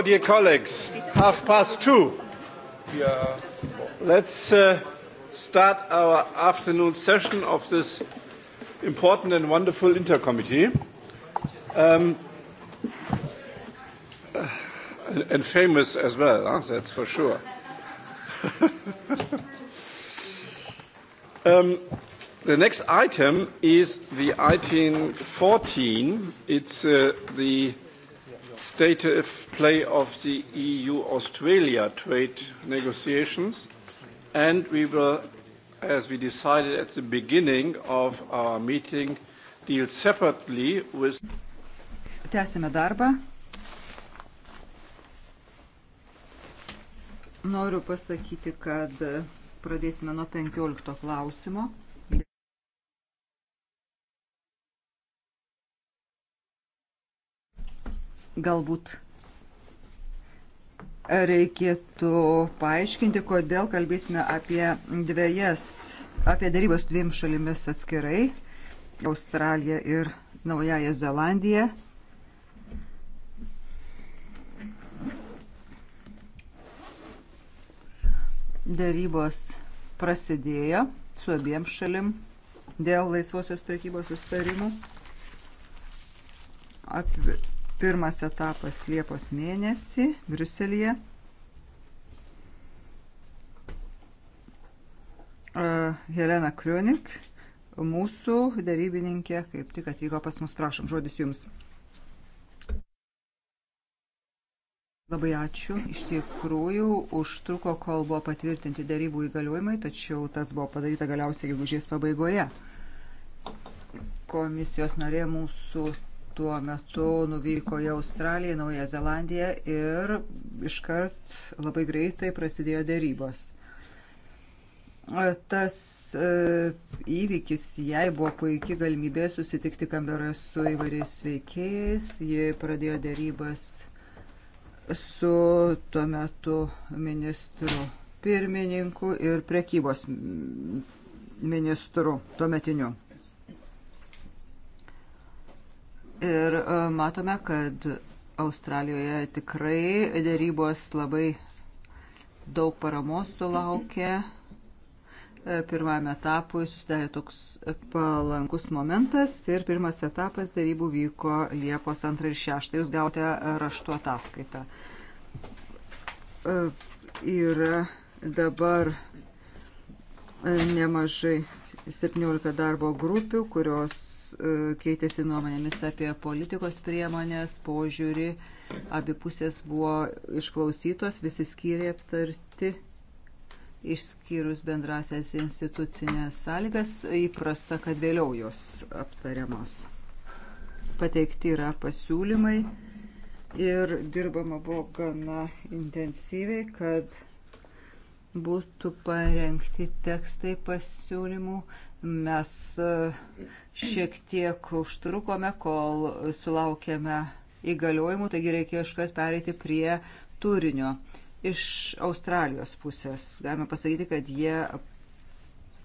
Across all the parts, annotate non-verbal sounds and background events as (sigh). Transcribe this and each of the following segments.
So, dear colleagues, half past two. Yeah. Let's uh, start our afternoon session of this important and wonderful intercommittee. Um, and, and famous as well, huh? that's for sure. (laughs) um, the next item is the item 14. It's uh, the state of play of the EU-Australia trade negotiations, and we will, as we decided at the beginning of our meeting, deal separately with... Tęsime darbą. Noriu pasakyti, kad pradėsime nuo 15 klausimo. Galbūt reikėtų paaiškinti, kodėl kalbėsime apie dviejas, apie darybas dviem šalimis atskirai - Australija ir Naująją Zelandiją. Darybos prasidėjo su abiem šalim dėl laisvosios prekybos sustarimų. Atvi Pirmas etapas Liepos mėnesį Briuselėje. Helena Kriunik, mūsų darybininkė, kaip tik atvyko pas mus, prašom, žodis jums. Labai ačiū. Iš tikrųjų, užtruko, kol buvo patvirtinti darybų įgaliojimai, tačiau tas buvo padaryta galiausiai gegužės pabaigoje. Komisijos narė mūsų tuo metu nuvyko į Australiją, Naują Zelandiją ir iškart labai greitai prasidėjo dėrybos. Tas e, įvykis jai buvo puikiai galimybė susitikti Kamberoje su įvairiais veikėjais. Ji pradėjo dėrybas su tuo metu ministru pirmininku ir prekybos ministru tuometiniu. Ir e, matome, kad Australijoje tikrai dėrybos labai daug paramos sulaukė. E, Pirmame etapui susidarė toks palankus momentas ir pirmas etapas dėrybų vyko Liepos 2 ir 6. Jūs gautė raštu ataskaitą. Ir e, dabar nemažai 17 darbo grupių, kurios E, keitėsi nuomonėmis apie politikos priemonės, požiūrį, abipusės buvo išklausytos, visi skyriai aptarti, išskyrus bendrasias institucinės sąlygas, įprasta, kad vėliau jos aptariamos. Pateikti yra pasiūlymai ir dirbama buvo gana intensyviai, kad būtų parengti tekstai pasiūlymų Mes e, šiek tiek užtrukome, kol sulaukėme įgaliojimų, taigi reikėjo iškart pereiti prie turinio. Iš Australijos pusės galime pasakyti, kad jie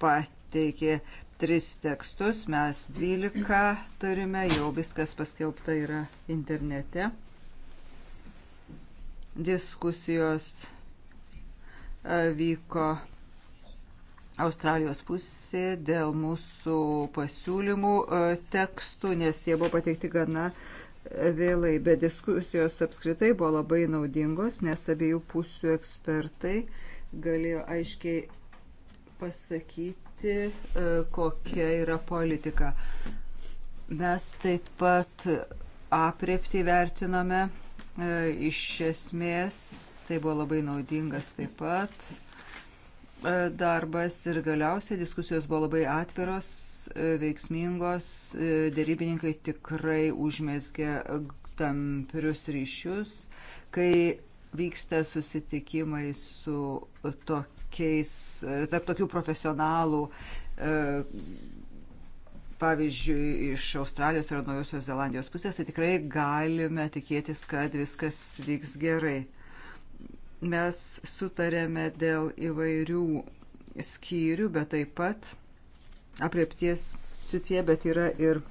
pateikė tris tekstus, mes dvylika turime, jau viskas paskelbta yra internete. Diskusijos e, vyko Australijos pusė dėl mūsų pasiūlymų e, tekstų, nes jie buvo pateikti gana e, vėlai, bet diskusijos apskritai buvo labai naudingos, nes abiejų pusių ekspertai galėjo aiškiai pasakyti, e, kokia yra politika. Mes taip pat apriepti vertinome iš esmės, tai buvo labai naudingas taip pat darbas ir galiausiai diskusijos buvo labai atviros, e, veiksmingos, e, dėrybininkai tikrai užmėsgė tamprius ryšius, kai vyksta susitikimai su tokiais, e, tarp tokių profesionalų, pavyzdžiui, iš Australijos ir Naujosios Zelandijos pusės, tai tikrai galime tikėtis, kad viskas vyks gerai. Mes sutarėme dėl įvairių skyrių, bet taip pat apriepties sitie, bet yra ir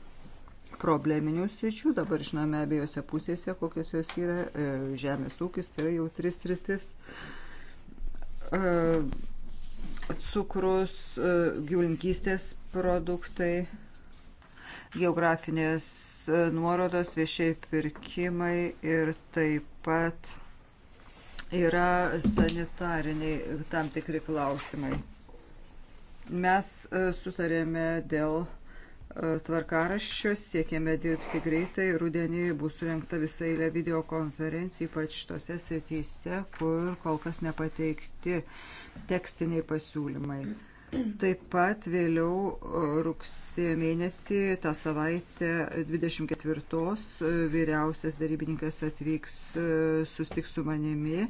probleminių sričių. Dabar žinome abiejose pusėse, kokios jos yra. E, žemės ūkis tai yra jau tris rytis. E, cukrus, e, gyvulinkystės produktai, geografinės nuorodos, viešiai pirkimai ir taip pat yra sanitariniai tam tikri klausimai. Mes e, sutarėme dėl e, tvarkaraščio, siekėme dirbti greitai. Rudenį bus surinkta visa eilė videokonferencijų, ypač tose srityse, kur kol kas nepateikti tekstiniai pasiūlymai. Taip pat vėliau e, rugsėjo mėnesį, tą savaitę 24 vyriausias darybininkas atvyks sustiks su manimi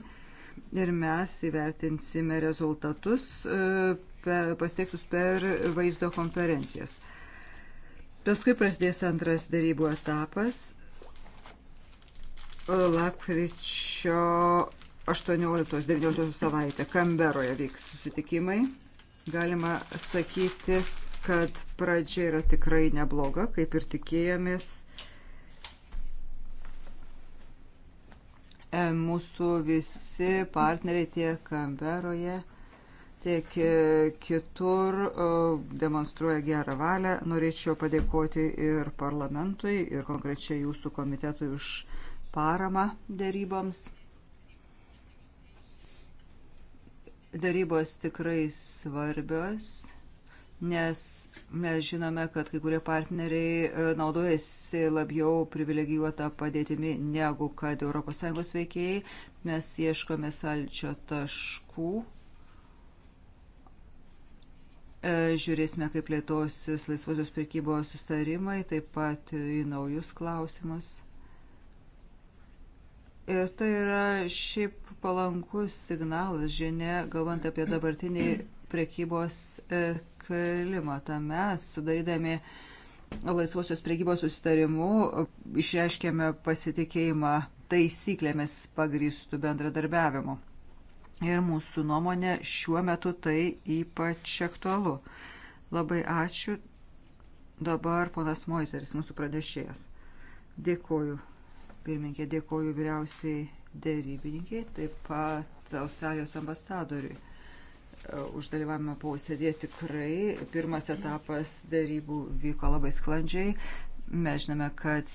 ir mes įvertinsime rezultatus e, pasiektus per vaizdo konferencijas. Paskui prasidės antras darybų etapas e, lapkričio 18-19 savaitę Kamberoje vyks susitikimai. Galima sakyti, kad pradžia yra tikrai nebloga, kaip ir tikėjomės. E, mūsų visi partneriai tiek Kamberoje, tiek e, kitur e, demonstruoja gerą valią. Norėčiau padėkoti ir parlamentui, ir konkrečiai jūsų komitetui už paramą daryboms. Darybos tikrai svarbios, nes Mes žinome, kad kai kurie partneriai e, naudojasi labiau privilegijuotą padėtimi negu kad ES veikėjai. Mes ieškome salčio taškų. E, žiūrėsime, kaip plėtosis laisvosios prekybos sustarimai, taip pat į naujus klausimus. Ir tai yra šiaip palankus signalas, žinia, galvant apie dabartinį priekybos e, klimatą. Mes, sudarydami laisvosios priekybos susitarimu, išreiškėme pasitikėjimą taisyklėmis pagrįstų bendradarbiavimu. Ir mūsų nuomonė šiuo metu tai ypač aktualu. Labai ačiū. Dabar ponas Moiseris, mūsų pradėšėjas. Dėkoju. Pirmininkė, dėkoju vyriausiai dėrybininkiai, taip pat Australijos ambasadoriui uždalyvavimą posėdėje. Tikrai pirmas etapas darybų vyko labai sklandžiai. Mes žinome, kad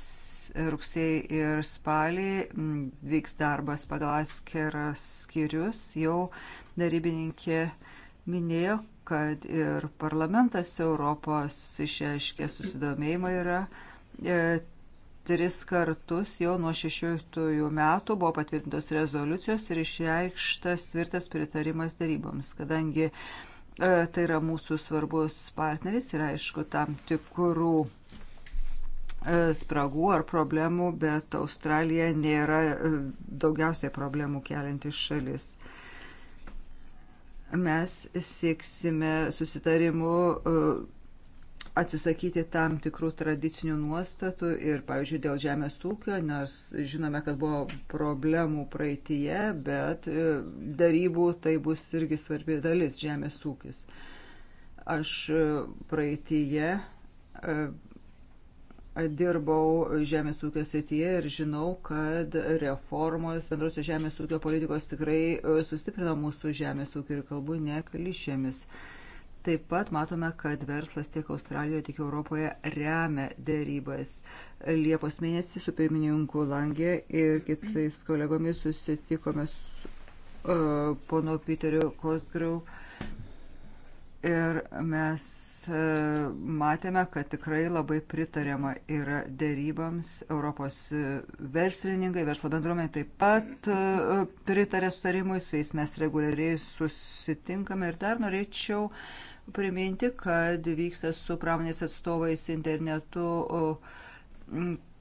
rugsėjai ir spalį vyks darbas pagal atskiras skyrius. Jau darybininkė minėjo, kad ir parlamentas Europos išreiškė susidomėjimą yra e, tris kartus jau nuo 16 metų buvo patvirtintos rezoliucijos ir išreikštas tvirtas pritarimas daryboms, kadangi e, tai yra mūsų svarbus partneris ir aišku tam tikrų e, spragų ar problemų, bet Australija nėra e, daugiausiai problemų keliantis šalis. Mes sieksime susitarimu. E, atsisakyti tam tikrų tradicinių nuostatų ir, pavyzdžiui, dėl žemės ūkio, nors žinome, kad buvo problemų praeitie, bet e, darybų tai bus irgi svarbi dalis žemės ūkis. Aš e, praeitie e, dirbau žemės ūkio srityje ir žinau, kad reformos bendrosios žemės ūkio politikos tikrai sustiprino mūsų žemės ūkį ir kalbu ne klišėmis. Taip pat matome, kad verslas tiek Australijoje, tiek Europoje remia dėrybas. Liepos mėnesį su pirmininku Langė ir kitais kolegomis susitikome su uh, e, pono Piteriu Kosgrau ir mes e, matėme, kad tikrai labai pritariama yra dėrybams. Europos e, verslininkai, verslo bendruomenė taip pat pritarė sutarimui, su jais mes reguliariai susitinkame. Ir dar norėčiau priminti, kad vyksta su pramonės atstovais internetu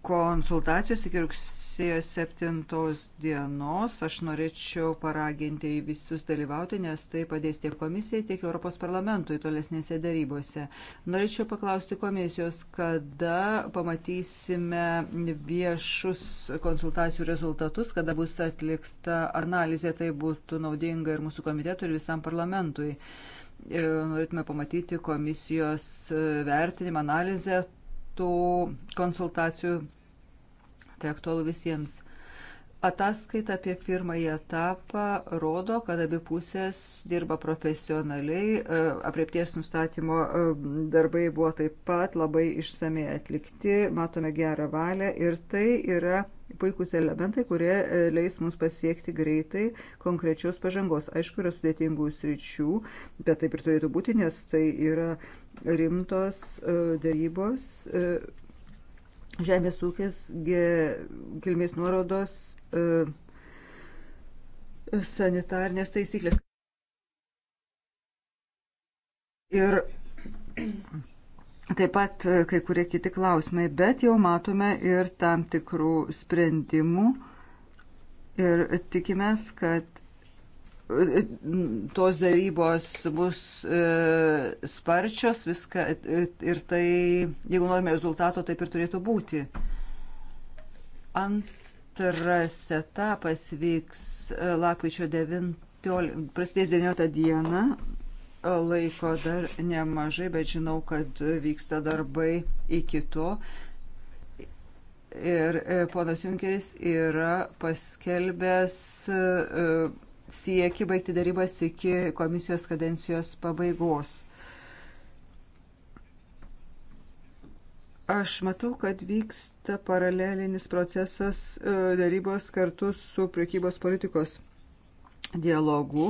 konsultacijos iki rugsėjo 7 dienos. Aš norėčiau paraginti visus dalyvauti, nes tai padės tiek komisijai, tiek Europos parlamentui tolesnėse darybose. Norėčiau paklausti komisijos, kada pamatysime viešus konsultacijų rezultatus, kada bus atlikta analizė, tai būtų naudinga ir mūsų komitetui, ir visam parlamentui. Uh, E, norėtume pamatyti komisijos e, vertinimą, analizę tų konsultacijų. Tai aktualu visiems. Ataskaita apie pirmąjį etapą rodo, kad abi pusės dirba profesionaliai, e, apriepties nustatymo e, darbai buvo taip pat labai išsamei atlikti, matome gerą valią ir tai yra puikūs elementai, kurie e, leis mums pasiekti greitai konkrečios pažangos. Aišku, yra sudėtingų sričių, bet taip ir turėtų būti, nes tai yra rimtos darybos. Žemės ūkis, kilmės nuorodos E, sanitarnės taisyklės. Ir taip pat e, kai kurie kiti klausimai, bet jau matome ir tam tikrų sprendimų ir tikimės, kad e, tos darybos bus sparčios, viską ir tai, jeigu norime rezultato, taip ir turėtų būti. Ant Antras etapas vyks e, lapkričio 9, prasidės 9 dieną. E, laiko dar nemažai, bet žinau, kad vyksta darbai iki to. Ir e, ponas Junkeris yra paskelbęs sieki baigti darybas iki komisijos kadencijos pabaigos. Aš matau, kad vyksta paralelinis procesas e, darybos kartu su priekybos politikos dialogu.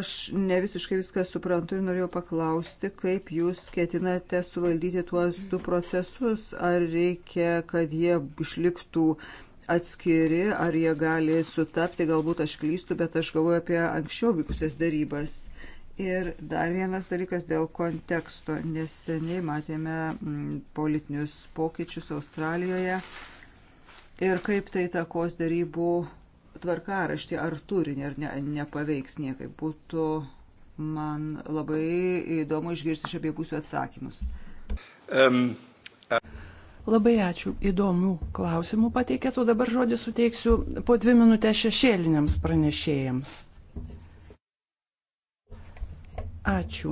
Aš ne visiškai viską suprantu ir norėjau paklausti, kaip jūs ketinate suvaldyti tuos du procesus. Ar reikia, kad jie išliktų atskiri, ar jie gali sutapti, galbūt aš klystu, bet aš galvoju apie anksčiau vykusias darybas. Ir dar vienas dalykas dėl konteksto. Neseniai matėme mm, politinius pokyčius Australijoje ir kaip tai takos darybų tvarkaraštį ar turinį, ar ne, nepaveiks niekaip. Būtų man labai įdomu išgirsti iš abiejų pusių atsakymus. Um, uh... Labai ačiū. Įdomių klausimų pateikėt, o dabar žodį suteiksiu po dvi minutės šešėliniams pranešėjams. Ačiū.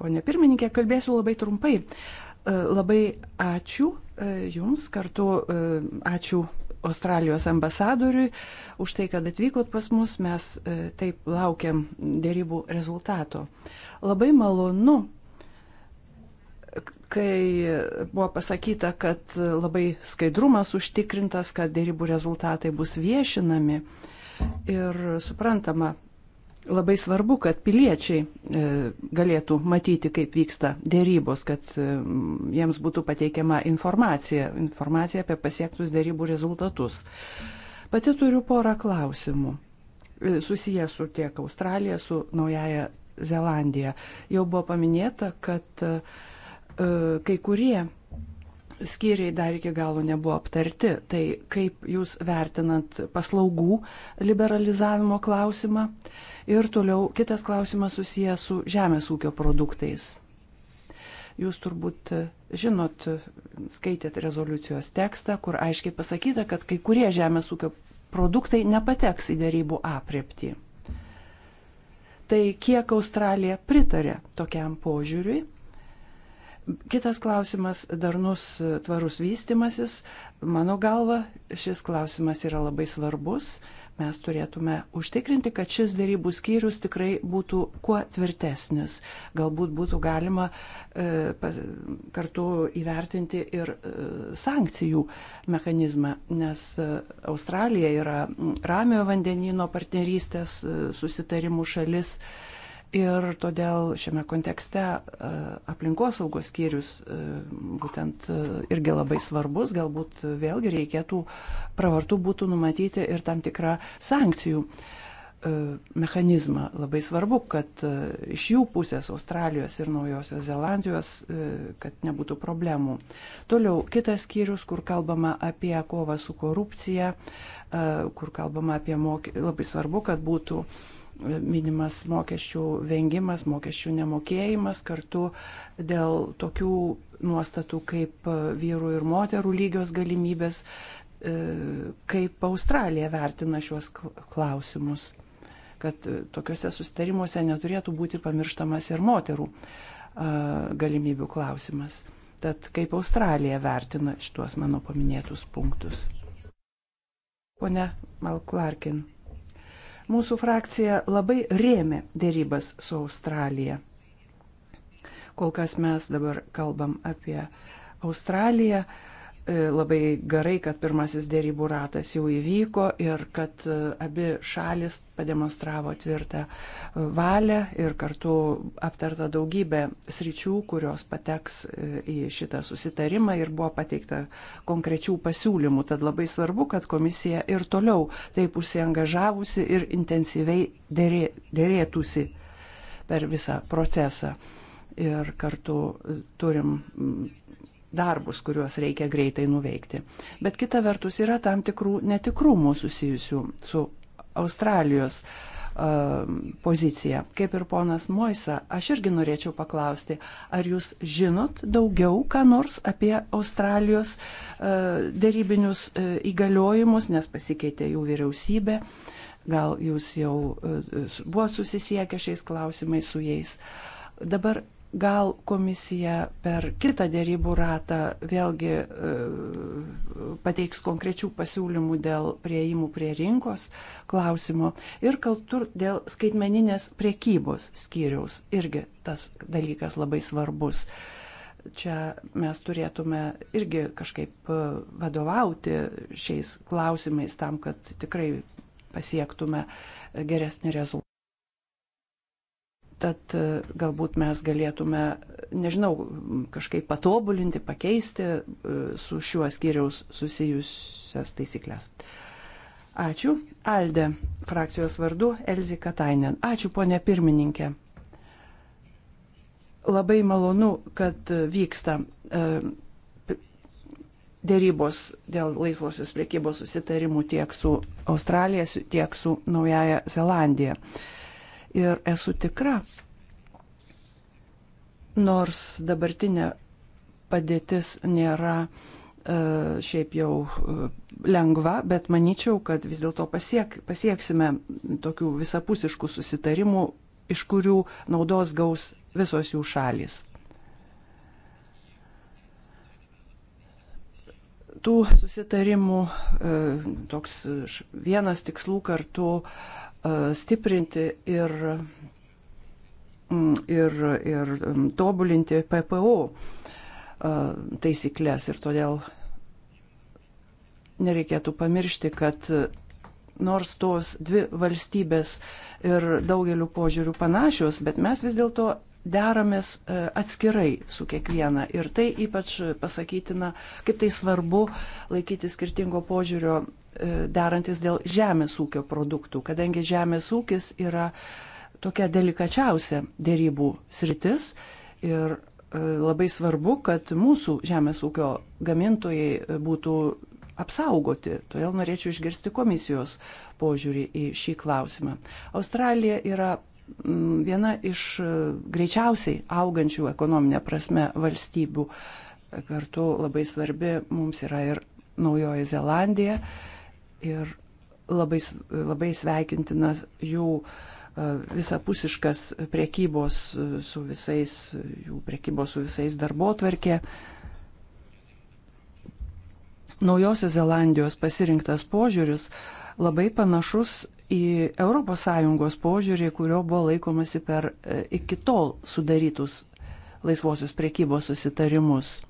Pone pirmininkė, kalbėsiu labai trumpai. E, labai ačiū e, Jums kartu, e, ačiū Australijos ambasadoriui už tai, kad atvykot pas mus, mes taip laukiam dėrybų rezultato. Labai malonu, kai buvo pasakyta, kad labai skaidrumas užtikrintas, kad dėrybų rezultatai bus viešinami. Ir suprantama, labai svarbu, kad piliečiai e, galėtų matyti, kaip vyksta dėrybos, kad e, jiems būtų pateikiama informacija, informacija apie pasiektus dėrybų rezultatus. Pati turiu porą klausimų e, susiję su tiek Australija, su Naujaja Zelandija. Jau buvo paminėta, kad kai kurie skyriai dar iki galo nebuvo aptarti. Tai kaip jūs vertinat paslaugų liberalizavimo klausimą? Ir toliau kitas klausimas susijęs su žemės ūkio produktais. Jūs turbūt e, žinot, skaitėt rezoliucijos tekstą, kur aiškiai pasakyta, kad kai kurie žemės ūkio produktai nepateks į dėrybų apriepti. Tai kiek Australija pritarė tokiam požiūriui Kitas klausimas - darnus tvarus vystimasis. Mano galva, šis klausimas yra labai svarbus. Mes turėtume užtikrinti, kad šis dėrybų skyrius tikrai būtų kuo tvirtesnis. Galbūt būtų galima e, pas, kartu įvertinti ir e, sankcijų mechanizmą, nes e, Australija yra Ramiojo vandenino partnerystės e, susitarimų šalis. E, Ir todėl šiame kontekste e, aplinkosaugos skyrius e, būtent e, irgi labai svarbus, galbūt vėlgi reikėtų, pravartu būtų numatyti ir tam tikrą sankcijų mechanizmą. Labai svarbu, kad iš jų pusės Australijos ir Naujosios Zelandijos, kad nebūtų problemų. Toliau kitas skyrius, kur kalbama apie kovą su korupcija, kur kalbama apie mokymą. Labai svarbu, kad būtų uh, minimas mokesčių vengimas, mokesčių nemokėjimas, kartu dėl tokių nuostatų kaip vyrų ir moterų lygios galimybės, e, kaip Australija vertina šiuos klausimus, kad tokiuose sustarimuose neturėtų būti pamirštamas ir moterų galimybių klausimas. Tad kaip Australija vertina šitos mano paminėtus punktus. Pone Malklarkin. Mūsų frakcija labai rėmė dėrybas su Australija. Kol kas mes dabar kalbam apie Australiją, E, labai gerai, kad pirmasis dėrybų ratas jau įvyko ir kad e, abi šalis pademonstravo tvirtą e, valią ir kartu aptarta daugybė sričių, kurios pateks į šitą susitarimą ir buvo pateikta konkrečių pasiūlymų. Tad labai svarbu, kad komisija ir toliau taip užsiengažavusi ir intensyviai dėrė, dėrėtųsi per visą procesą. Ir kartu turim darbus, kuriuos reikia greitai nuveikti. Bet kita vertus yra tam tikrų netikrumų susijusių su Australijos uh, pozicija. Kaip ir ponas Moisa, aš irgi norėčiau paklausti, ar jūs žinot daugiau, ką nors apie Australijos uh, dėrybinius uh, įgaliojimus, nes pasikeitė jų vyriausybė, gal jūs jau buvot susisiekę šiais klausimais su jais. Dabar gal komisija per kitą dėrybų ratą vėlgi e, pateiks konkrečių pasiūlymų dėl prieimų prie rinkos klausimo ir kaltur dėl skaitmeninės priekybos skyriaus. Irgi tas dalykas labai svarbus. Čia mes turėtume irgi kažkaip e, vadovauti šiais klausimais tam, kad tikrai pasiektume geresnį rezultatą. Tad e, galbūt mes galėtume, nežinau, kažkaip patobulinti, pakeisti e, su šiuo skyriaus susijusias taisyklės. Ačiū. Alde, frakcijos vardu Elzi Katainen. Ačiū, ponė pirmininkė. Labai malonu, kad vyksta e, dėrybos dėl laisvosios priekybos susitarimų tiek su Australija, tiek su Naujaja Zelandija. Uh, Ir esu tikra, nors dabartinė padėtis nėra e, šiaip jau e, lengva, bet manyčiau, kad vis dėlto pasiek, pasieksime tokių visapusiškų susitarimų, iš kurių naudos gaus visos jų šalis. Tų susitarimų e, toks vienas tikslų kartu E, stiprinti ir, mm, ir, ir mm, tobulinti PPO e, taisyklės ir todėl nereikėtų pamiršti, kad nors tos dvi valstybės ir daugeliu požiūrių panašios, bet mes vis dėlto deramės e, atskirai su kiekviena. Ir tai ypač pasakytina, kaip tai svarbu laikyti skirtingo požiūrio e, derantis dėl žemės ūkio produktų, kadangi žemės ūkis yra tokia delikačiausia dėrybų sritis. Ir e, labai svarbu, kad mūsų žemės ūkio gamintojai būtų apsaugoti. Todėl norėčiau išgirsti komisijos požiūrį į šį klausimą. Australija yra viena iš e, greičiausiai augančių ekonominė prasme valstybių. Kartu labai svarbi mums yra ir Naujoji Zelandija ir labai, labai sveikintinas jų e, visapusiškas priekybos e, su visais, jų priekybos su visais darbo tvarkė. Naujosios Zelandijos pasirinktas požiūris labai panašus į ES požiūrį, kurio buvo laikomasi per e, iki tol sudarytus laisvosios priekybos susitarimus.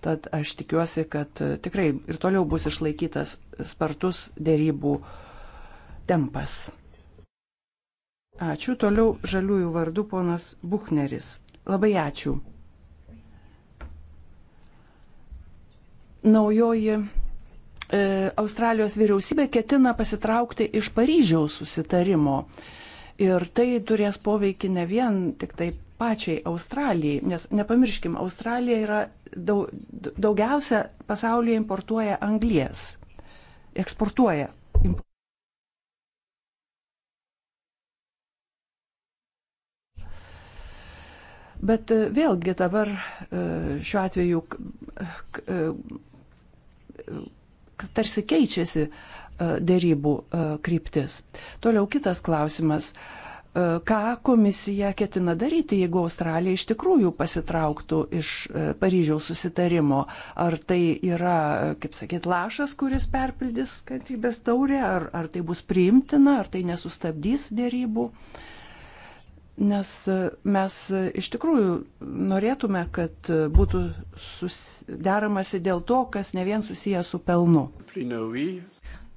Tad aš tikiuosi, kad e, tikrai ir toliau bus išlaikytas spartus dėrybų tempas. Ačiū. Toliau žaliųjų vardu ponas Buchneris. Labai ačiū. Naujoji E, Australijos vyriausybė ketina pasitraukti iš Paryžiaus susitarimo. Ir tai turės poveikį ne vien tik tai pačiai Australijai, nes nepamirškim, Australija yra daug, daugiausia pasaulyje importuoja anglies, eksportuoja. Bet e, vėlgi dabar e, šiuo atveju tarsi keičiasi e, dėrybų e, kryptis. Toliau kitas klausimas. E, ką komisija ketina daryti, jeigu Australija iš tikrųjų pasitrauktų iš Paryžiaus susitarimo? Ar tai yra, kaip sakyt, lašas, kuris perpildys kantrybės taurę, ar, ar tai bus priimtina, ar tai nesustabdys dėrybų? Uh, nes e, mes e, iš tikrųjų norėtume, kad e, būtų deramasi dėl to, kas ne vien susijęs su pelnu.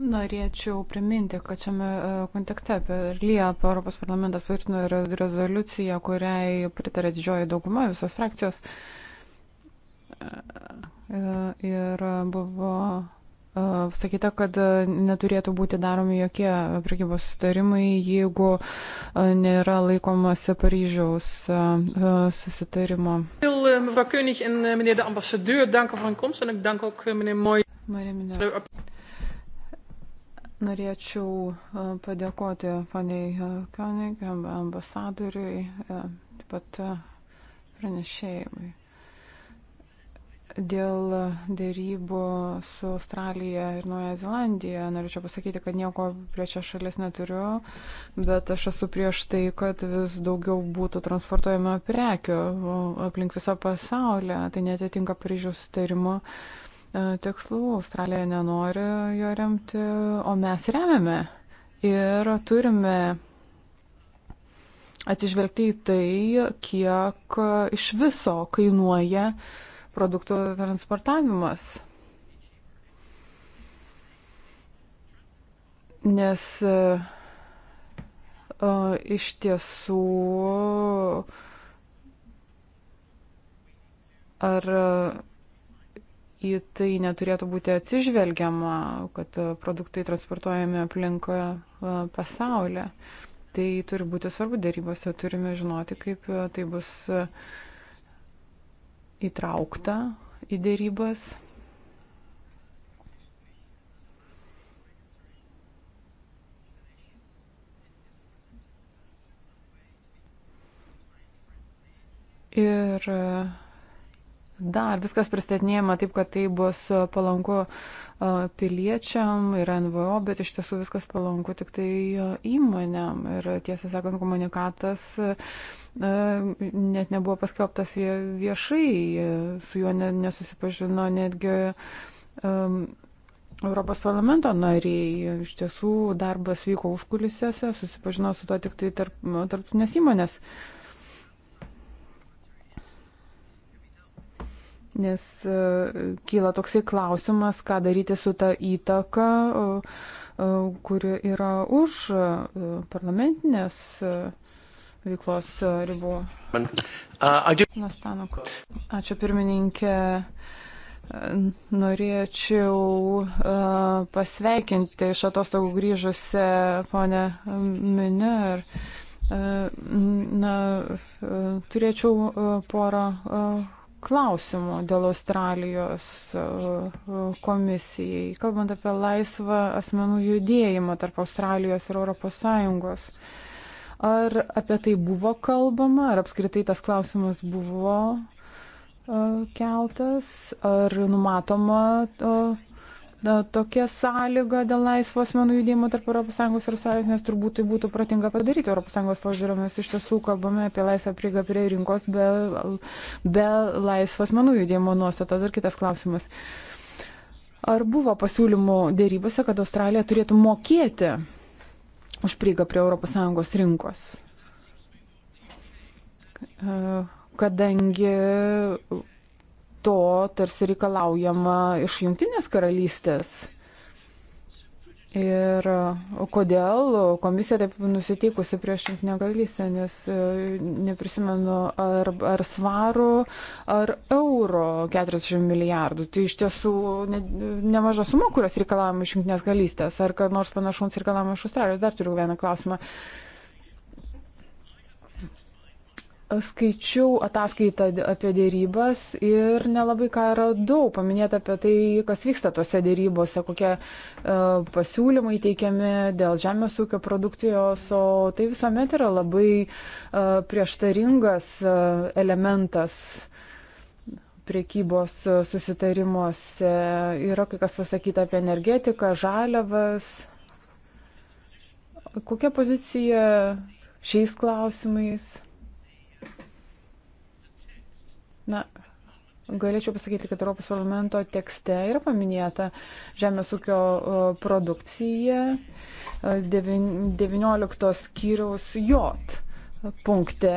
Norėčiau priminti, kad šiame kontekste per Liepą Europos parlamentas patvirtino rezoliuciją, kuriai pritarė didžioji dauguma visos frakcijos. Ir buvo Sakyta, kad neturėtų būti daromi jokie prekybos sustarimai, jeigu nėra laikomasi Paryžiaus susitarimo. Hm, hm, hm, Norėčiau padėkoti paniai Kanik, ambasadoriui, taip pat pranešėjimui. Dėl dėrybų su Australija ir Nuoja Zelandija norėčiau pasakyti, kad nieko prieš šią šalis neturiu, bet aš esu prieš tai, kad vis daugiau būtų transportuojama prekių aplink visą pasaulį. Tai netitinka Paryžiaus sutarimo e, tikslų. Australija nenori jo remti, o mes remiame. Ir turime atsižvelgti į tai, kiek iš viso kainuoja uh, produktų transportavimas. Nes uh, iš tiesų ar į tai neturėtų būti atsižvelgiama, kad produktai transportuojami aplinkoje e, pasaulyje. Tai turi būti svarbu darybose, turime žinoti, kaip e, tai bus uh, įtraukta į dėrybas. Ir uh, Dar viskas pristatinėjama taip, kad tai bus palanku piliečiam ir NVO, bet iš tiesų viskas palanku tik tai įmonėm. Ir tiesą sakant, komunikatas net nebuvo paskelbtas viešai, su juo nesusipažino netgi. Um, Europos parlamento nariai iš tiesų darbas vyko užkulisiuose, susipažino su to tik tai tarp, tarptautinės įmonės. Uh, Nes e, kyla toksai klausimas, ką daryti su ta įtaka, kuri yra už e, parlamentinės e, veiklos ribų. Ačiū pirmininkė. Norėčiau pasveikinti iš atostogų grįžusią ponę Miner. Na, turėčiau porą klausimų dėl Australijos e, komisijai, kalbant apie laisvą asmenų judėjimą tarp Australijos ir ES. Ar apie tai buvo kalbama, ar apskritai tas klausimas buvo e, keltas, ar numatoma e, na, tokia sąlyga dėl laisvo asmenų judėjimo tarp ES ir Australijos, nes turbūt tai būtų protinga padaryti ES požiūrį, mes iš tiesų kalbame apie laisvą prieigą prie rinkos be, be laisvo asmenų judėjimo nuostatos ir kitas klausimas. Ar buvo pasiūlymų dėrybose, kad Australija turėtų mokėti už prieigą prie ES rinkos? E, kadangi to tarsi reikalaujama iš Junktinės karalystės. Ir kodėl komisija taip nusiteikusi prieš Junktinę karalystę, nes e, neprisimenu, ar, ar svarų, ar euro 40 milijardų. Tai iš tiesų ne, nemaža suma, kurias reikalavome iš Junktinės karalystės, ar kad nors panašaus reikalavome iš Australijos. Dar turiu vieną klausimą. Uh, skaičiau ataskaitą apie dėrybas ir nelabai ką radau paminėti apie tai, kas vyksta tose dėrybose, kokie e, pasiūlymai teikiami dėl žemės ūkio produkcijos, o tai visuomet yra labai e, prieštaringas e, elementas priekybos susitarimuose. Yra kai kas pasakyta apie energetiką, žaliavas. Kokia pozicija šiais klausimais? Na, Galėčiau pasakyti, kad Europos parlamento tekste yra paminėta žemės ūkio produkcija 19 skyriaus J punkte,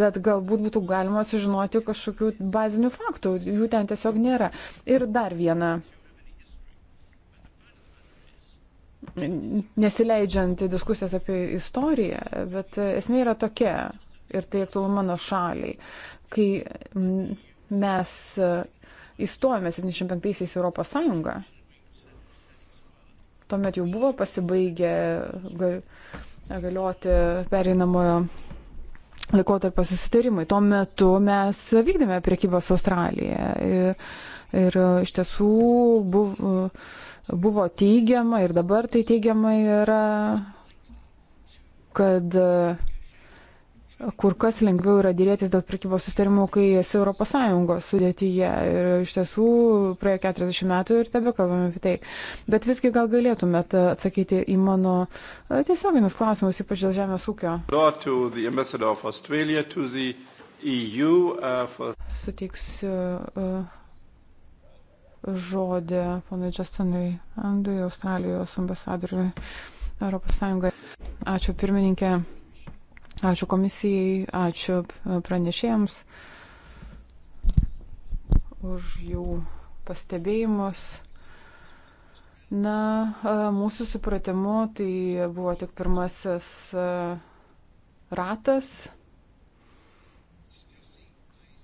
bet galbūt būtų galima sužinoti kažkokių bazinių faktų, jų ten tiesiog nėra. Ir dar viena, nesileidžiant diskusijas apie istoriją, bet e, esmė yra tokia ir tai aktualu mano šaliai. Kai mes e, įstojome 75-aisiais Europos Sąjungą, tuomet jau buvo pasibaigę galioti pereinamojo laikotarpio susitarimai. Tuo metu mes vykdėme priekybą su Australija ir, ir iš tiesų buvo, buvo teigiama ir dabar tai teigiama yra, kad kur kas lengviau yra dėrėtis dėl prekybos sustarimų, kai esi ES sudėtyje. Ir iš tiesų praėjo 40 metų ir tebe kalbame apie tai. Bet visgi gal galėtumėt atsakyti į mano tiesioginius klausimus, ypač dėl žemės ūkio. EU, e uh, for... Suteiksiu uh, žodį ponui Justinui Andui, Australijos ambasadoriui ES. Ačiū pirmininkė. Ačiū komisijai, ačiū pranešėjams už jų pastebėjimus. Na, mūsų supratimu, tai buvo tik pirmasis ratas.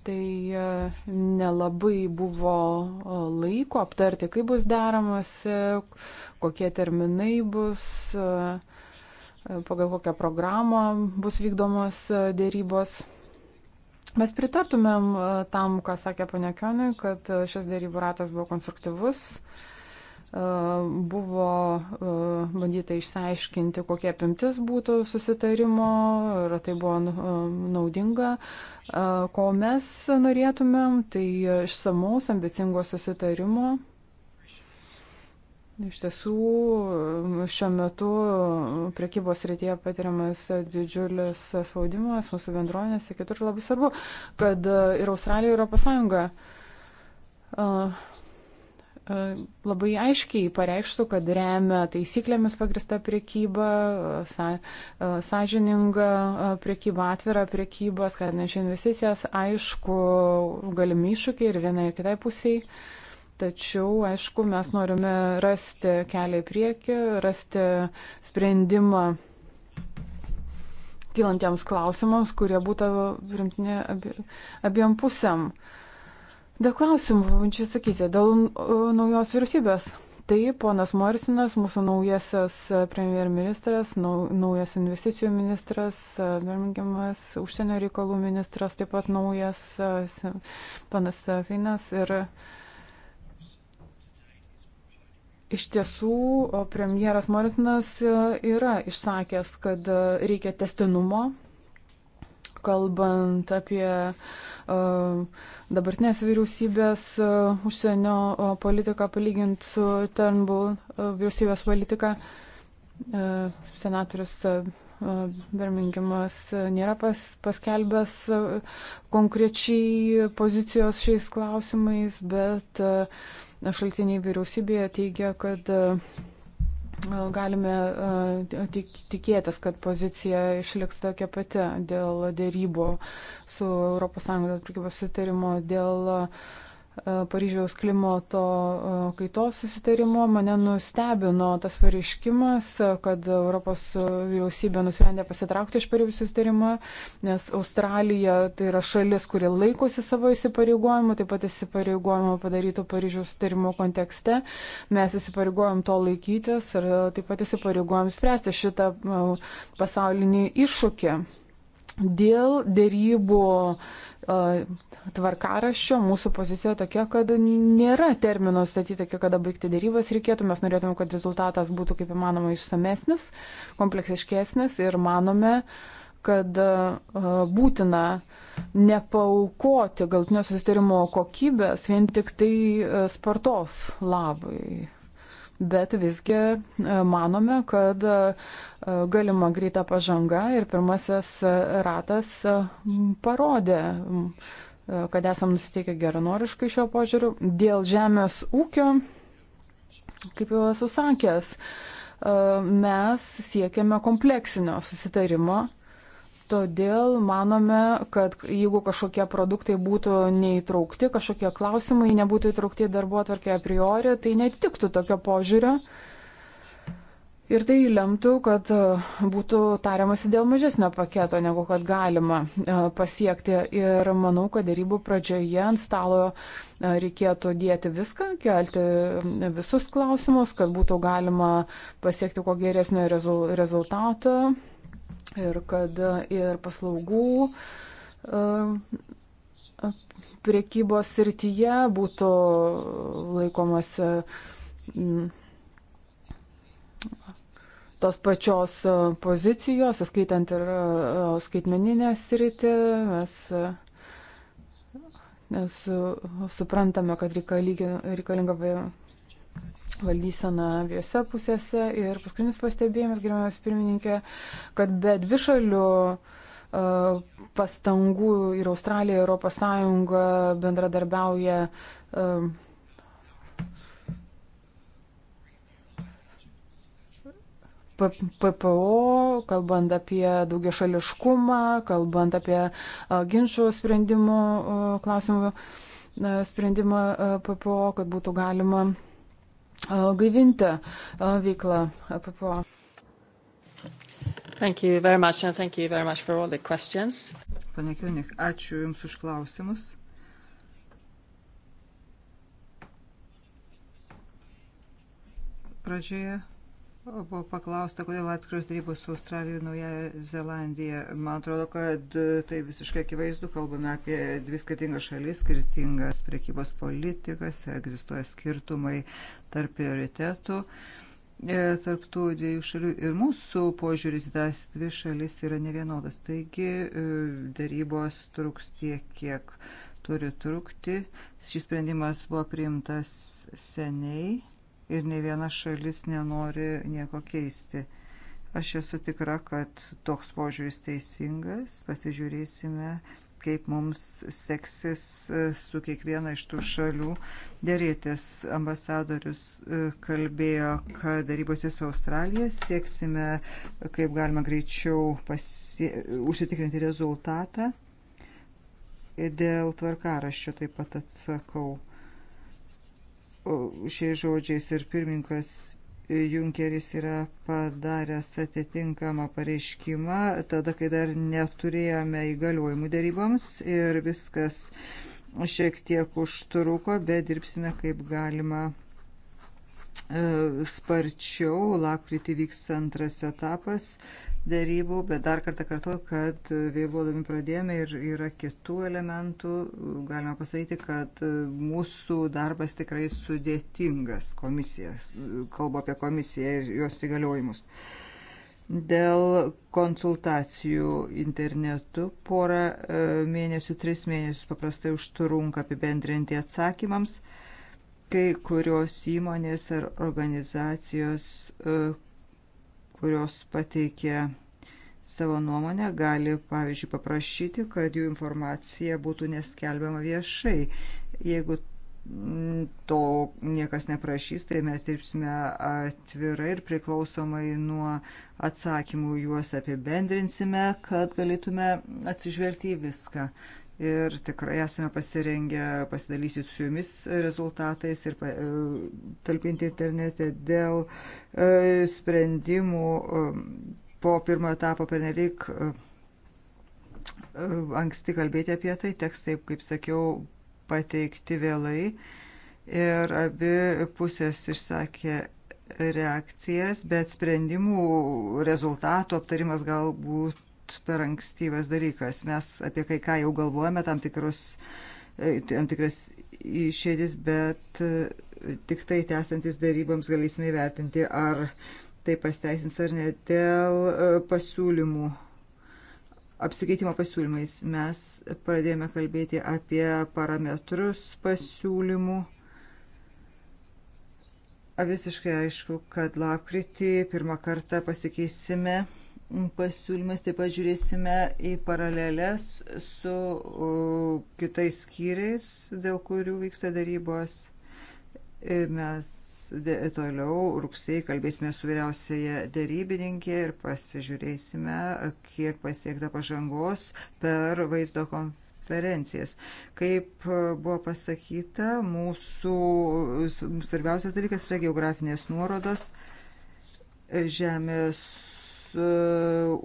Tai nelabai buvo laiko aptarti, kaip bus deramas, kokie terminai bus. Uh, pagal kokią programą bus vykdomos e, dėrybos. Mes pritartumėm e, tam, ką sakė ponia Kionė, kad e, šis dėrybų ratas buvo konstruktyvus buvo bandyta išsiaiškinti, kokie apimtis būtų susitarimo ir tai buvo naudinga. Ko mes norėtumėm, tai išsamaus ambicingo susitarimo Iš tiesų, šiuo metu prekybos rytyje patiriamas didžiulis spaudimas mūsų bendruomenėse, kitur labai svarbu, kad ir Australija, ir Europos Sąjunga labai aiškiai pareikštų, kad remia taisyklėmis pagrista priekyba, sąžininga priekyba, atvira priekyba, skatinančia investicijas, aišku, galimi iššūkiai ir vienai ir kitai pusiai. Tačiau, aišku, mes norime rasti kelią į priekį, rasti sprendimą kylantiems klausimams, kurie būtų primtini abie, abiem pusėm. Dėl klausimų, pabandyčiau sakyti, dėl e, naujos vyriausybės. Tai ponas Morisinas, mūsų naujasis e, premjerministras, nau, naujas investicijų ministras, e, Birminghamas, užsienio reikalų ministras, taip pat naujas panas Finas ir uh, Iš tiesų, premjeras Morisinas e, yra išsakęs, kad e, reikia testinumo, kalbant apie e, dabartinės vyriausybės užsienio politiką palyginti su Turnbull vyriausybės politika. Senatorius Birmingemas nėra pas, paskelbęs konkrečiai pozicijos šiais klausimais, bet uh, šaltiniai vyriausybėje teigia, kad e, galime e, tik, tikėtis, kad pozicija išliks tokia pati dėl dėrybų su ES prekybos sutarimo, dėl uh, E, Paryžiaus klimato e, kaitos susitarimo. Mane nustebino tas pareiškimas, kad Europos vyriausybė nusprendė pasitraukti iš Paryžiaus susitarimo, nes Australija tai yra šalis, kuri laikosi savo įsipareigojimų, taip pat įsipareigojimų padarytų Paryžiaus susitarimo kontekste. Mes įsipareigojom to laikytis ir taip pat įsipareigojom spręsti šitą e, pasaulinį iššūkį. Dėl dėrybų tvarkaraščio. Mūsų pozicija tokia, kad nėra termino statyti, iki kada baigti dėrybas reikėtų. Mes norėtume, kad rezultatas būtų kaip įmanoma išsamesnis, kompleksiškesnis ir manome, kad būtina nepaukoti galtinio susitarimo kokybės vien tik tai spartos labai bet visgi e, manome, kad e, galima greita pažanga ir pirmasis e, ratas parodė kad esam nusiteikę geranoriškai šio požiūriu. Dėl žemės ūkio, kaip jau esu sakęs, mes siekiame kompleksinio susitarimo Todėl manome, kad jeigu kažkokie produktai būtų neįtraukti, kažkokie klausimai nebūtų įtraukti į darbo atvarkę a priori, tai netitiktų tokio požiūrio. Ir tai lemtų, kad e, būtų tariamasi dėl mažesnio paketo, negu kad galima e, pasiekti. Ir manau, kad darybų pradžioje ant stalo e, reikėtų dėti viską, kelti visus klausimus, kad būtų galima pasiekti kuo geresnio rezultato ir kad ir paslaugų e, priekybos srityje būtų laikomas tos pačios pozicijos, skaitant ir e, skaitmeninę sritį, mes, mes suprantame, kad reikalinga valdysena abiejose pusėse. Ir paskutinis pastebėjimas, gerbiamas pirmininkė, kad be dvišalių e, pastangų ir Australija, Europos Sąjunga bendradarbiauja e, PPO, kalbant apie daugiašališkumą, kalbant apie e, ginčių sprendimų klausimų sprendimą PPO, kad būtų galima gaivinti veiklą e PPO. Thank you very much and thank you very much for all the questions. Pane Kionik, ačiū Jums už klausimus. Pradžioje Buvo paklausta, kodėl atskiros darybos su Australija ir Naujaja Zelandija. Man atrodo, kad tai visiškai akivaizdu, kalbame apie dvi skirtingas šalis, skirtingas priekybos politikas, egzistuoja skirtumai tarp prioritetų e, tarp tų dviejų šalių ir mūsų požiūris į tas dvi šalis yra nevienodas. Taigi e, darybos truks tiek, kiek turi trukti. Šis sprendimas buvo priimtas seniai ir ne viena šalis nenori nieko keisti. Aš esu tikra, kad toks požiūris teisingas. Pasižiūrėsime, kaip mums seksis e, su kiekviena iš tų šalių dėrėtis. Ambasadorius e, kalbėjo, kad darybose su Australija sieksime, kaip galima greičiau pasie... užsitikrinti rezultatą. Dėl tvarkaraščio taip pat atsakau šiais žodžiais ir pirmininkas Junkeris yra padaręs atitinkamą pareiškimą, tada, kai dar neturėjome įgaliojimų daryboms ir viskas šiek tiek užtruko, bet dirbsime kaip galima E, sparčiau, lakrytį vyks antras etapas dėrybų, bet dar kartą kartuoju, kad vėluodami pradėjome ir yra kitų elementų. Galima pasakyti, kad mūsų darbas tikrai sudėtingas komisijas, kalbu apie komisiją ir jos įgaliojimus. Dėl konsultacijų internetu porą e, mėnesių, tris mėnesius paprastai užtrunka apibendrinti atsakymams kai kurios įmonės ar organizacijos, e, kurios pateikė savo nuomonę, gali, pavyzdžiui, paprašyti, kad jų informacija būtų neskelbiama viešai. Jeigu mm, to niekas neprašys, tai mes dirbsime atvirai ir priklausomai nuo atsakymų juos apibendrinsime, kad galėtume atsižvelgti į viską ir tikrai esame pasirengę pasidalysi su jumis rezultatais ir e, talpinti internete dėl e, sprendimų e, po pirmo etapo pernelyg anksti kalbėti apie tai, tekstai, kaip sakiau, pateikti vėlai ir abi pusės išsakė reakcijas, bet sprendimų rezultatų aptarimas galbūt galbūt per ankstyvas dalykas. Mes apie kai ką jau galvojame, tam, tikrus, e, tam tikras išėdis, bet e, tik tai tęsantis darybams galėsime įvertinti, ar tai pasteisins ar ne dėl e, pasiūlymų. Apsikeitimo pasiūlymais mes pradėjome kalbėti apie parametrus pasiūlymų. Visiškai aišku, kad lapkritį pirmą kartą pasikeisime pasiūlymais taip pat žiūrėsime į paralelės su kitais skyriais, dėl kurių vyksta darybos. Mes toliau rugsėjai kalbėsime su vyriausiaja darybininkė ir pasižiūrėsime, kiek pasiekta pažangos per vaizdo konferencijas. Kaip buvo pasakyta, mūsų svarbiausias dalykas yra geografinės nuorodos žemės E,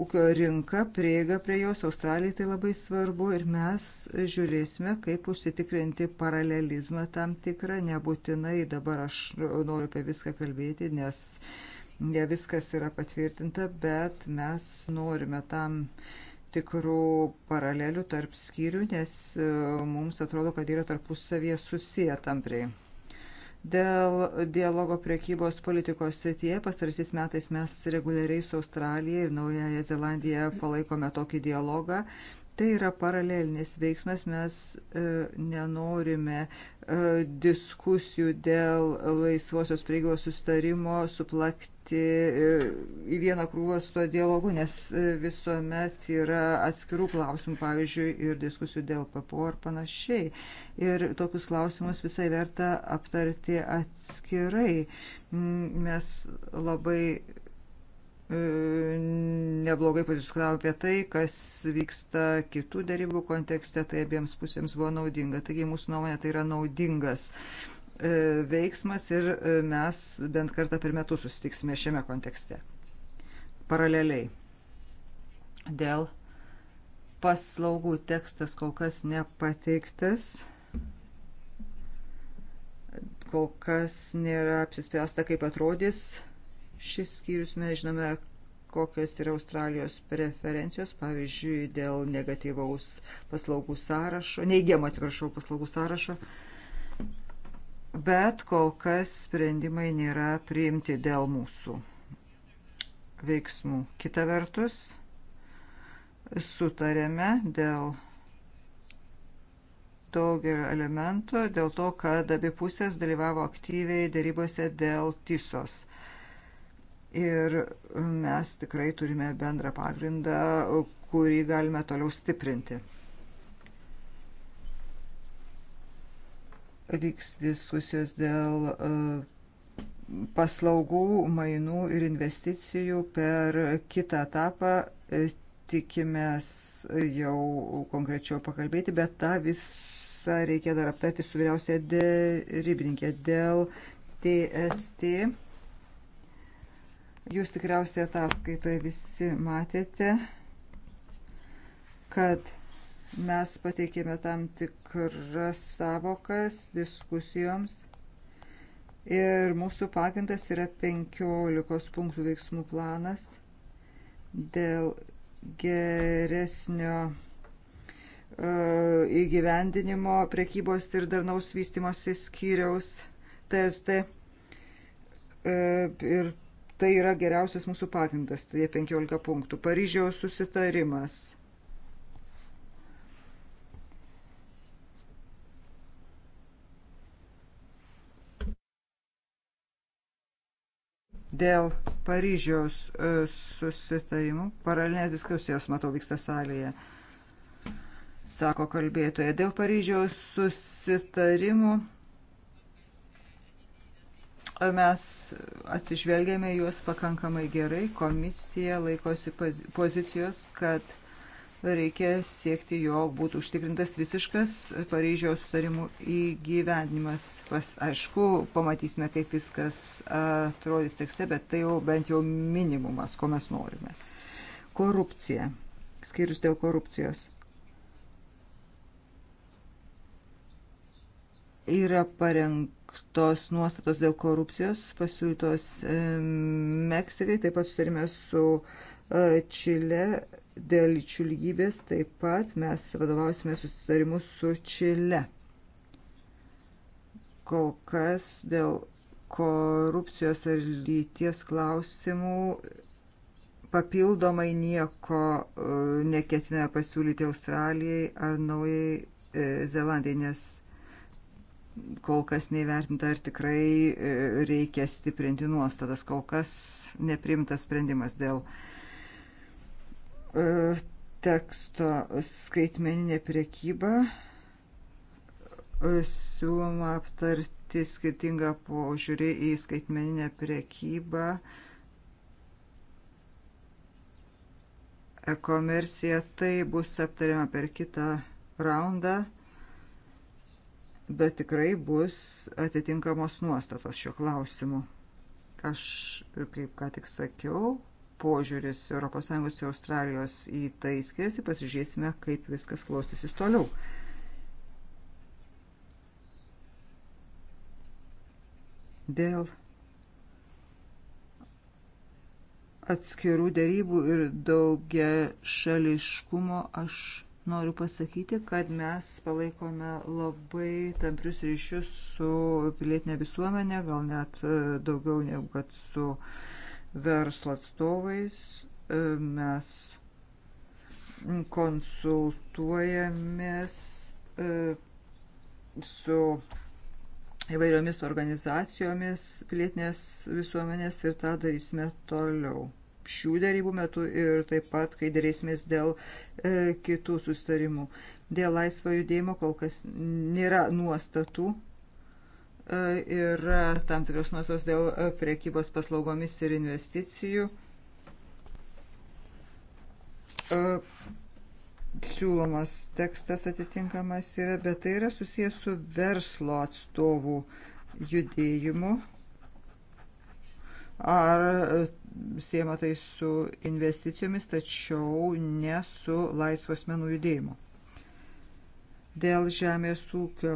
ūkio rinka, prieiga prie jos, Australijai tai labai svarbu ir mes žiūrėsime, kaip užsitikrinti paralelizmą tam tikrą, nebūtinai dabar aš noriu apie viską kalbėti, nes ne viskas yra patvirtinta, bet mes norime tam tikrų paralelių tarp skyrių, nes e, mums atrodo, kad yra tarpusavie susiję tampriai. Dėl dialogo priekybos politikos srityje pastarysiais metais mes reguliariai su Australija ir Naujaja Zelandija palaikome tokį dialogą. Tai yra paralelinis veiksmas, mes e, nenorime e, diskusijų dėl laisvosios prieigos sustarimo suplakti e, į vieną krūvą su to dialogu, nes e, visuomet yra atskirų klausimų, pavyzdžiui, ir diskusijų dėl PPO ar panašiai. Ir tokius klausimus visai verta aptarti atskirai. Mes labai E, neblogai padiskutavome apie tai, kas vyksta kitų darybų kontekste, tai abiems pusėms buvo naudinga. Taigi mūsų nuomonė tai yra naudingas e, veiksmas ir e, mes bent kartą per metus susitiksime šiame kontekste. Paraleliai. Dėl paslaugų tekstas kol kas nepateiktas kol kas nėra apsispręsta, kaip atrodys šis skyrius mes žinome, kokios yra Australijos preferencijos, pavyzdžiui, dėl negatyvaus paslaugų sąrašo, neigiamą atsiprašau paslaugų sąrašo, bet kol kas sprendimai nėra priimti dėl mūsų veiksmų. Kita vertus, sutarėme dėl daugelio elementų, dėl to, kad abi pusės dalyvavo aktyviai darybose dėl tisos ir mes tikrai turime bendrą pagrindą, kurį galime toliau stiprinti. Vyks diskusijos dėl e, paslaugų, mainų ir investicijų per kitą etapą. E, tikimės jau konkrečiau pakalbėti, bet tą visą reikia dar aptarti su vyriausia dėrybininkė dėl TST Jūs tikriausiai ataskaitoje visi matėte, kad mes pateikėme tam tikras savokas diskusijoms ir mūsų pagrindas yra 15 punktų veiksmų planas dėl geresnio e, įgyvendinimo prekybos ir darnaus vystimosi skyriaus TSD e, ir Tai yra geriausias mūsų pagrindas, tai 15 punktų. Paryžiaus susitarimas. Dėl Paryžiaus e, susitarimų paralelinės diskusijos, matau, vyksta salėje, sako kalbėtoja. Dėl Paryžiaus susitarimų Mes atsižvelgėme juos pakankamai gerai. Komisija laikosi pozicijos, kad reikia siekti, jog būtų užtikrintas visiškas Paryžiaus sutarimų įgyvendinimas. Pas, aišku, pamatysime, kaip viskas atrodys tekste, bet tai jau bent jau minimumas, ko mes norime. Korupcija. Skirius dėl korupcijos. yra parengtos nuostatos dėl korupcijos pasiūlytos e, Meksikai, taip pat sutarime su e, Čile dėl lyčių lygybės, taip pat mes vadovausime susitarimus su Čile. Kol kas dėl korupcijos ar lyties klausimų papildomai nieko e, neketiname pasiūlyti Australijai ar Naujai Zelandijai, nes kol kas neįvertinta, ar tikrai e, reikia stiprinti nuostatas. Kol kas neprimtas sprendimas dėl e, teksto skaitmeninė priekyba. E, siūloma aptarti skirtingą požiūrį į skaitmeninę priekybą. E-komercija tai bus aptariama per kitą raundą bet tikrai bus atitinkamos nuostatos šiuo klausimu. Aš, kaip ką tik sakiau, požiūris ES ir Australijos į tai skiriasi, pasižiūrėsime, kaip viskas klostysis toliau. Dėl atskirų dėrybų ir daugia šališkumo aš Noriu pasakyti, kad mes palaikome labai tamprius ryšius su pilietinė visuomenė, gal net e, daugiau negu kad su verslo atstovais. E, mes konsultuojamės e, su įvairiomis organizacijomis pilietinės visuomenės ir tą darysime toliau šių dėrybų metu ir taip pat, kai dėrėsimės dėl e, kitų sustarimų. Dėl laisvo judėjimo kol kas nėra nuostatų. E, yra tam tikros nuostatos dėl e, priekybos paslaugomis ir investicijų. E, siūlomas tekstas atitinkamas yra, bet tai yra susijęs su verslo atstovų judėjimu. Ar siema tai su investicijomis, tačiau ne su laisvas menų judėjimu. Dėl žemės ūkio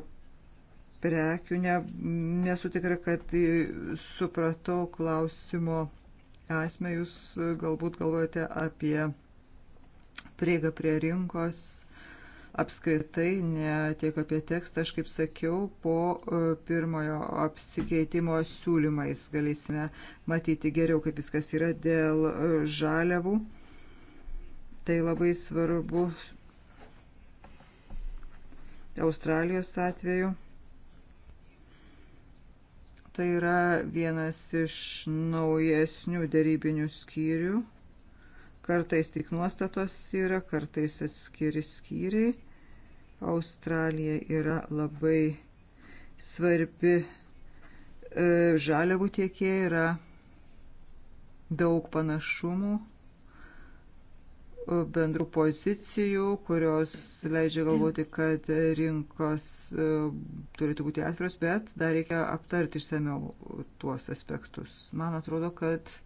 prekių ne, nesu tikra, kad supratau klausimo esmę. Jūs galbūt galvojate apie prieigą prie rinkos apskritai, ne tiek apie tekstą, aš kaip sakiau, po e, pirmojo apsikeitimo siūlymais galėsime matyti geriau, kaip viskas yra dėl e, žaliavų. Tai labai svarbu Australijos atveju. Tai yra vienas iš naujesnių dėrybinių skyrių kartais tik nuostatos yra, kartais atskiri skyriai. Australija yra labai svarbi e, žaliavų tiekėja, yra daug panašumų e, bendrų pozicijų, kurios leidžia galvoti, kad rinkos e, turėtų būti atviros, bet dar reikia aptarti išsameu tuos aspektus. Man atrodo, kad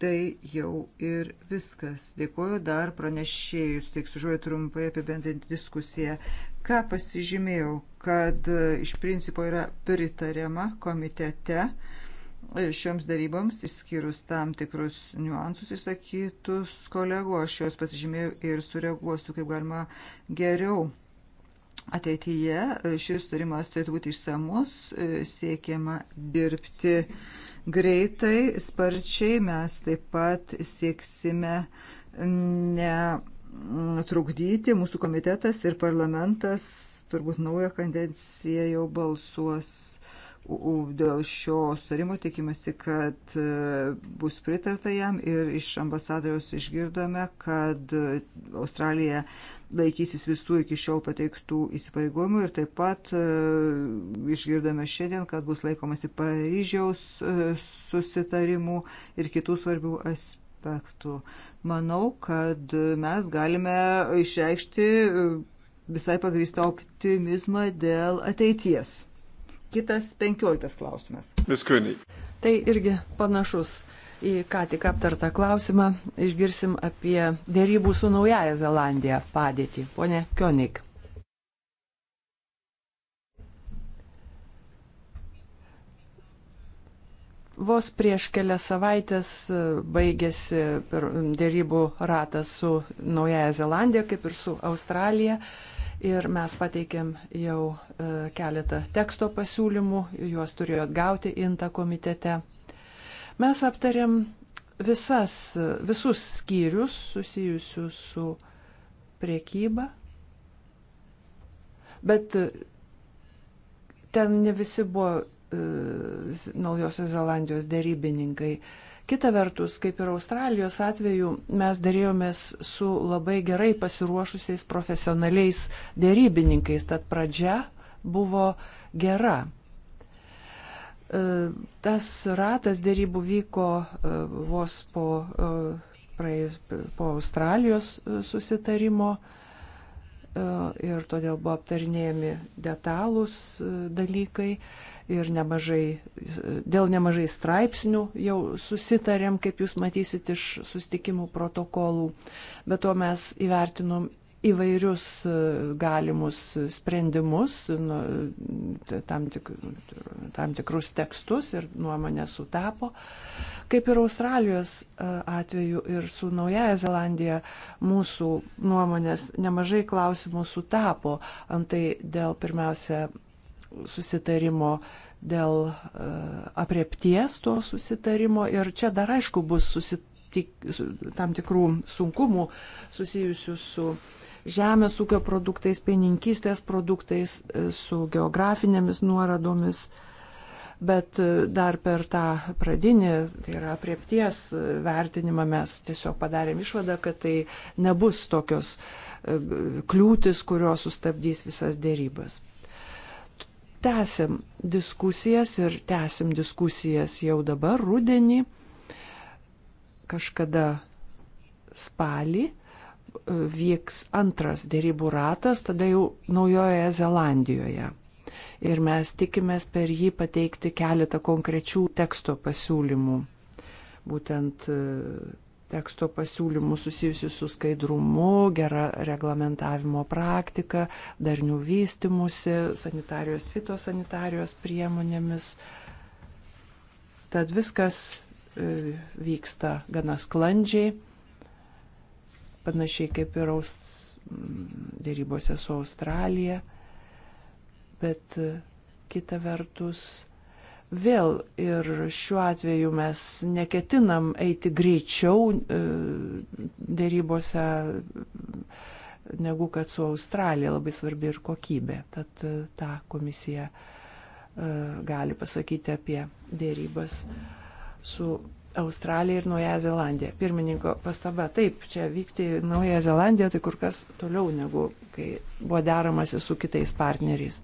tai jau ir viskas. Dėkuoju dar pranešėjus, tik sužuoju trumpai apibendrinti diskusiją. Ką pasižymėjau, kad e, iš principo yra pritariama komitete e, šioms daryboms, išskyrus tam tikrus niuansus įsakytus kolegų, aš juos pasižymėjau ir sureaguosiu kaip galima geriau. Ateityje e, šis turimas turėtų būti išsamus, siekiama dirbti uh, greitai, sparčiai mes taip pat sieksime ne trukdyti, mūsų komitetas ir parlamentas turbūt naują kandenciją jau balsuos dėl šio sarimo, tikimasi, kad e, bus pritarta jam ir iš ambasadoriaus išgirdome, kad Australija laikysis visų iki šiol pateiktų įsipareigojimų ir taip pat e, išgirdome šiandien, kad bus laikomasi Paryžiaus e, susitarimų ir kitų svarbių aspektų. Manau, kad mes galime išreikšti e, visai pagrįstą optimizmą dėl ateities. Kitas penkioliktas klausimas. Vis kūniai. Tai irgi panašus į ką tik aptartą klausimą išgirsim apie dėrybų su Naujaja Zelandija padėtį. Pone Kionik. Vos prieš kelias savaitės baigėsi dėrybų ratas su Naujaja Zelandija, kaip ir su Australija. Ir mes pateikėm jau e, keletą teksto pasiūlymų, juos turėjo gauti INTA komitete Mes aptarėm visas, visus skyrius susijusius su priekyba, bet e, ten ne visi buvo e, Naujosios Zelandijos dėrybininkai. Kita vertus, kaip ir Australijos atveju, mes dėrėjomės su labai gerai pasiruošusiais profesionaliais dėrybininkais, tad pradžia buvo gera. E, tas ratas dėrybų vyko e, vos po, e, praėjus, po Australijos susitarimo ir todėl buvo aptarinėjami detalūs dalykai ir nemažai, dėl nemažai straipsnių jau susitarėm, kaip jūs matysit iš sustikimų protokolų, bet to mes įvertinom įvairius e, galimus sprendimus, nu, tam, tik, tam tikrus tekstus ir nuomonė sutapo. Kaip ir Australijos e, atveju ir su Naujaja Zelandija mūsų nuomonės nemažai klausimų sutapo, antai dėl pirmiausia susitarimo dėl e, apriepties to susitarimo ir čia dar aišku bus susitarimo tam tikrų sunkumų susijusių su uh, žemės ūkio produktais, pieninkystės produktais, e, su geografinėmis nuoradomis. Bet e, dar per tą pradinį, tai yra priepties e, vertinimą, mes tiesiog padarėm išvadą, kad tai nebus tokios kliūtis, kurios sustabdys visas dėrybas tęsim diskusijas ir tęsim diskusijas jau dabar rudenį, kažkada spalį vyks antras dėrybų ratas, tada jau Naujojoje Zelandijoje. Ir mes tikimės per jį pateikti keletą konkrečių teksto pasiūlymų. Būtent e, teksto pasiūlymų susijusių su skaidrumu, gera reglamentavimo praktika, darnių vystimusi, sanitarijos, fitosanitarijos priemonėmis. Tad viskas e, vyksta gana sklandžiai panašiai kaip ir Aust... dėrybose su Australija. Bet e, kita vertus, vėl ir šiuo atveju mes neketinam eiti greičiau e, dėrybose negu kad su Australija labai svarbi ir kokybė. Tad e, tą komisiją gali pasakyti apie dėrybas su Australija ir Nauja Zelandija. Pirmininko pastaba, taip, čia vykti į Naują Zelandiją tai kur kas toliau negu kai buvo deramasi su kitais partneriais.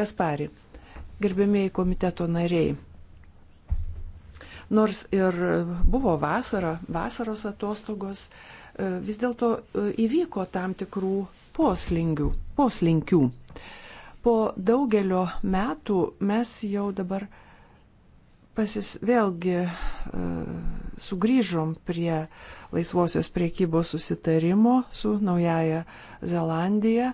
Kas pari? Gerbėmiai komiteto nariai. Nors ir buvo vasara, vasaros atostogos, e, vis dėlto e, įvyko tam tikrų poslingių, poslinkių. poslinkių po daugelio metų mes jau dabar pasis vėlgi e, sugrįžom prie laisvosios priekybos susitarimo su Naujaja Zelandija.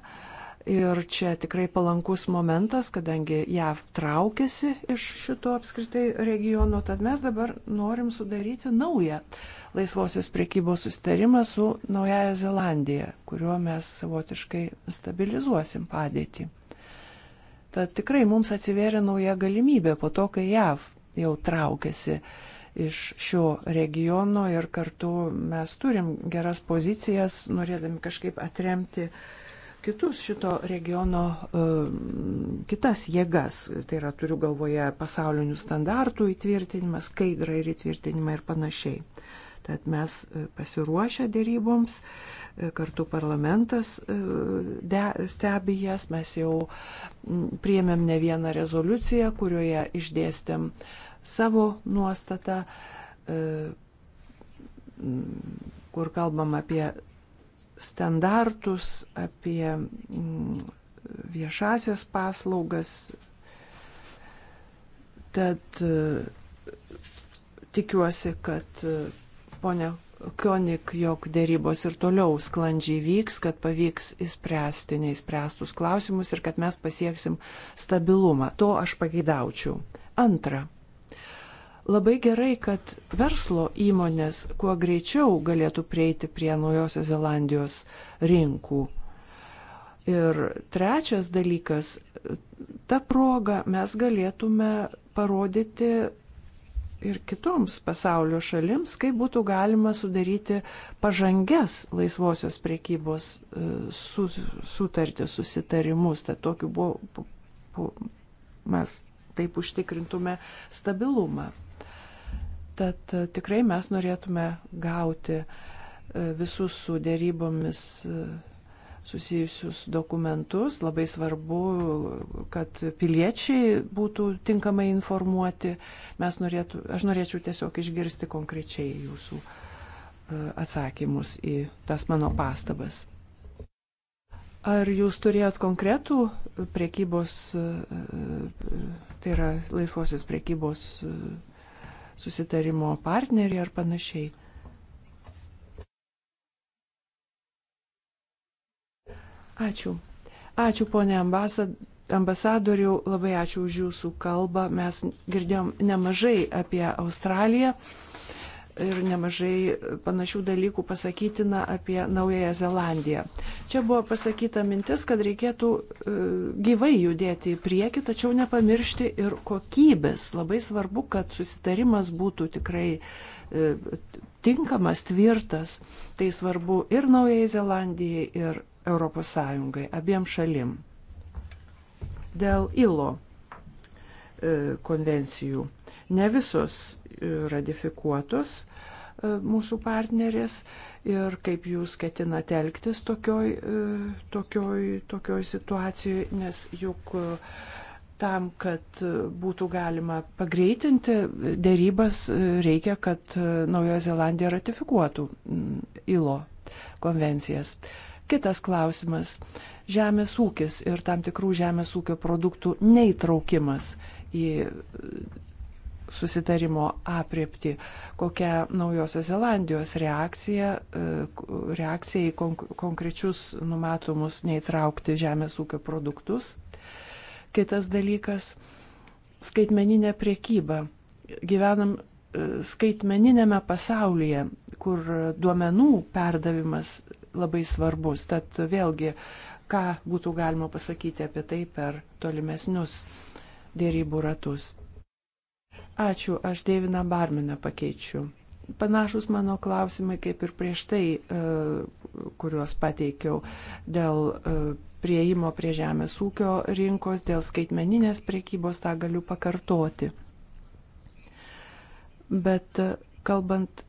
Ir čia tikrai palankus momentas, kadangi JAV traukiasi iš šito apskritai regiono, tad mes dabar norim sudaryti naują laisvosios priekybos susitarimą su Naujaja Zelandija, kuriuo mes savotiškai stabilizuosim padėtį. Tad tikrai mums atsiveria nauja galimybė po to, kai JAV jau traukiasi iš šio regiono ir kartu mes turim geras pozicijas, norėdami kažkaip atremti kitus šito regiono e, kitas jėgas. Tai yra, turiu galvoje pasaulinių standartų įtvirtinimą, skaidrą ir įtvirtinimą ir panašiai. Tad mes e, pasiruošę dėryboms, e, kartu parlamentas e, de, stebi jas, mes jau priėmėm ne vieną rezoliuciją, kurioje išdėstėm savo nuostatą, kur kalbam apie standartus, apie viešasias paslaugas. Tad tikiuosi, kad ponia Konik, jog dėrybos ir toliau sklandžiai vyks, kad pavyks įspręsti neįspręstus klausimus ir kad mes pasieksim stabilumą. To aš pageidaučiau. Antra. Labai gerai, kad verslo įmonės kuo greičiau galėtų prieiti prie Naujosios Zelandijos rinkų. Ir trečias dalykas, ta proga mes galėtume parodyti ir kitoms pasaulio šalims, kaip būtų galima sudaryti pažangias laisvosios priekybos e, su, sutartį, susitarimus. Tad tokiu buvo, buvo, mes taip užtikrintume stabilumą. Tad e, tikrai mes norėtume gauti e, visus su dėrybomis susijusius dokumentus. Labai svarbu, kad piliečiai būtų tinkamai informuoti. Mes norėtų, aš norėčiau tiesiog išgirsti konkrečiai jūsų e, atsakymus į tas mano pastabas. Ar jūs turėjot konkretų priekybos, e, e, tai yra laisvosios priekybos susitarimo partnerį ar panašiai? Ačiū. Ačiū, ponė ambasad... ambasadoriu, labai ačiū už jūsų kalbą. Mes girdėjom nemažai apie Australiją ir nemažai panašių dalykų pasakytina apie Naująją Zelandiją. Čia buvo pasakyta mintis, kad reikėtų e, gyvai judėti į priekį, tačiau nepamiršti ir kokybės. Labai svarbu, kad susitarimas būtų tikrai e, tinkamas, tvirtas. Tai svarbu ir Naujai Zelandijai, ir ES, abiem šalim. Dėl ILO e, konvencijų. Ne visos e, ratifikuotos e, mūsų partnerės ir kaip jūs ketinate elgtis tokioj, tokioj, tokioj situacijoje, nes juk tam, kad būtų galima pagreitinti dėrybas, reikia, kad Naujojo Zelandija ratifikuotų ILO konvencijas. Uh, Kitas klausimas - žemės ūkis ir tam tikrų žemės ūkio produktų neįtraukimas į e, susitarimo apriepti, kokia naujosios Zelandijos reakcija, e, reakcija į konkrečius numatomus neįtraukti žemės ūkio produktus. Kitas dalykas - skaitmeninė priekyba. Gyvenam skaitmeninėme pasaulyje, kur duomenų perdavimas labai svarbus. Tad vėlgi, ką būtų galima pasakyti apie tai per tolimesnius dėrybų ratus. Ačiū, aš Deiviną Barminą pakeičiu. Panašus mano klausimai kaip ir prieš tai, e, kuriuos pateikiau dėl e, prieimo prie žemės ūkio rinkos, dėl skaitmeninės priekybos, tą galiu pakartoti. Bet e, kalbant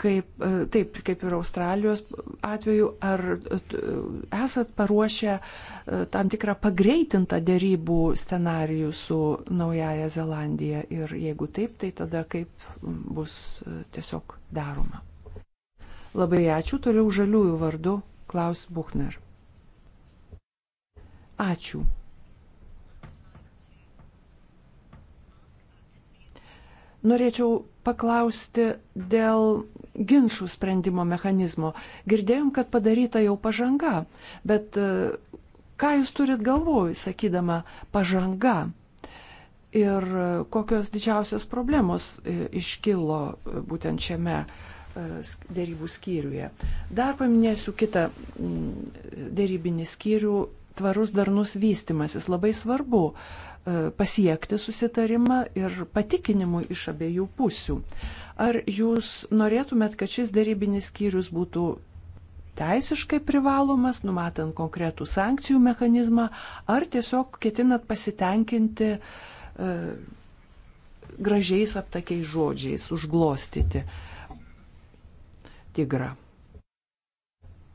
kaip, e, taip, kaip ir Australijos atveju, ar e, esat paruošę tam tikrą pagreitintą dėrybų scenarijų su Naujaja Zelandija ir jeigu taip, tai tada kaip bus tiesiog daroma. Labai ačiū, toliau žaliųjų vardu Klaus Buchner. Ačiū. Norėčiau paklausti dėl ginčių sprendimo mechanizmo. Girdėjom, kad padaryta jau pažanga, bet e, ką jūs turit galvoj, sakydama pažanga? Ir e, kokios didžiausios problemos e, iškilo būtent šiame dėrybų skyriuje. Dar paminėsiu kitą dėrybinį skyrių - tvarus darnus vystimasis. Labai svarbu, pasiekti susitarimą ir patikinimų iš abiejų pusių. Ar jūs norėtumėt, kad šis darybinis skyrius būtų teisiškai privalomas, numatant konkretų sankcijų mechanizmą, ar tiesiog ketinat pasitenkinti e, gražiais aptakiais žodžiais, užglostyti tigrą.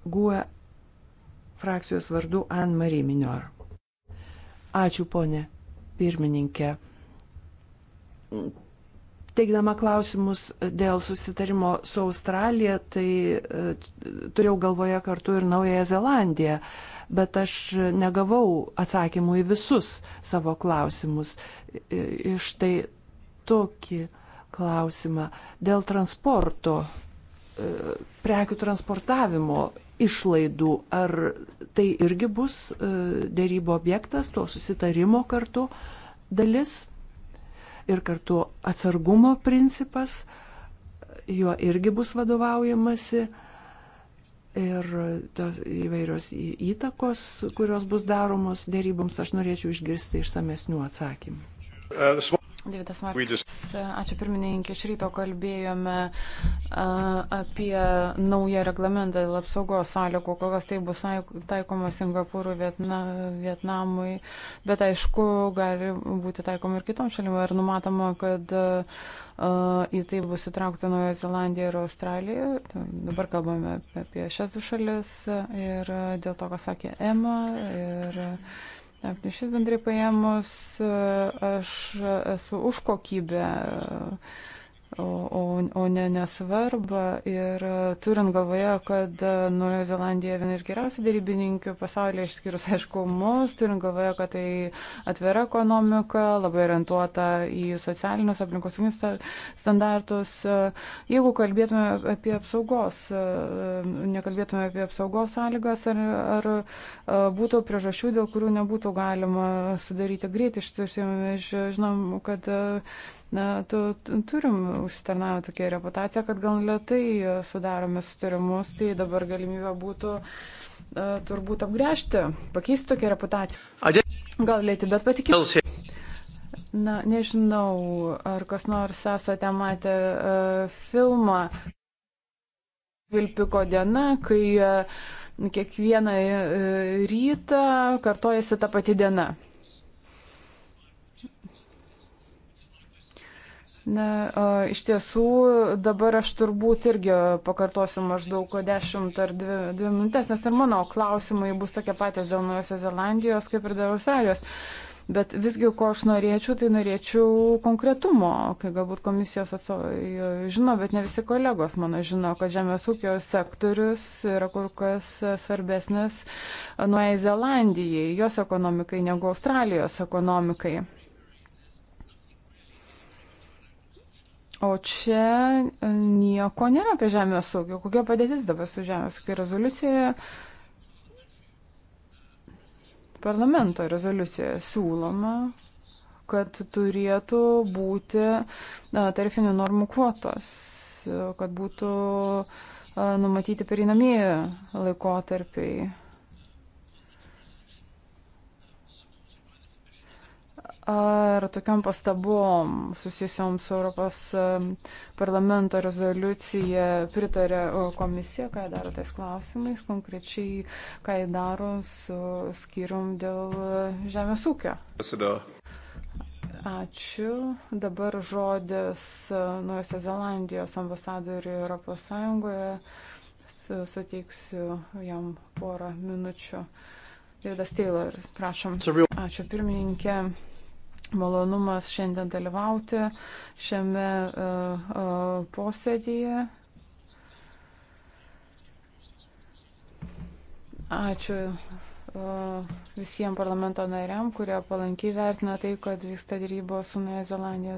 Guo frakcijos vardu Anne Marie Minor. Ačiū, ponė pirmininkė. Teikdama klausimus dėl susitarimo su Australija, tai e, turėjau galvoje kartu ir Naująją Zelandiją, bet aš negavau atsakymų į visus savo klausimus. E, iš tai tokį klausimą dėl transporto, e, prekių transportavimo išlaidų. Ar tai irgi bus e, dėrybo objektas, to susitarimo kartu dalis ir kartu atsargumo principas, juo irgi bus vadovaujamasi ir tos įvairios įtakos, kurios bus daromos dėryboms, aš norėčiau išgirsti išsamesnių atsakymų. Uh, Davidas Markas. Ačiū pirmininkė. Iš ryto kalbėjome a, apie naują reglamentą dėl apsaugos sąlygų, kokios tai bus tai, taikoma Singapūrui, Vietna, Vietnamui, bet aišku, gali būti taikoma ir kitom šalim. Ir numatoma, kad a, į tai bus įtraukta Naujojo Zelandija ir Australija. Tai dabar kalbame apie šias du šalis ir dėl to, ką sakė Ema. Ir, a, Taip, šis bendrai paėmus, aš esu už kokybę. Uh, o, o, o ne nesvarbą. Ir turint galvoje, kad Naujojo Zelandija viena iš geriausių dėrybininkių pasaulyje, išskyrus, aišku, mus, turint galvoje, kad tai atvira ekonomika, labai orientuota į socialinius aplinkosauginius standartus. Jeigu kalbėtume apie apsaugos, nekalbėtume apie apsaugos sąlygas, ar, ar būtų priežasčių, dėl kurių nebūtų galima sudaryti greitai, iš tiesų, žinom, kad uh, na, tu, turim užsitarnavę tokią reputaciją, kad gan lietai e, sudarome sutarimus, tai dabar galimybė būtų uh, turbūt apgręžti, pakeisti tokią reputaciją. Gal lėti, bet patikėsiu. Na, nežinau, ar kas nors esate matę uh, filmą Vilpiko diena, kai uh, kiekvieną uh, rytą kartojasi ta pati diena. Na, iš tiesų, dabar aš turbūt irgi pakartosiu maždaug 10 ar 2, 2 minutės, nes ir mano klausimai bus tokie patys dėl Naujosios Zelandijos kaip ir dėl Australijos. Bet visgi, ko aš norėčiau, tai norėčiau konkretumo, kai galbūt komisijos atstovai žino, bet ne visi kolegos mano žino, kad žemės ūkio sektorius yra kur kas svarbesnis Nuojai Zelandijai, jos ekonomikai negu Australijos ekonomikai. O čia e, nieko nėra apie žemės saugį. Kokia padėtis dabar su žemės saugio rezoliucijoje? Parlamento rezoliucijoje siūloma, kad turėtų būti na, e, tarifinių normų kvotos, kad būtų a, e, numatyti perinamieji laikotarpiai. ar tokiam pastabom susijusiom su Europos parlamento rezoliucija pritarė komisija, ką daro tais klausimais, konkrečiai ką jį daro su skyrium dėl e, žemės ūkio. Pasidau. Ačiū. Dabar žodis e, Nuojosios Zelandijos ambasadoriui Europos Sąjungoje. Suteiksiu jam porą minučių. Dėdas Taylor, prašom. Ačiū pirmininkė malonumas šiandien dalyvauti šiame uh, e, uh, e, posėdėje. Ačiū visiems parlamento nariam, kurie palankiai vertina tai, kad vyksta dėrybo su Nuoja Zelandija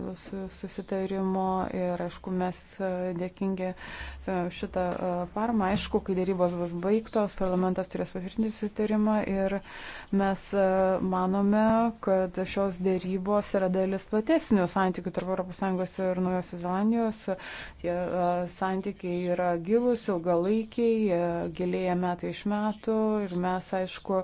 susitarimo ir, aišku, mes e, dėkingi e, šitą e, parmą. Aišku, kai dėrybos bus baigtos, parlamentas turės patvirtinti susitarimą ir mes manome, kad šios dėrybos yra dalis platesnių santykių tarp ES ir Nuoja Zelandijos. Tie santykiai yra gilus, ilgalaikiai, gilėja metai iš metų ir mes, aišku,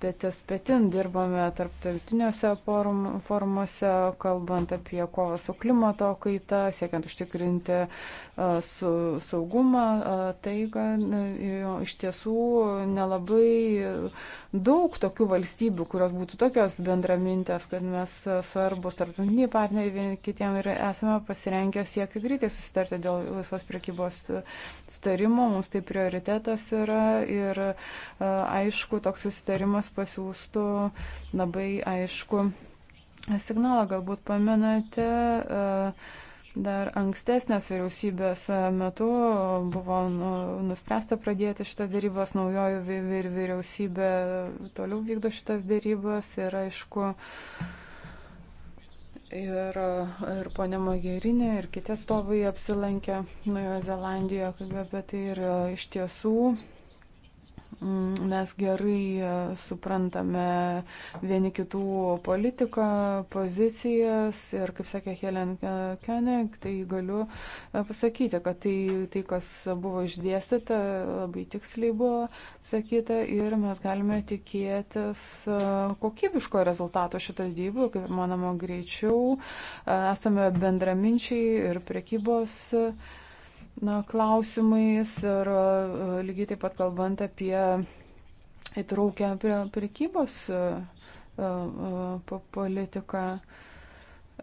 pėtis pėtin dirbame tarptautiniuose forumuose, kalbant apie kovą su klimato kaita, siekiant užtikrinti su, saugumą, taigą. Iš tiesų nelabai daug tokių valstybių, kurios būtų tokios bendramintės, kad mes svarbus tarptautiniai partneriai vieni kitiem ir esame pasirengę siekti greitai susitarti dėl laisvos priekybos sutarimo. Mums tai prioritetas yra ir aišku, toks susitarimas pasiūstų labai aišku signalą. Galbūt pamenate, e, dar ankstesnės vyriausybės metu buvo nu, nuspręsta pradėti šitas dėrybas, naujoji vyriausybė toliau vykdo šitas dėrybas ir aišku. Ir, ir ponė Magerinė, ir kiti atstovai apsilankė Nuojo Zelandijoje, kalbėjo apie tai ir e, iš tiesų Mm, mes gerai e, suprantame vieni kitų politiką, pozicijas ir, kaip sakė Helen e, Koenig, tai galiu e, pasakyti, kad tai, tai kas buvo išdėstyta, labai tiksliai buvo sakyta ir mes galime tikėtis kokybiško rezultato šito dybų, kaip manoma, greičiau. Esame bendraminčiai ir prekybos. Uh, na, klausimais ir e, lygiai taip pat kalbant apie įtraukę prie prekybos e, e, politiką. Prie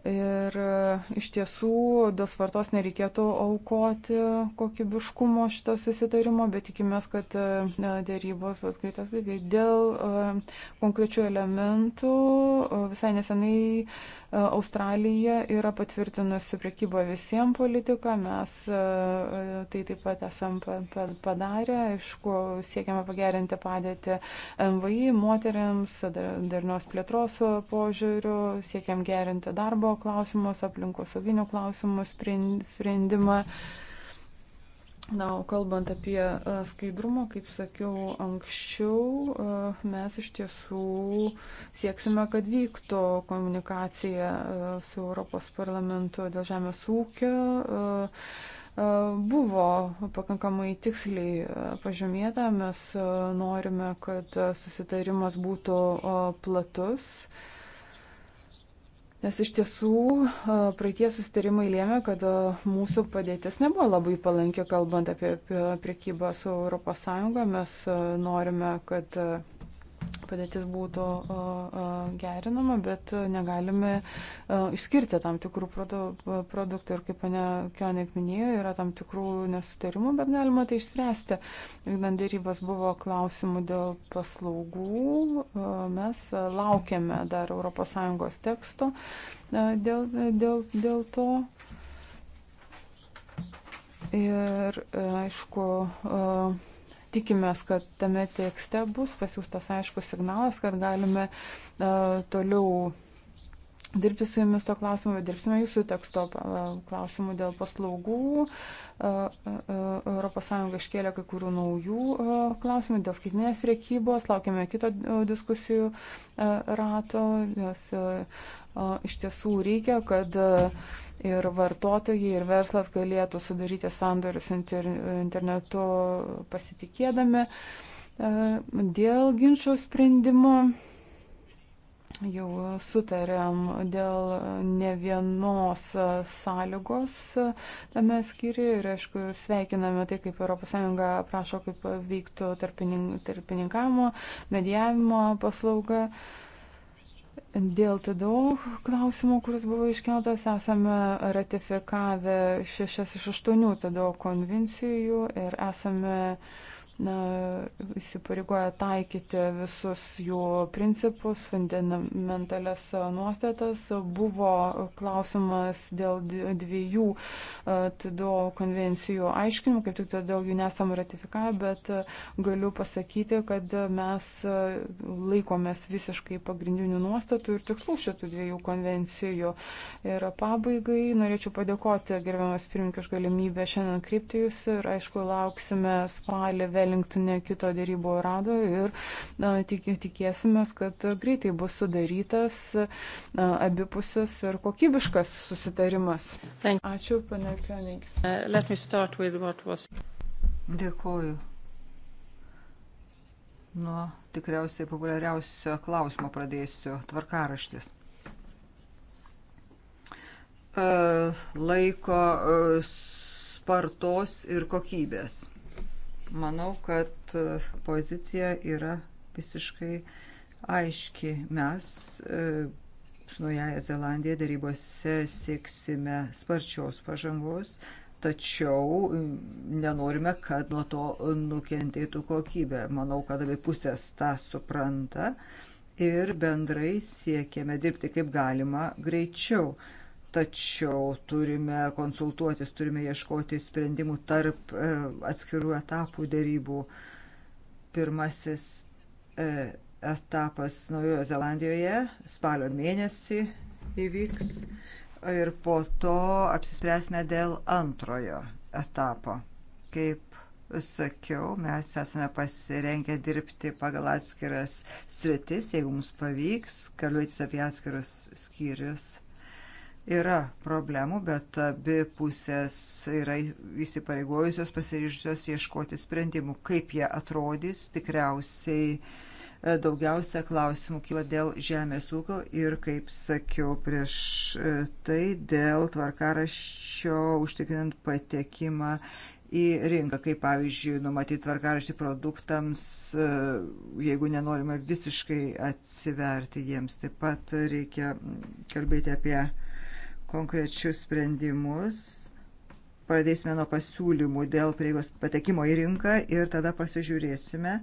Ir e, iš tiesų dėl svartos nereikėtų aukoti kokybiškumo šito susitarimo, bet tikimės, kad e, dėrybos bus greitas baigai. Dėl e, konkrečių elementų visai nesenai Australija yra patvirtinusi priekybą visiems politiką, mes tai taip pat esam padarę, aišku, siekiame pagerinti padėtį MVI moteriams, darnios plėtros požiūrių, siekiam gerinti darbo darbo klausimus, aplinkosauginių klausimų sprendimą. Na, o kalbant apie e, skaidrumą, kaip sakiau anksčiau, e, mes iš tiesų sieksime, kad vyktų komunikacija e, su Europos parlamentu dėl žemės ūkio buvo pakankamai tiksliai pažymėta, mes norime, kad susitarimas būtų platus Nes iš tiesų praeitie sustarimai lėmė, kad mūsų padėtis nebuvo labai palankė, kalbant apie priekybą su ES. Mes norime, kad padėtis būtų gerinama, bet negalime išskirti tam tikrų produktų. Ir kaip pane Kionik minėjo, yra tam tikrų nesutarimų, bet galima tai išspręsti. Vykdant dėrybas buvo klausimų dėl paslaugų. Mes laukiame dar ES teksto e, dėl, dėl, dėl to. Ir e, aišku, uh, tikimės, kad tame tekste bus pasiūstas aiškus signalas, kad galime uh, toliau dirbti su jumis to klausimu, bet dirbsime jūsų teksto e, klausimu dėl paslaugų. ES e, iškėlė kai kurių naujų klausimų dėl skaitinės priekybos, laukiame kito diskusijų rato, nes iš tiesų reikia, kad ir vartotojai, ir verslas galėtų sudaryti sandorius inter, internetu pasitikėdami. E, dėl ginčių sprendimo jau sutarėm dėl ne vienos sąlygos tame skyriuje ir, aišku, sveikiname tai, kaip ES prašo, kaip veiktų tarpininkavimo, medijavimo paslauga. Uh, Dėl TDO klausimų, kuris buvo iškeltas, esame ratifikavę šešias iš aštuonių TDO konvencijų ir esame uh, na, įsipareigoja taikyti visus jų principus, fundamentales nuostatas. Buvo klausimas dėl dviejų TDO konvencijų aiškinimų, kaip tik todėl jų nesam ratifikavę, bet galiu pasakyti, kad mes laikomės visiškai pagrindinių nuostatų ir tikslų šitų dviejų konvencijų. Ir pabaigai norėčiau padėkoti gerbiamas pirmininkas galimybę šiandien krypti jūs ir aišku lauksime spalį vėl Valinktone kito dėrybų rado ir tik, tikėsime, kad greitai bus sudarytas abipusis ir kokybiškas susitarimas. Ačiū, pane Kionig. Uh, Dėkuoju. Nuo tikriausiai populiariausio klausimo pradėsiu - tvarkaraštis uh, laiko uh, spartos ir kokybės. Manau, kad e, pozicija yra visiškai aiški. Mes e, su Naujaja Zelandija darybose sieksime sparčios pažangos, tačiau nenorime, kad nuo to nukentėtų kokybė. Manau, kad abi pusės tą supranta ir bendrai siekiame dirbti kaip galima greičiau tačiau turime konsultuotis, turime ieškoti sprendimų tarp e, atskirų etapų dėrybų. Pirmasis e, etapas Naujojo Zelandijoje spalio mėnesį įvyks ir po to apsispręsime dėl antrojo etapo. Kaip sakiau, mes esame pasirengę dirbti pagal atskiras sritis, jeigu mums pavyks, kalbėtis apie atskirus skyrius Yra problemų, bet abi pusės yra įsipareigojusios pasiryžusios ieškoti sprendimų. Kaip jie atrodys, tikriausiai e, daugiausia klausimų kyla dėl žemės ūkio ir, kaip sakiau prieš e, tai, dėl tvarkaraščio užtikrinant patekimą į rinką, kaip pavyzdžiui, numatyti tvarkaraštį produktams, e, jeigu nenorime visiškai atsiverti jiems. Taip pat reikia kalbėti apie konkrečius sprendimus. Pradėsime nuo pasiūlymų dėl prieigos patekimo į rinką ir tada pasižiūrėsime.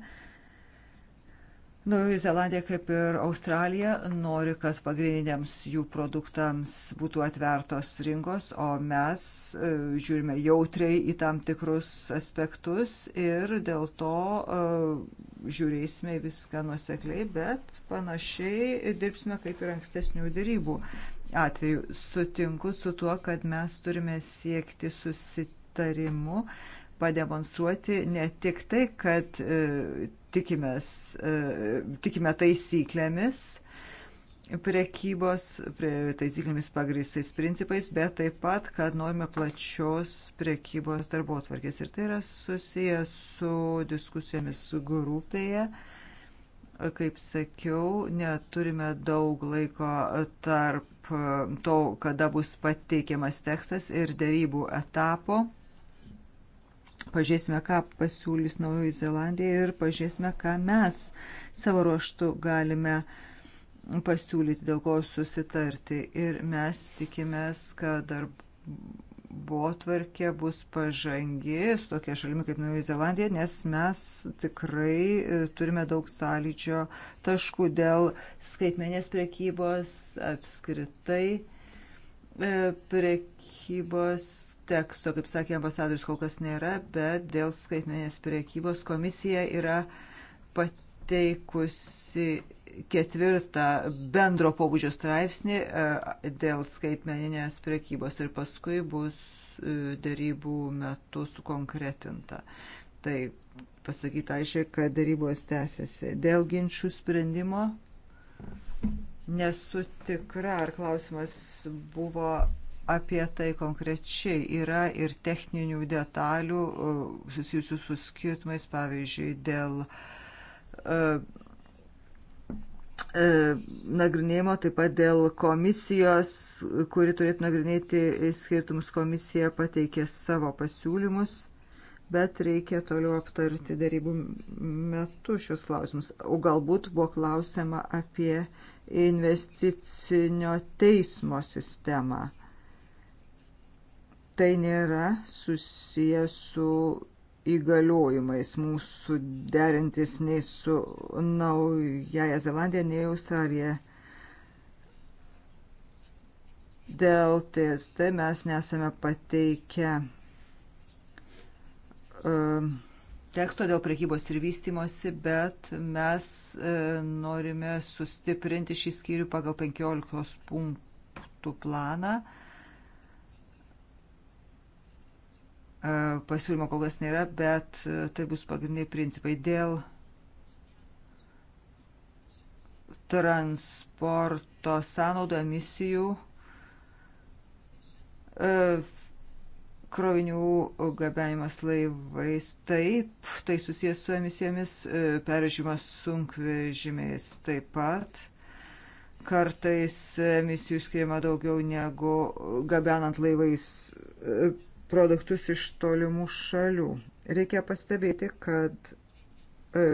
Naujoji Zelandija, kaip ir Australija, nori, kad pagrindiniams jų produktams būtų atvertos rinkos, o mes e, žiūrime jautriai į tam tikrus aspektus ir dėl to e, žiūrėsime viską nuosekliai, bet panašiai dirbsime kaip ir ankstesnių dėrybų atveju. Sutinku su tuo, kad mes turime siekti susitarimu, pademonstruoti ne tik tai, kad e, tikimės, e, tikime taisyklėmis, prekybos prie taisyklėmis pagrįstais principais, bet taip pat, kad norime plačios prekybos darbo atvarkės. Ir tai yra susijęs su diskusijomis grupėje. E, Kaip sakiau, neturime daug laiko tarp to, kada bus pateikiamas tekstas ir dėrybų etapo. Pažiūrėsime, ką pasiūlys Naujoji Zelandija ir pažiūrėsime, ką mes savo ruoštų galime pasiūlyti, dėl ko susitarti. Ir mes tikimės, kad darb darbotvarkė bus pažangi su tokia šalimi kaip Naujoji Zelandija, nes mes tikrai e, turime daug sąlyčio taškų dėl skaitmenės prekybos, apskritai e, prekybos teksto, kaip sakė ambasadorius, kol kas nėra, bet dėl skaitmenės prekybos komisija yra pateikusi ketvirtą bendro pobūdžio straipsnį e, dėl skaitmeninės prekybos ir paskui bus e, darybų metu sukonkretinta. Tai pasakyta aiškiai, kad darybos tęsiasi. Dėl ginčių sprendimo nesu tikra, ar klausimas buvo apie tai konkrečiai. Yra ir techninių detalių e, susijusių su skirtumais, pavyzdžiui, dėl uh, E, nagrinėjimo, taip pat dėl komisijos, kuri turėtų nagrinėti skirtumus, komisija pateikė savo pasiūlymus, bet reikia toliau aptarti darybų metu šios klausimus. O galbūt buvo klausima apie investicinio teismo sistemą. Tai nėra susijęs su įgaliojimais mūsų derintis nei su Naujaja Zelandija, nei Australija. Dėl TST mes nesame pateikę uh, teksto dėl prekybos ir vystimosi, bet mes uh, norime sustiprinti šį skyrių pagal 15 punktų planą. Uh, Pasiūlymo kol kas nėra, bet tai bus pagrindiniai principai. Dėl transporto sąnaudų emisijų krovinių gabenimas laivais taip, tai susijęs su emisijomis, pervežimas sunkvežimiais taip pat. Kartais emisijų skiriama daugiau negu gabenant laivais produktus iš tolimų šalių. Reikia pastebėti, kad e,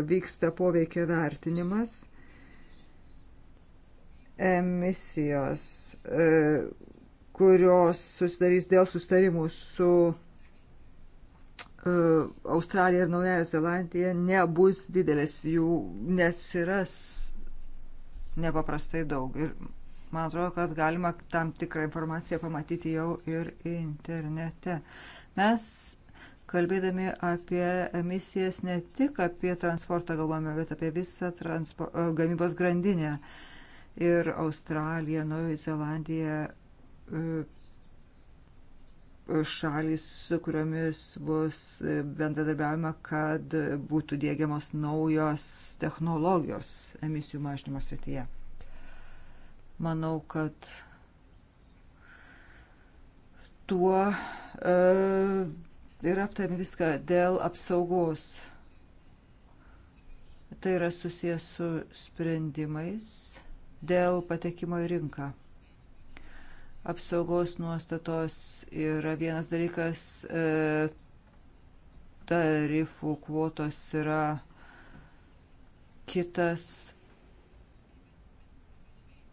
vyksta poveikia vertinimas emisijos, e, kurios susidarys dėl sustarimų su e, Australija ir Naujaja Zelandija nebus didelės, jų nesiras nepaprastai daug. Ir Man atrodo, kad galima tam tikrą informaciją pamatyti jau ir internete. Mes kalbėdami apie emisijas ne tik apie transportą galvojame, bet apie visą transpo, e, gamybos grandinę. Ir Australija, Naujoji Zelandija, e, e, šalis, su kuriomis bus bendradarbiavima, kad būtų dėgiamos naujos technologijos emisijų mažinimo srityje. Manau, kad tuo e, ir aptarėm viską dėl apsaugos. Tai yra susijęs su sprendimais dėl patekimo į rinką. Apsaugos nuostatos yra vienas dalykas, e, tarifų kvotos yra kitas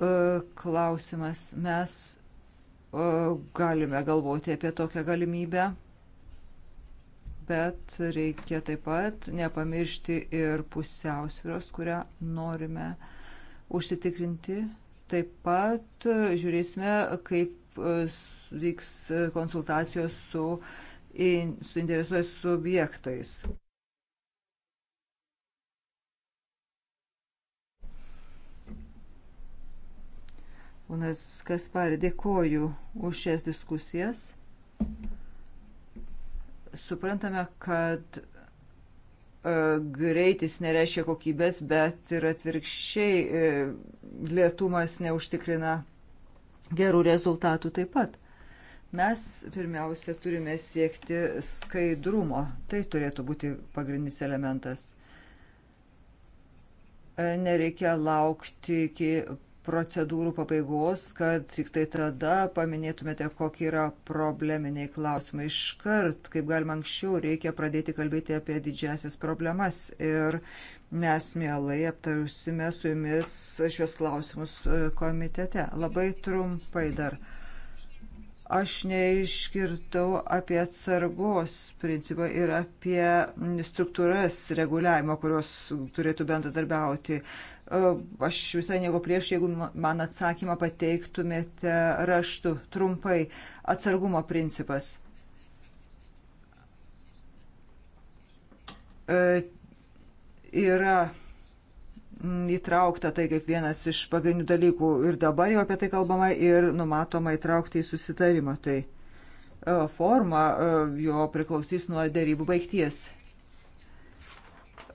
E, klausimas. Mes e, galime galvoti apie tokią galimybę, bet reikia taip pat nepamiršti ir pusiausvyros, kurią norime užsitikrinti. Taip pat e, žiūrėsime, kaip vyks konsultacijos su suinteresuotais subjektais. Ponas Kaspari, dėkoju už šias diskusijas. Suprantame, kad e, greitis nereiškia kokybės, bet ir atvirkščiai e, lietumas neužtikrina gerų rezultatų taip pat. Mes pirmiausia turime siekti skaidrumo. Tai turėtų būti pagrindinis elementas. E, nereikia laukti iki procedūrų pabaigos, kad tik tai tada paminėtumėte, kokie yra probleminiai klausimai. Iškart, kaip galima anksčiau, reikia pradėti kalbėti apie didžiasias problemas ir mes mielai aptarsime su jumis šios klausimus e, komitete. Labai trumpai dar. Aš neiškirtau apie atsargos principą ir apie struktūras reguliavimo, kurios turėtų bendradarbiauti Aš visai nieko prieš, jeigu man atsakymą pateiktumėte raštu trumpai. Atsargumo principas. Yra įtraukta tai kaip vienas iš pagrindinių dalykų ir dabar jau apie tai kalbama ir numatoma įtraukti į susitarimą. Tai forma jo priklausys nuo dėrybų baigties.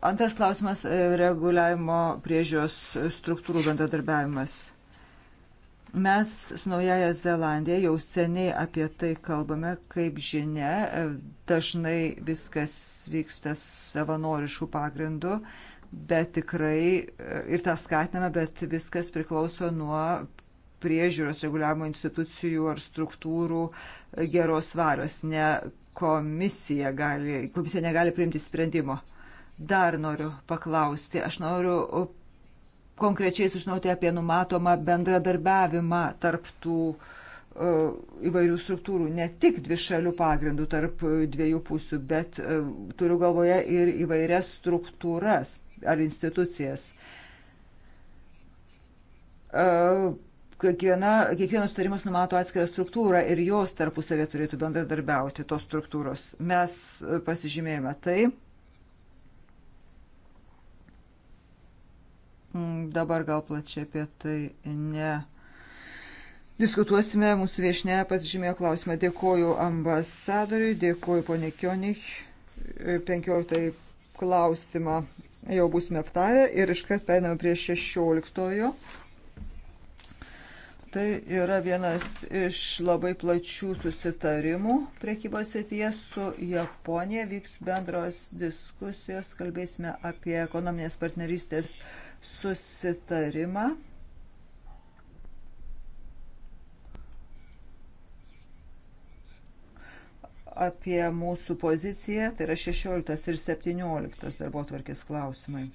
Antras klausimas e, - reguliavimo priežios struktūrų bendradarbiavimas. Mes su Naujaja Zelandija jau seniai apie tai kalbame, kaip žinia, e, dažnai viskas vyksta savanoriškų pagrindų, bet tikrai e, ir tą skatiname, bet viskas priklauso nuo priežiūros reguliavimo institucijų ar struktūrų geros valios. Ne komisija, gali, komisija negali priimti sprendimo. Dar noriu paklausti. Aš noriu konkrečiai sužinoti apie numatomą bendradarbiavimą tarptų e, įvairių struktūrų, ne tik dvi šalių pagrindų tarp dviejų pusių, bet e, turiu galvoje ir įvairias struktūras ar institucijas. E, kiekviena, kiekvienas sutarimas numato atskirą struktūrą ir jos tarpusavė turėtų bendradarbiauti tos struktūros. Mes pasižymėjome tai Mm, dabar gal plačiai apie tai ne. Diskutuosime, mūsų viešne pasižymėjo klausimą. Dėkoju ambasadoriui, dėkoju ponė Kionich. 15 klausimą jau būsime aptarę ir iškart periname prie 16. Tai yra vienas iš labai plačių susitarimų priekybos srityje su Japonija. Vyks bendros diskusijos, kalbėsime apie ekonominės partnerystės susitarimą. apie mūsų poziciją, tai yra 16 ir 17 darbo tvarkės klausimai. E,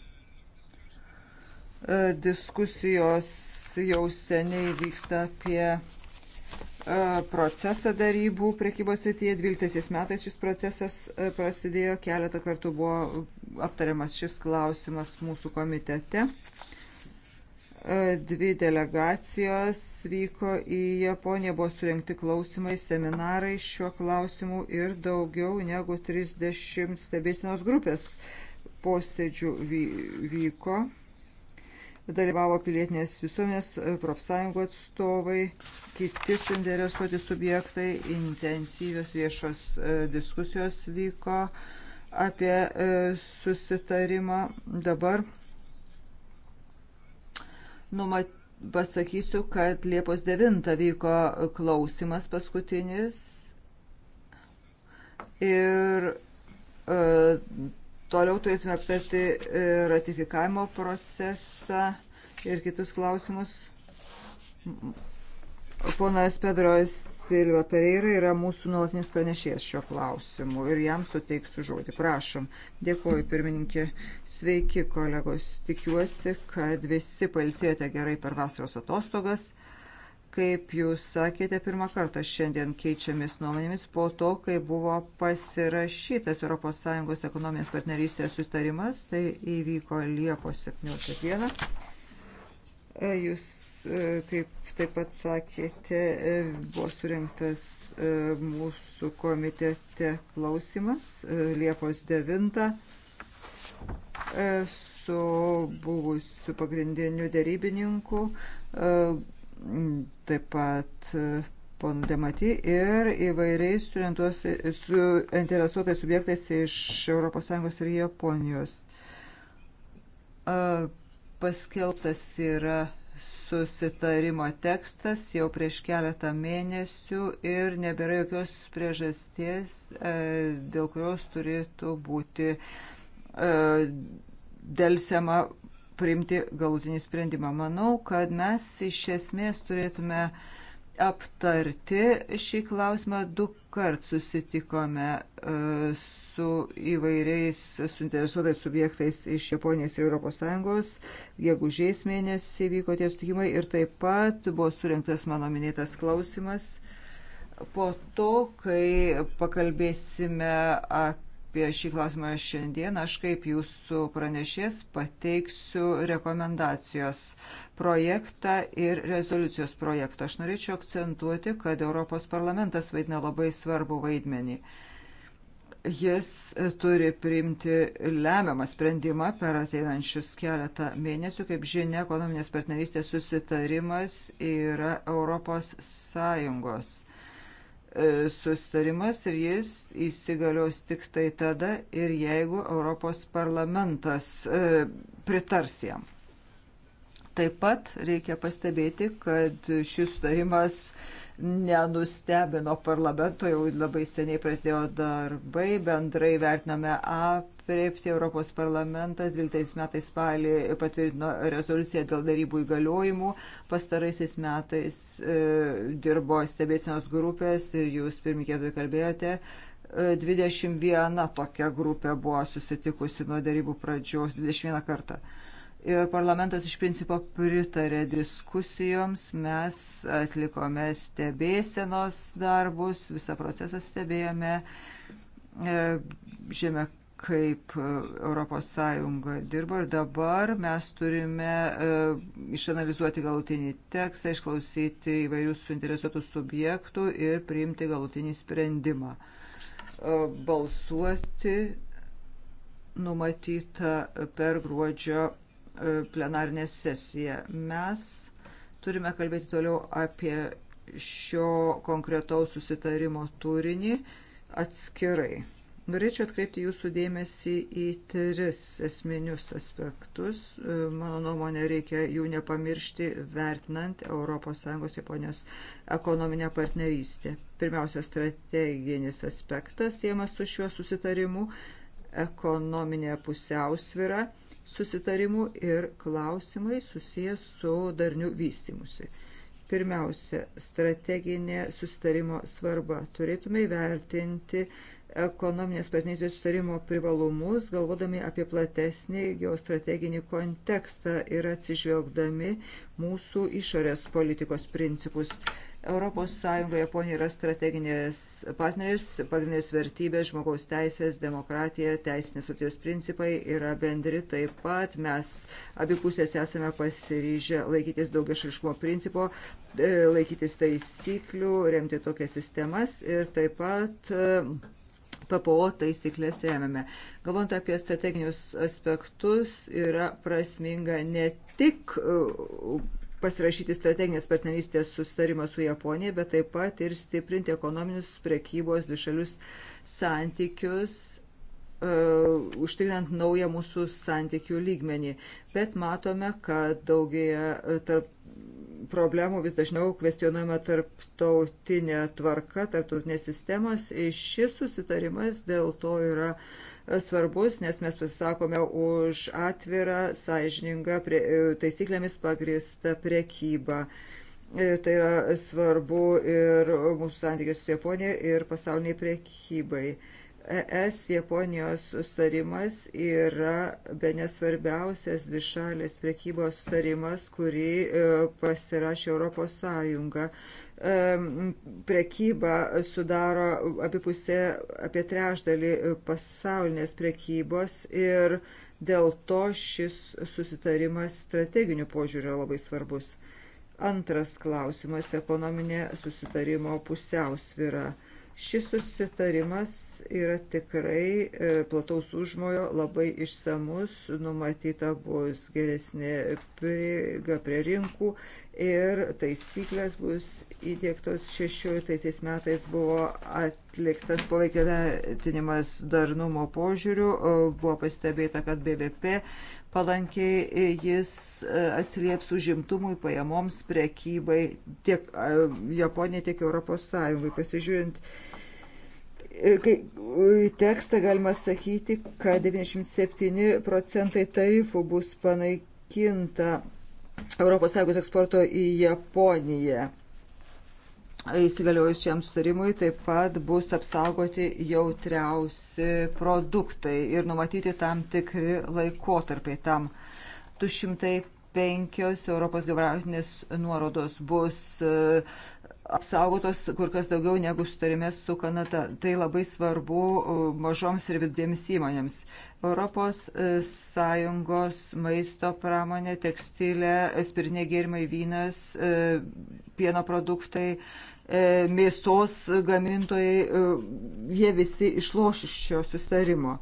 diskusijos jau seniai vyksta apie e, procesą darybų prekybos srityje. 12 metais šis procesas e, prasidėjo, keletą kartų buvo aptariamas šis klausimas mūsų komitete. E, dvi delegacijos vyko į Japoniją, buvo surinkti klausimai, seminarai šiuo klausimu ir daugiau negu 30 stebėsinos grupės posėdžių vyko dalyvavo pilietinės visuomenės, e, profsąjungų atstovai, kiti suinteresuoti subjektai, intensyvios viešos e, diskusijos vyko apie e, susitarimą. Dabar numat, pasakysiu, kad Liepos 9 vyko klausimas paskutinis ir Toliau turėtume aptarti e, ratifikavimo procesą ir kitus klausimus. Ponas Pedro Silva Pereira yra mūsų nuolatinis pranešėjas šio klausimu ir jam suteiksiu žodį. Prašom. Dėkuoju, pirmininkė. Sveiki, kolegos. Tikiuosi, kad visi palsėjote gerai per vasaros atostogas. Kaip jūs sakėte, pirmą kartą šiandien keičiamis nuomonėmis po to, kai buvo pasirašytas ES ekonominės partnerystės sustarimas, tai įvyko Liepos 17 dieną. E, jūs, e, kaip taip pat sakėte, e, buvo surinktas mūsų komitete klausimas Liepos 9 su buvusiu pagrindiniu dėrybininku taip pat e, ponų Demati ir įvairiais suinteresuotais subjektais iš ES ir Japonijos. E, paskelbtas yra susitarimo tekstas jau prieš keletą mėnesių ir nebėra jokios priežasties, e, dėl kurios turėtų būti dėlsiama priimti galutinį sprendimą. Manau, kad mes iš esmės turėtume aptarti šį klausimą. Du kart susitikome e, su įvairiais suinteresuotais subjektais iš Japonijos ir ES. Gegužės mėnesį vyko tie sutikimai ir taip pat buvo surinktas mano minėtas klausimas. Po to, kai pakalbėsime apie apie šį klausimą šiandien. Aš kaip jūsų pranešės pateiksiu rekomendacijos projektą ir rezoliucijos projektą. Aš norėčiau akcentuoti, kad Europos parlamentas vaidina labai svarbu vaidmenį. Jis turi priimti lemiamą sprendimą per ateinančius keletą mėnesių. Kaip žinia, ekonominės partnerystės susitarimas yra Europos Sąjungos E, sustarimas ir jis įsigalios tik tai tada ir jeigu Europos parlamentas e, pritars jam. Taip pat reikia pastebėti, kad šis sustarimas nenustebino parlamento, jau labai seniai prasidėjo darbai, bendrai vertiname AP aprėpti Europos parlamentas 12 metais spalį patvirtino rezoliuciją dėl darybų įgaliojimų. Pastaraisiais metais e, dirbo stebėsienos grupės ir jūs pirmikėdui tai kalbėjote. E, 21 tokia grupė buvo susitikusi nuo darybų pradžios 21 kartą. Ir parlamentas iš principo pritarė diskusijoms, mes atlikome stebėsenos darbus, visą procesą stebėjome e, žinome, kaip ES dirbo ir dabar mes turime e, išanalizuoti galutinį tekstą, išklausyti įvairius suinteresuotų subjektų ir priimti galutinį sprendimą. E, balsuoti numatyta per gruodžio e, plenarinę sesiją. Mes turime kalbėti toliau apie šio konkretaus susitarimo turinį atskirai. Norėčiau atkreipti jūsų dėmesį į tris esminius aspektus. E, mano nuomonė, reikia jų nepamiršti, vertinant ES Japonijos ekonominę partnerystę. Pirmiausia, strateginis aspektas siemas su šiuo susitarimu, ekonominė pusiausvyra susitarimu ir klausimai susijęs su darniu vystimusi. Pirmiausia, strateginė susitarimo svarba. Turėtume įvertinti ekonominės partnerystės sustarimo privalumus, galvodami apie platesnį geostrateginį kontekstą ir atsižvelgdami mūsų išorės politikos principus. ES Japonija yra strateginės partneris, pagrindinės vertybės, žmogaus teisės, demokratija, teisinės valstybės principai yra bendri taip pat. Mes abipusės esame pasiryžę laikytis daugiašališkumo principo, e, laikytis taisyklių, remti tokias sistemas ir taip pat PPO taisyklės remiame. Galvant apie strateginius aspektus, yra prasminga ne tik uh, pasirašyti strateginės partnerystės susitarimą su Japonija, bet taip pat ir stiprinti ekonominius prekybos dvišalius santykius, uh, užtikrinant naują mūsų santykių lygmenį. Bet matome, kad daugie uh, tarp problemų vis dažniau kvestionuojama tarptautinė tvarka, tarptautinės sistemos. Šis susitarimas dėl to yra svarbus, nes mes pasisakome už atvirą, sąžiningą, taisyklėmis pagristą prekybą. E, tai yra svarbu ir mūsų santykiai su Japonija, ir pasauliniai prekybai. ES Japonijos sustarimas yra be nesvarbiausias dvišalės prekybos sustarimas, kurį e, pasirašė Europos Sąjunga. E, prekyba sudaro abipusė apie trešdalį pasaulinės prekybos ir dėl to šis susitarimas strateginiu požiūriu yra labai svarbus. Antras klausimas - ekonominė susitarimo pusiausvyra. Šis susitarimas yra tikrai e, plataus užmojo, labai išsamus, numatyta bus geresnė prieiga prie rinkų ir taisyklės bus įdėktos 16 metais buvo atliktas poveikio vertinimas darnumo požiūrių, buvo pastebėta, kad BVP palankiai e, jis e, atsilieps užimtumui, pajamoms, prekybai tiek Japonijai, tiek Europos Sąjungai. Pasižiūrint E, kai, e, tekstą galima sakyti, kad 97 procentai tarifų bus panaikinta ES eksporto į Japoniją. Įsigaliojus šiam sutarimui taip pat bus apsaugoti jautriausi produktai ir numatyti tam tikri laikotarpiai tam 250 penkios Europos geografinės nuorodos bus e, apsaugotos kur kas daugiau negu sutarime su Kanada. Tai labai svarbu e, mažoms ir vidinėms įmonėms. Europos e, Sąjungos maisto pramonė, tekstilė, spiriniai gėrimai, vynas, pieno produktai, mėsos gamintojai, jie visi išloš iš šio sustarimo.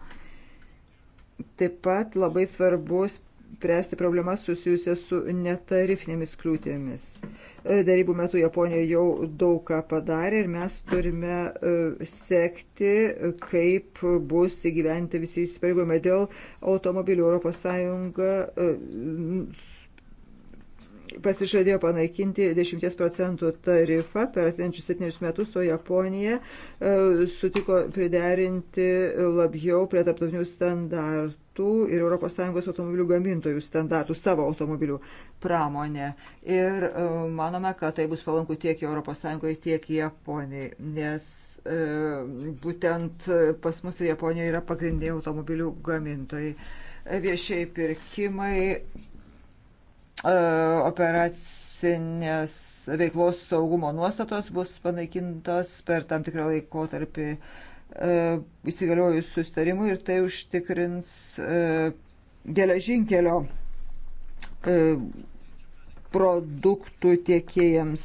Taip pat labai svarbus spręsti problemas susijusias su netarifinėmis kliūtėmis. E, darybų metu Japonija jau daug ką padarė ir mes turime e, sekti, kaip bus įgyventi visi įsipareigojimai dėl automobilių Europos Sąjunga e, pasižadėjo panaikinti 10 procentų tarifą per atėjančius 7 metus, o Japonija sutiko priderinti labiau prie taptautinių standartų standartų ir ES automobilių gamintojų standartų savo automobilių pramonę. Ir e, manome, kad tai bus palanku tiek ES, tiek Japonijai, nes e, būtent pas mus ir Japonijoje yra pagrindiniai automobilių gamintojai. Viešiai pirkimai, e, operacinės veiklos saugumo nuostatos bus panaikintos per tam tikrą laikotarpį E, įsigaliojus sustarimui ir tai užtikrins e, geležinkelio e, produktų tiekėjams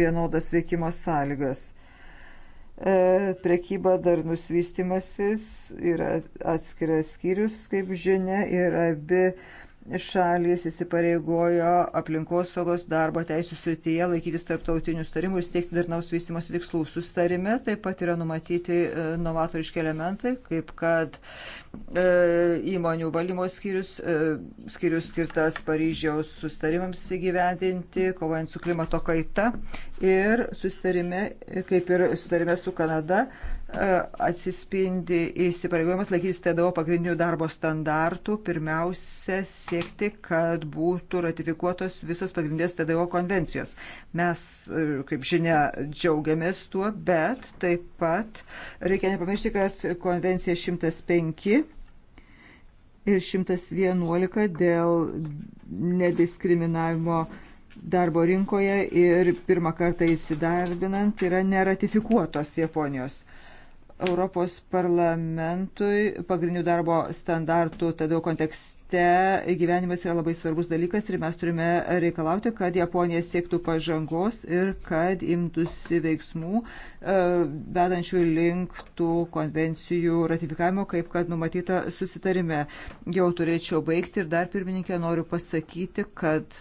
vienodas veikimo sąlygas. Prekyba dar nusvystimasis yra atskiras skyrius, kaip žinia, ir abi šalys įsipareigojo aplinkosaugos darbo teisų srityje laikytis tarptautinių starimų ir siekti darnaus vystimosi tikslų. Sustarime taip pat yra numatyti e, novatoriški elementai, kaip kad e, įmonių valdymo skyrius, e, skyrius skirtas Paryžiaus sustarimams įgyvendinti, kovojant su klimato kaita ir sustarime, kaip ir sustarime su Kanada, E, atsispindi įsipareigojimas laikytis TDO pagrindinių darbo standartų, pirmiausia siekti, kad būtų ratifikuotos visos pagrindinės TDO konvencijos. Mes, e, kaip žinia, džiaugiamės tuo, bet taip pat reikia nepamiršti, kad konvencija 105 ir 111 dėl nediskriminavimo darbo rinkoje ir pirmą kartą įsidarbinant yra neratifikuotos Japonijos. Europos parlamentui pagrindinių darbo standartų tada kontekste gyvenimas yra labai svarbus dalykas ir mes turime reikalauti, kad Japonija siektų pažangos ir kad imtųsi veiksmų e, vedančių link tų konvencijų ratifikavimo, kaip kad numatyta susitarime. Jau turėčiau baigti ir dar pirmininkė noriu pasakyti, kad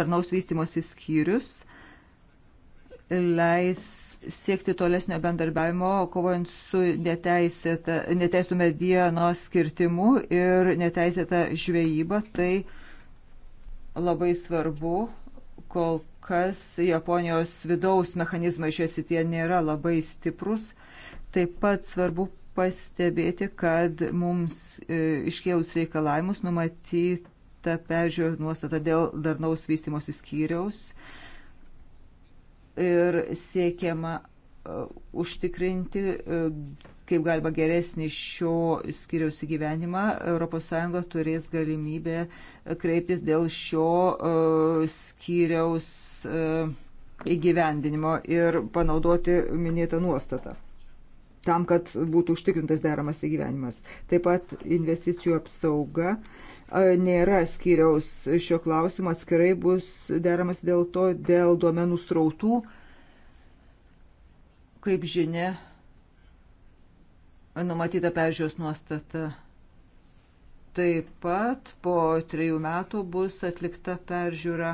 darnaus vystimosi skyrius leis siekti tolesnio bendarbiavimo, kovojant su neteisų medienos skirtimu ir neteisėta žvejyba. Tai labai svarbu, kol kas Japonijos vidaus mechanizmai šioje sityje nėra labai stiprus. Taip pat svarbu pastebėti, kad mums e, iškėlus reikalavimus numatyta peržiūrė nuostata dėl darnaus vystimosi skyriaus. E, ir siekiama e, užtikrinti e, kaip galima geresnį šio skiriaus įgyvenimą, ES turės galimybę kreiptis dėl šio e, skiriaus įgyvendinimo ir panaudoti minėtą nuostatą tam, kad būtų užtikrintas deramas įgyvenimas. Taip pat investicijų apsauga nėra skyriaus šio klausimo, atskirai bus deramas dėl to, dėl duomenų srautų. Kaip žinia, numatyta peržiūros nuostata. Taip pat po trejų metų bus atlikta peržiūra.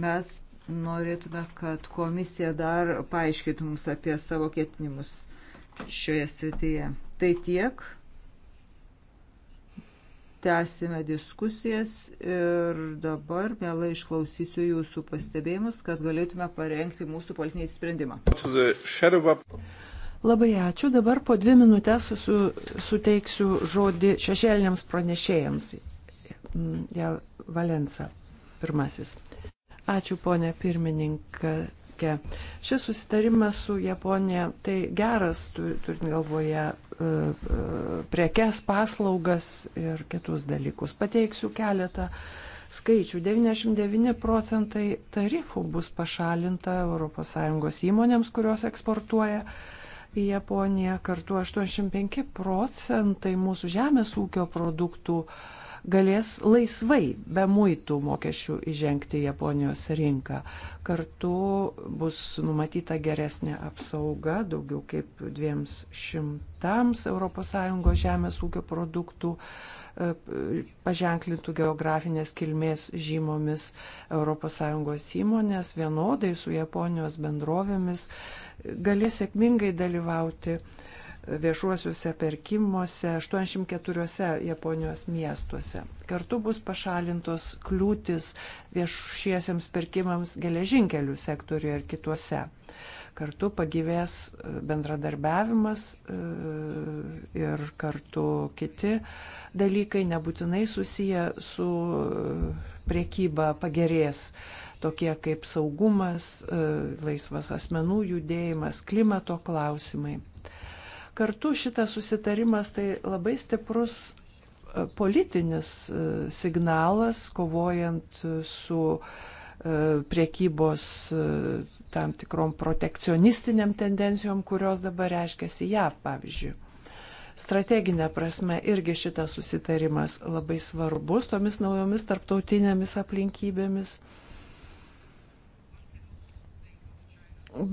Mes norėtume, kad komisija dar paaiškintų mums apie savo ketinimus šioje srityje. Tai tiek tęsime diskusijas ir dabar mielai išklausysiu jūsų pastebėjimus, kad galėtume parengti mūsų politinį sprendimą. Labai ačiū. Dabar po dvi minutės su, suteiksiu žodį šešėliniams pranešėjams. Ja, Valensa, pirmasis. Ačiū, ponė pirmininkė. Šis susitarimas su Japonija tai geras, turint galvoje E, prekes, paslaugas ir kitus dalykus. Pateiksiu keletą skaičių. 99 procentai tarifų bus pašalinta ES įmonėms, kurios eksportuoja į Japoniją. Kartu 85 procentai mūsų žemės ūkio produktų uh, galės laisvai be muitų mokesčių įžengti į Japonijos rinką. Kartu bus numatyta geresnė apsauga daugiau kaip 200 ES žemės ūkio produktų e, paženklintų geografinės kilmės žymomis ES įmonės vienodai su Japonijos bendrovėmis galės sėkmingai dalyvauti uh, viešuosiuose perkimuose 84 Japonijos miestuose. Kartu bus pašalintos kliūtis viešiesiems perkimams geležinkelių sektoriuje ir kituose. Kartu pagyvės e, bendradarbiavimas e, ir kartu kiti dalykai nebūtinai susiję su e, priekyba pagerės tokie kaip saugumas, laisvas asmenų judėjimas, klimato klausimai. Kartu šitas susitarimas tai labai stiprus e, politinis e, signalas, kovojant e, su priekybos tam tikrom protekcionistiniam tendencijom, kurios dabar reiškiasi JAV, pavyzdžiui strateginė prasme irgi šitas susitarimas labai svarbus tomis naujomis tarptautinėmis aplinkybėmis.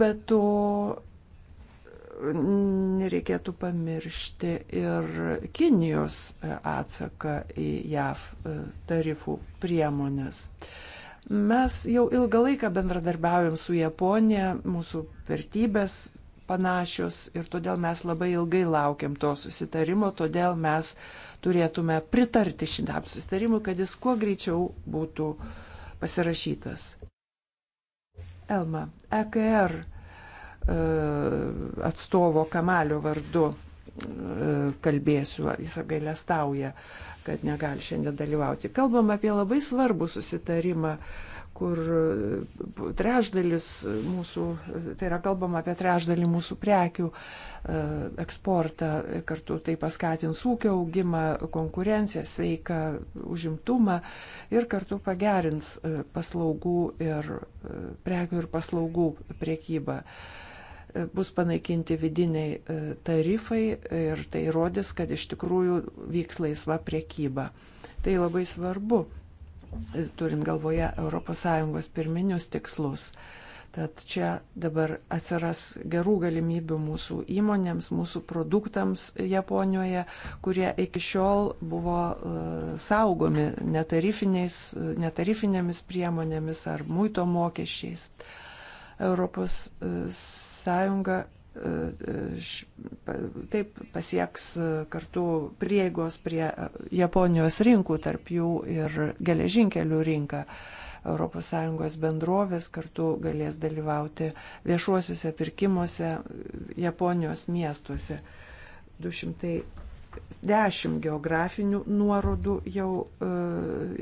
Bet to nereikėtų pamiršti ir Kinijos e, atsaką į JAV e, tarifų priemonės. Mes jau ilgą laiką bendradarbiaujam su Japonija, mūsų vertybės panašios ir todėl mes labai ilgai laukiam to susitarimo, todėl mes turėtume pritarti šitam susitarimui, kad jis kuo greičiau būtų pasirašytas. Elma, EKR E, atstovo Kamalio vardu e, kalbėsiu, jis apgailestauja, kad negali šiandien dalyvauti. Kalbam apie labai svarbų susitarimą, kur e, trešdalis mūsų, tai yra kalbam apie trešdalį mūsų prekių eksportą, kartu tai paskatins ūkio augimą, konkurenciją, sveiką užimtumą ir kartu pagerins paslaugų ir prekių ir paslaugų priekybą. E, bus panaikinti vidiniai e, tarifai ir tai rodys, kad iš tikrųjų vyks laisva priekyba. Tai labai svarbu, e, turint galvoje ES pirminius tikslus. Tad čia dabar atsiras gerų galimybių mūsų įmonėms, mūsų produktams Japonijoje, kurie iki šiol buvo saugomi netarifinėmis priemonėmis ar muito mokesčiais. Europos E, e, taip pasieks e, kartu prieigos prie Japonijos rinkų, tarp jų ir geležinkelių rinką. ES bendrovės kartu galės dalyvauti viešuosiuose pirkimuose Japonijos miestuose. 210 geografinių nuorodų jau e,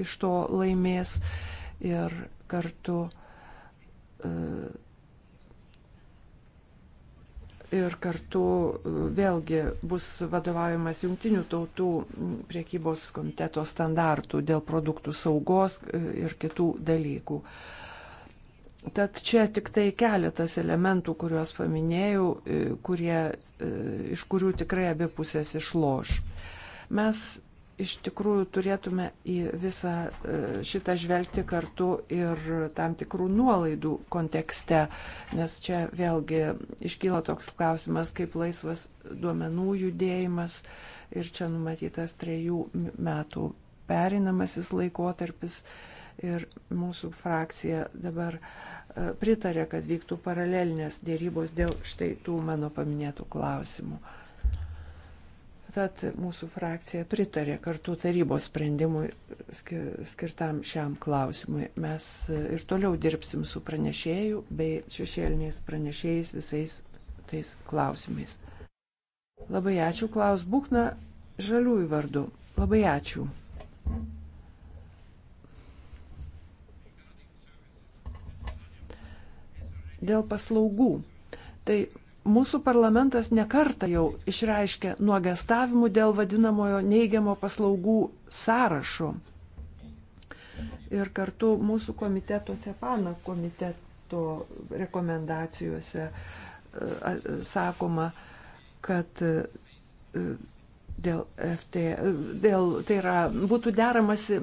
iš to laimės ir kartu e, ir kartu e, vėlgi bus vadovaujamas jungtinių tautų priekybos komiteto standartų dėl produktų saugos e, ir kitų dalykų. Tad čia tik tai keletas elementų, kuriuos paminėjau, e, kurie, iš kurių tikrai abipusės išloš. Mes iš tikrųjų turėtume į visą e, šitą žvelgti kartu ir tam tikrų nuolaidų kontekste, nes čia vėlgi iškyla toks klausimas kaip laisvas duomenų judėjimas ir čia numatytas trejų metų perinamasis laikotarpis ir mūsų frakcija dabar e, pritarė, kad vyktų paralelinės dėrybos dėl štai tų mano paminėtų klausimų. Tad mūsų frakcija pritarė kartu tarybos sprendimui skirtam šiam klausimui. Mes ir toliau dirbsim su pranešėjų bei šešėliniais pranešėjais visais tais klausimais. Labai ačiū, Klaus Bukna, žaliųjų vardu. Labai ačiū. Dėl paslaugų. Tai Mūsų parlamentas nekarta jau išreiškė nuogestavimų dėl vadinamojo neigiamo paslaugų sąrašo. Ir kartu mūsų komiteto Cepana komiteto rekomendacijose e, sakoma, kad e, dėl FT, e, dėl, tai yra, būtų deramasi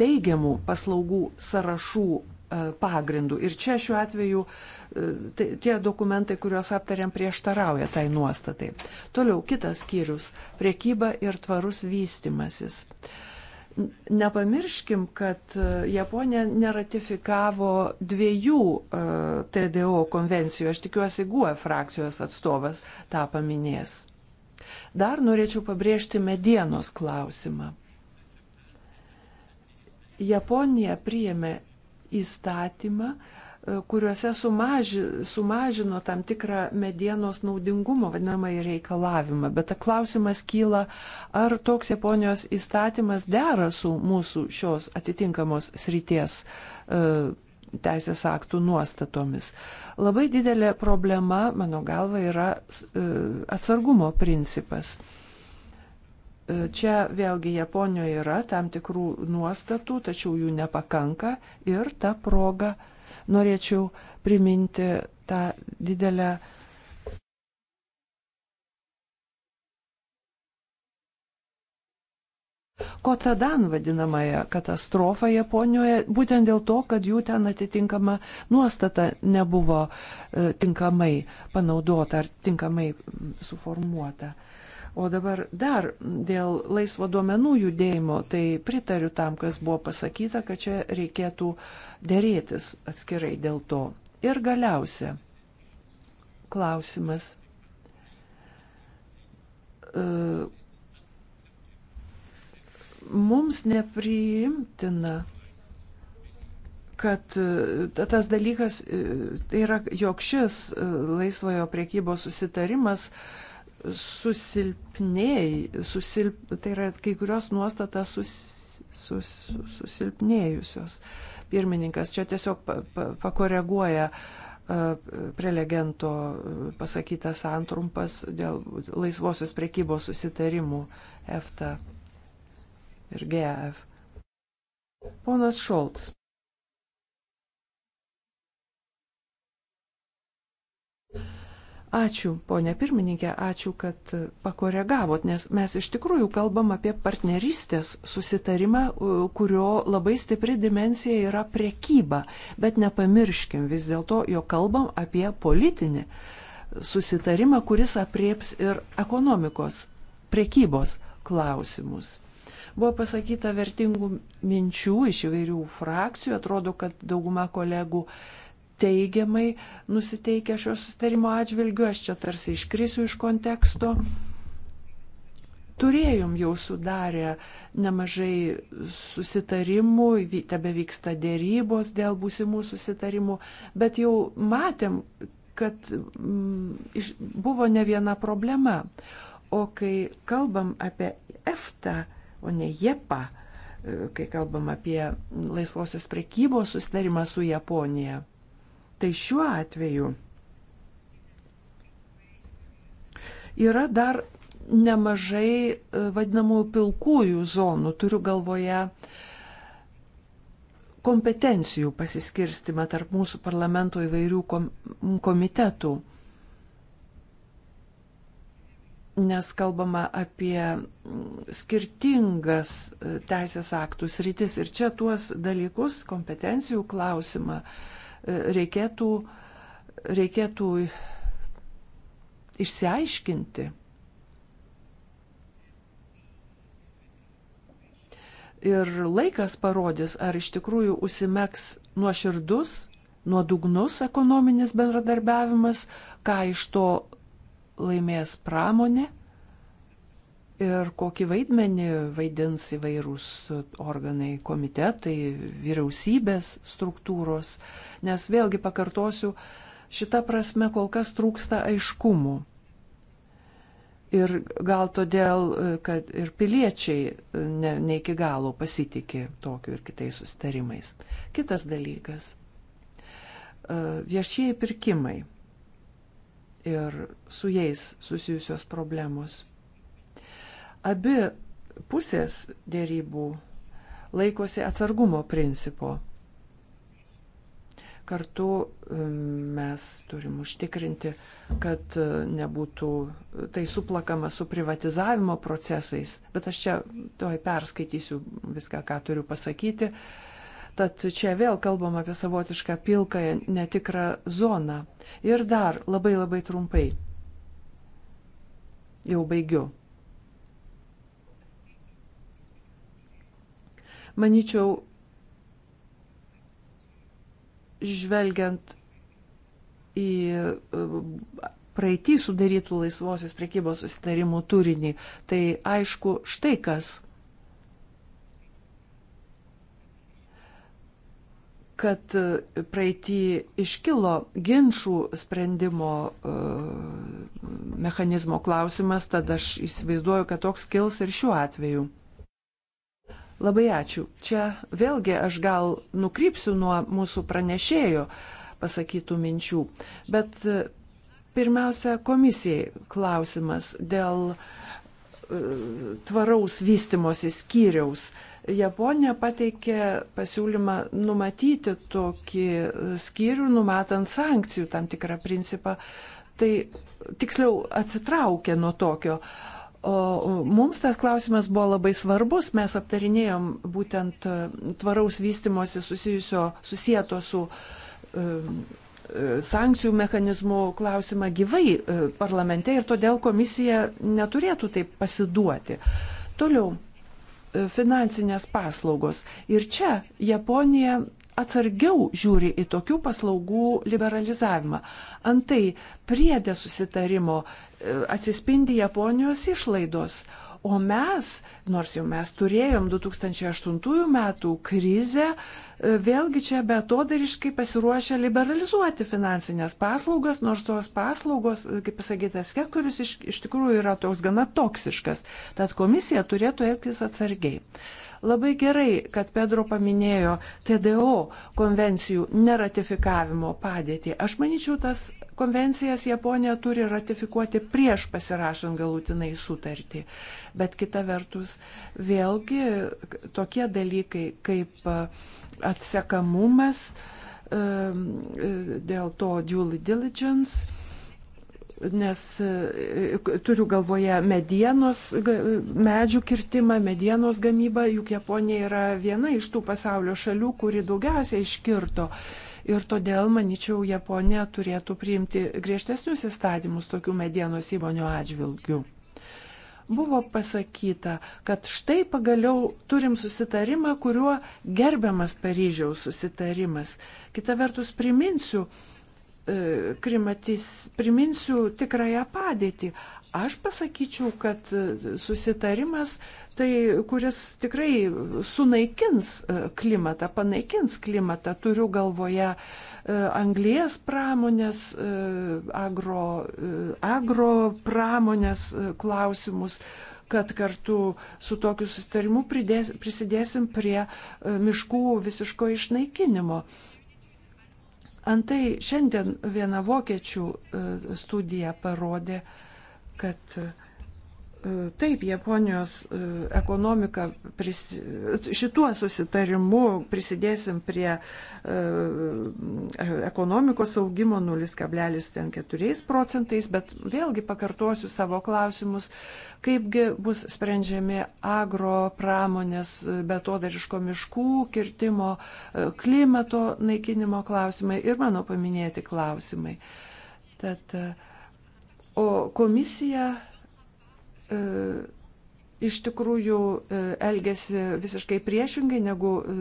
teigiamų paslaugų sąrašų E, pagrindų. Ir čia šiuo atveju e, tai, tie dokumentai, kuriuos aptariam, prieštarauja tai nuostatai. Toliau kitas skyrius - priekyba ir tvarus vystimasis. Nepamirškim, kad e, Japonija neratifikavo dviejų TDO konvencijų. Aš tikiuosi, GUE frakcijos atstovas tą paminės. Dar norėčiau pabrėžti medienos klausimą. Japonija priėmė įstatymą, e, kuriuose sumaži, sumažino tam tikrą medienos naudingumo vadinamąjį reikalavimą. Bet klausimas kyla, ar toks Japonijos įstatymas dera su mūsų šios atitinkamos srities e, teisės aktų nuostatomis. Labai didelė problema, mano galva, yra e, atsargumo principas. Čia vėlgi Japonijoje yra tam tikrų nuostatų, tačiau jų nepakanka ir tą progą norėčiau priminti tą didelę Kotadan vadinamąją katastrofą Japonijoje, būtent dėl to, kad jų ten atitinkama nuostata nebuvo e, tinkamai panaudota ar tinkamai suformuota. O dabar dar dėl laisvo duomenų judėjimo, tai pritariu tam, kas buvo pasakyta, kad čia reikėtų dėrėtis atskirai dėl to. Ir galiausia klausimas. E, mums nepriimtina kad e, tas dalykas e, tai yra, jog šis laisvojo priekybos susitarimas uh, susilpnėjai, susilp, tai yra kai kurios nuostatas sus, sus, susilpnėjusios. Pirmininkas čia tiesiog pa, pa, pakoreguoja prelegento pasakytas antrumpas dėl laisvosios prekybos susitarimų EFTA ir GAF. Ponas Šolts. Ačiū, ponė pirmininkė, ačiū, kad pakoregavot, nes mes iš tikrųjų kalbam apie partnerystės susitarimą, kurio labai stipri dimensija yra priekyba, bet nepamirškim vis dėlto, jo kalbam apie politinį susitarimą, kuris aprieps ir ekonomikos, priekybos klausimus. Buvo pasakyta vertingų minčių iš įvairių frakcijų, atrodo, kad dauguma kolegų uh, teigiamai nusiteikę šio sustarimo atžvilgiu, aš čia tarsi iškrisiu iš konteksto. Turėjom jau sudarę nemažai susitarimų, tebe vyksta dėrybos dėl būsimų susitarimų, bet jau matėm, kad mm, buvo ne viena problema. O kai kalbam apie EFTA, o ne JEPA, e, kai kalbam apie laisvosios prekybos susitarimą su Japonija, Tai šiuo atveju yra dar nemažai e, vadinamų pilkųjų zonų, turiu galvoje kompetencijų pasiskirstimą tarp mūsų parlamento įvairių komitetų. Nes kalbama apie skirtingas e, teisės aktų sritis ir čia tuos dalykus, kompetencijų klausimą, uh, E, reikėtų, reikėtų išsiaiškinti. Ir laikas parodys, ar iš tikrųjų užsimeks nuoširdus, nuodugnus ekonominis bendradarbiavimas, ką iš to laimės pramonė ir kokį vaidmenį vaidins įvairūs organai, komitetai, vyriausybės struktūros, nes vėlgi pakartosiu, šita prasme kol kas trūksta aiškumų. Ir gal todėl, kad ir piliečiai ne, ne iki galo pasitikė tokiu ir kitais sustarimais. Kitas dalykas e, - viešieji pirkimai ir su jais susijusios problemos Abi pusės dėrybų laikosi atsargumo principo. Kartu um, mes turim užtikrinti, kad uh, nebūtų tai suplakama su privatizavimo procesais, bet aš čia toj perskaitysiu viską, ką turiu pasakyti. Tad čia vėl kalbam apie savotišką pilkąją netikrą zoną. Ir dar labai labai trumpai. Jau baigiu. Maničiau, žvelgiant į e, praeitį sudarytų laisvosios priekybos susitarimų turinį, tai aišku štai kas. kad e, praeitį iškilo ginčių sprendimo e, mechanizmo klausimas, tad aš įsivaizduoju, kad toks kils ir šiuo atveju. Labai ačiū. Čia vėlgi aš gal nukrypsiu nuo mūsų pranešėjo pasakytų minčių, bet e, pirmiausia komisijai klausimas dėl e, tvaraus vystimosi skyriaus. Japonija pateikė pasiūlymą numatyti tokį e, skyrių, numatant sankcijų tam tikrą principą. Tai tiksliau atsitraukė nuo tokio. Uh, O mums tas klausimas buvo labai svarbus, mes aptarinėjom būtent e, tvaraus vystimosi susijusio, susijęto su e, e sankcijų mechanizmų klausimą gyvai e, parlamente ir todėl komisija neturėtų taip pasiduoti. Toliau, e, finansinės paslaugos. Ir čia Japonija atsargiau žiūri į tokių paslaugų liberalizavimą. Antai priedė susitarimo atsispindi Japonijos išlaidos. O mes, nors jau mes turėjom 2008 metų krizę, e, vėlgi čia betodariškai pasiruošę liberalizuoti finansinės paslaugas, nors tos paslaugos, e, kaip pasakyta, sektorius iš, iš tikrųjų yra toks gana toksiškas. Tad komisija turėtų elgtis atsargiai. Labai gerai, kad Pedro paminėjo TDO konvencijų neratifikavimo padėtį. Aš manyčiau, tas konvencijas Japonija turi ratifikuoti prieš pasirašant galutinai sutartį. Bet kita vertus, vėlgi tokie dalykai kaip e, atsekamumas e, e, dėl to dual diligence, nes turiu galvoje medienos, medžių kirtimą, medienos gamybą, juk Japonija yra viena iš tų pasaulio šalių, kuri daugiausiai iškirto Ir todėl, manyčiau, Japonija turėtų priimti griežtesnius įstatymus tokių medienos įmonių atžvilgių. Buvo pasakyta, kad štai pagaliau turim susitarimą, kuriuo gerbiamas Paryžiaus susitarimas. Kita vertus, priminsiu, e, Krimatis, priminsiu tikrąją padėtį. Aš pasakyčiau, kad e, susitarimas tai kuris tikrai sunaikins e, klimatą, panaikins klimatą, turiu galvoje e, anglijas pramonės, e, agro, agro pramonės klausimus, kad kartu su tokiu sustarimu pridės, prisidėsim prie miškų visiško išnaikinimo. Antai šiandien viena vokiečių studija parodė, kad E, taip, Japonijos e, ekonomika pris, e, šituo susitarimu prisidėsim prie ekonomikos augimo 0,4 procentais, bet vėlgi pakartosiu savo klausimus, kaipgi bus sprendžiami agro pramonės betodariško miškų kirtimo, klimato naikinimo klausimai ir mano paminėti klausimai. Tad, o komisija E, iš tikrųjų e, elgesi visiškai priešingai negu e,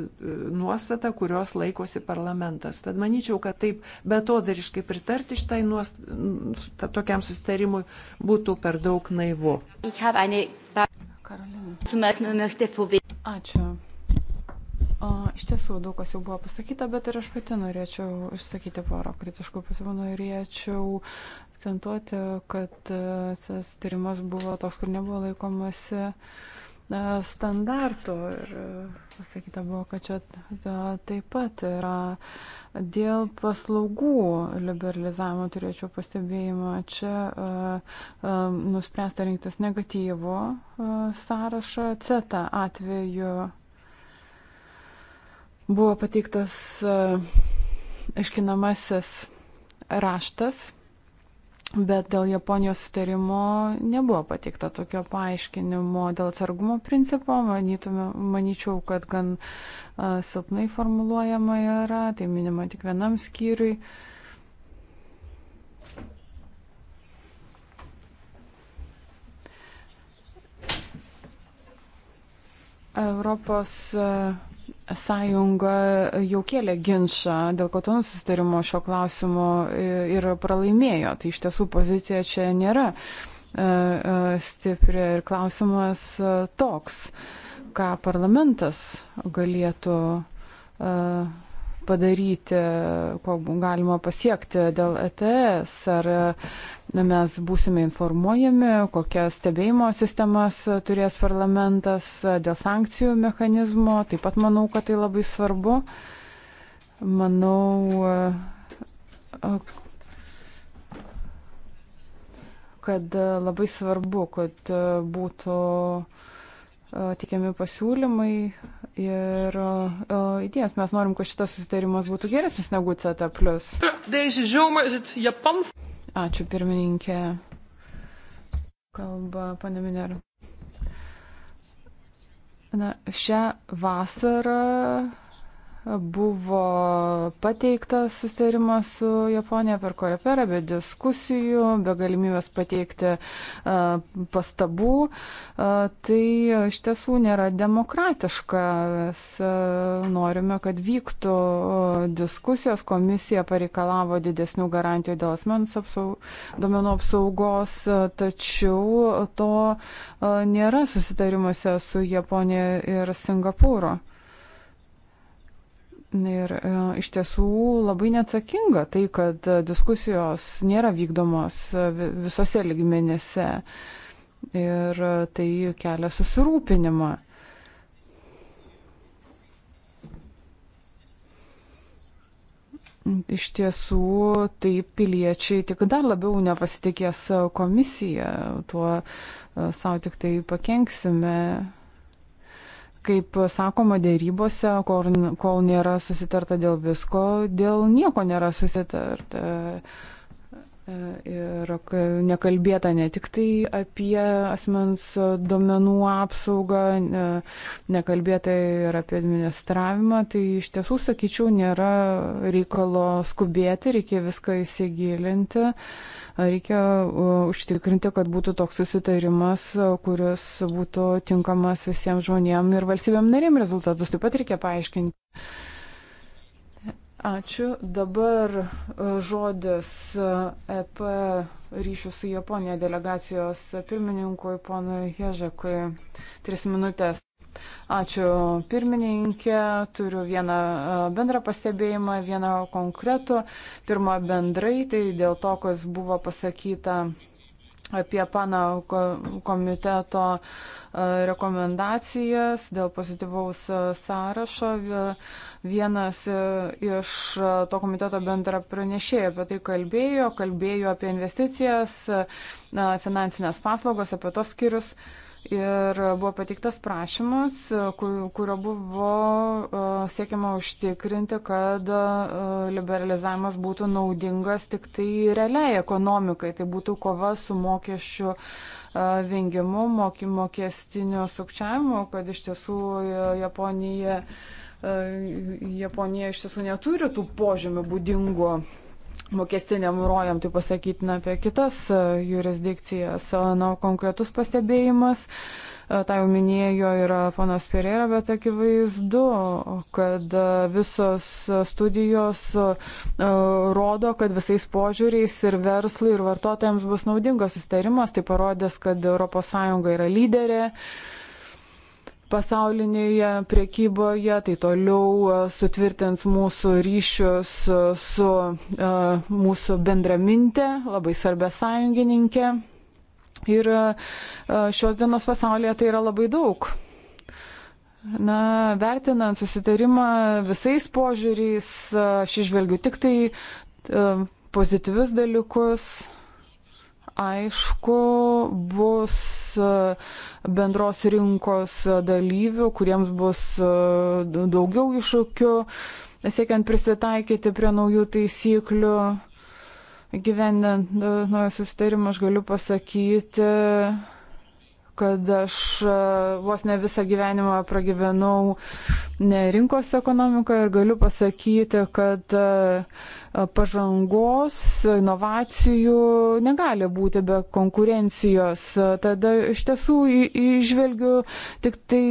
nuostata, kurios laikosi parlamentas. Tad manyčiau, kad taip betodariškai pritarti šitai nuost... tokiam sustarimui būtų per daug naivu. Ačiū. O, iš tiesų, daug kas jau buvo pasakyta, bet ir aš pati norėčiau išsakyti porą kritiškų pasibų, norėčiau akcentuoti, kad e, tas tyrimas buvo toks, kur nebuvo laikomasi e, standartų. Ir e, pasakyta buvo, kad čia taip pat yra dėl paslaugų liberalizavimo turėčiau pastebėjimą. Čia uh, uh, nuspręsta rinktis negatyvo uh, sąrašą. CETA atveju buvo pateiktas aiškinamasis raštas Bet dėl Japonijos sutarimo nebuvo pateikta tokio paaiškinimo. Dėl atsargumo principo manytume, manyčiau, kad gan a, silpnai formuluojama yra, tai minima tik vienam skyriui. Europos. A, sąjunga jau kėlė ginčą dėl kotonų susitarimo šio klausimu ir pralaimėjo. Tai iš tiesų pozicija čia nėra e, e, stipri ir klausimas e, toks, ką parlamentas galėtų padaryti, ko galima pasiekti dėl ETS, ar mes būsime informuojami, kokias stebėjimo sistemas turės parlamentas dėl sankcijų mechanizmo. Taip pat manau, kad tai labai svarbu. Manau, kad labai svarbu, kad būtų teikiami pasiūlymai Ir idėjas mes norim, kad šitas susitarimas būtų geresnis negu CETA. Ačiū pirmininkė. Kalba paneminė. Na, šią vasarą buvo pateiktas sustarimas su Japonija per Koreperą, be diskusijų, be galimybės pateikti pastabų. Tai iš tiesų nėra demokratiška. Mes norime, kad vyktų diskusijos. Komisija pareikalavo didesnių garantijų dėl asmens apsaug, domenų apsaugos, tačiau to nėra susitarimuose su Japonija ir Singapūru. Ir e, iš tiesų labai neatsakinga tai, kad e, diskusijos nėra vykdomos e, visose ligmenėse. Ir e, tai kelia susirūpinimą. Iš tiesų, tai piliečiai tik dar labiau nepasitikės komisiją, tuo savo tik tai pakenksime kaip sakoma, dėrybose, kol, kol nėra susitarta dėl visko, dėl nieko nėra susitarta. E, ir nekalbėta ne tik tai apie asmens duomenų apsaugą, ne, nekalbėta ir apie administravimą, tai iš tiesų, sakyčiau, nėra reikalo skubėti, reikia viską įsigilinti, reikia užtikrinti, kad būtų toks susitarimas, kuris būtų tinkamas visiems žmonėm ir valstybėm narėm rezultatus taip pat reikia paaiškinti. Ačiū. Dabar e, žodis EP e ryšių su Japonija delegacijos pirmininkui, ponui Ježekui. Tris minutės. Ačiū pirmininkė. Turiu vieną e, bendrą pastebėjimą, vieną konkretų. Pirmą bendrai, tai dėl to, kas buvo pasakyta apie pana komiteto e, rekomendacijas dėl pozityvaus e, sąrašo. Vienas e, iš to komiteto bendra pranešėjų apie tai kalbėjo, kalbėjo apie investicijas, finansinės paslaugos, apie tos skirius ir buvo pateiktas prašymas, kurio buvo e, siekiama užtikrinti, kad e, liberalizavimas būtų naudingas tik tai realiai ekonomikai, tai būtų kova su mokesčių e, vengimu, mokestiniu sukčiavimu, kad iš tiesų Japonija, Japonija iš tiesų neturi tų požymių būdingų mokestiniam rojam, tai pasakytina apie kitas e, jurisdikcijas. E, na, konkretus pastebėjimas, tai jau minėjo ir panas Pereira, bet akivaizdu, kad visos studijos rodo, kad visais požiūriais ir verslui, ir vartotojams bus naudingas sustarimas, tai parodės, kad ES yra lyderė pasaulinėje priekyboje, tai toliau e, sutvirtins mūsų ryšius e, su, su e, mūsų bendramintė, labai svarbia sąjungininkė. Ir šios dienos pasaulyje tai yra labai daug. Na, vertinant susitarimą visais požiūriais, aš išvelgiu tik tai pozityvius dalykus, aišku, bus e, bendros rinkos dalyvių, kuriems bus e, daugiau iššūkių, siekiant prisitaikyti prie naujų taisyklių. Gyvendant e, naują susitarimą, aš galiu pasakyti, kad aš e, vos ne visą gyvenimą pragyvenau ne rinkos ekonomikoje ir galiu pasakyti, kad e, pažangos, inovacijų negali būti be konkurencijos. Tada iš tiesų išvelgiu tik tai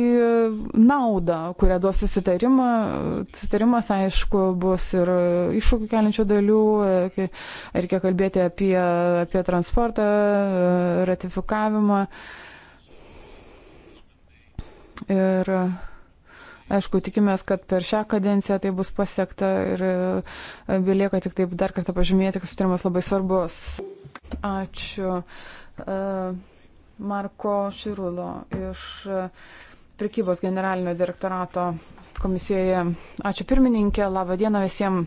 naudą, kurią duos susitarimą. Susitarimas, aišku, bus ir iššūkių keliančių dalių. E, reikia kalbėti apie, apie transportą, ratifikavimą. Uh, Ir Aišku, tikimės, kad per šią kadenciją tai bus pasiekta ir e, belieka tik taip dar kartą pažymėti, kad sutarimas labai svarbus. Ačiū. E, Marko Širulo iš prekybos generalinio direktorato komisijoje. Ačiū pirmininkė, laba diena visiems.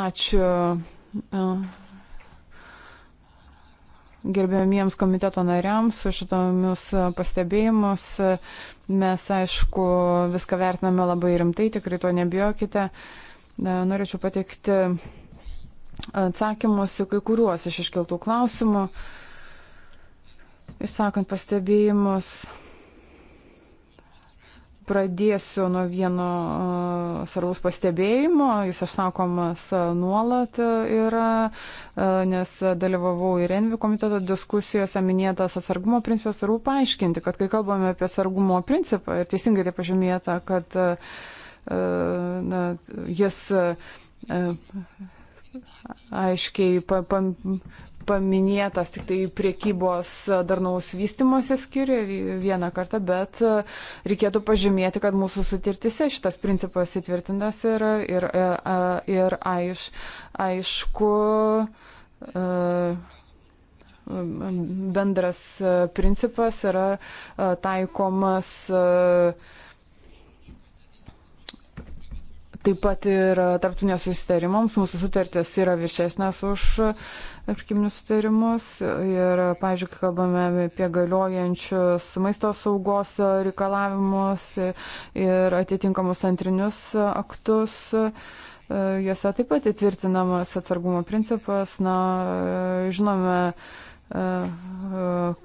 Ačiū e, gerbėmiems komiteto nariams už įdomius e, pastebėjimus. Mes, aišku, viską vertiname labai rimtai, tikrai to nebijokite. E, norėčiau pateikti atsakymus į kai kuriuos iš iškeltų klausimų, išsakant pastebėjimus Pradėsiu nuo vieno uh, svarbus pastebėjimo, jis išsakomas nuolat yra, uh, nes dalyvavau ir Envi komiteto diskusijose minėtas atsargumo principas ir paaiškinti, kad kai kalbame apie atsargumo principą ir teisingai tai pažymėta, kad uh, na, jis. Uh, aiškiai pa, pa, paminėtas tik tai priekybos darnaus vystimosi skyriuje vieną kartą, bet e, reikėtų pažymėti, kad mūsų sutirtise šitas principas įtvirtintas ir, ir, e, ir aiš, aišku e, bendras principas yra taikomas Taip pat ir tarptautinės susitarimams mūsų sutartis yra viršesnės už e, prekybinius sutarimus. Ir, pavyzdžiui, kai kalbame apie galiojančius maisto saugos reikalavimus ir atitinkamus antrinius aktus, e, juose taip pat įtvirtinamas atsargumo principas. Na, e, žinome,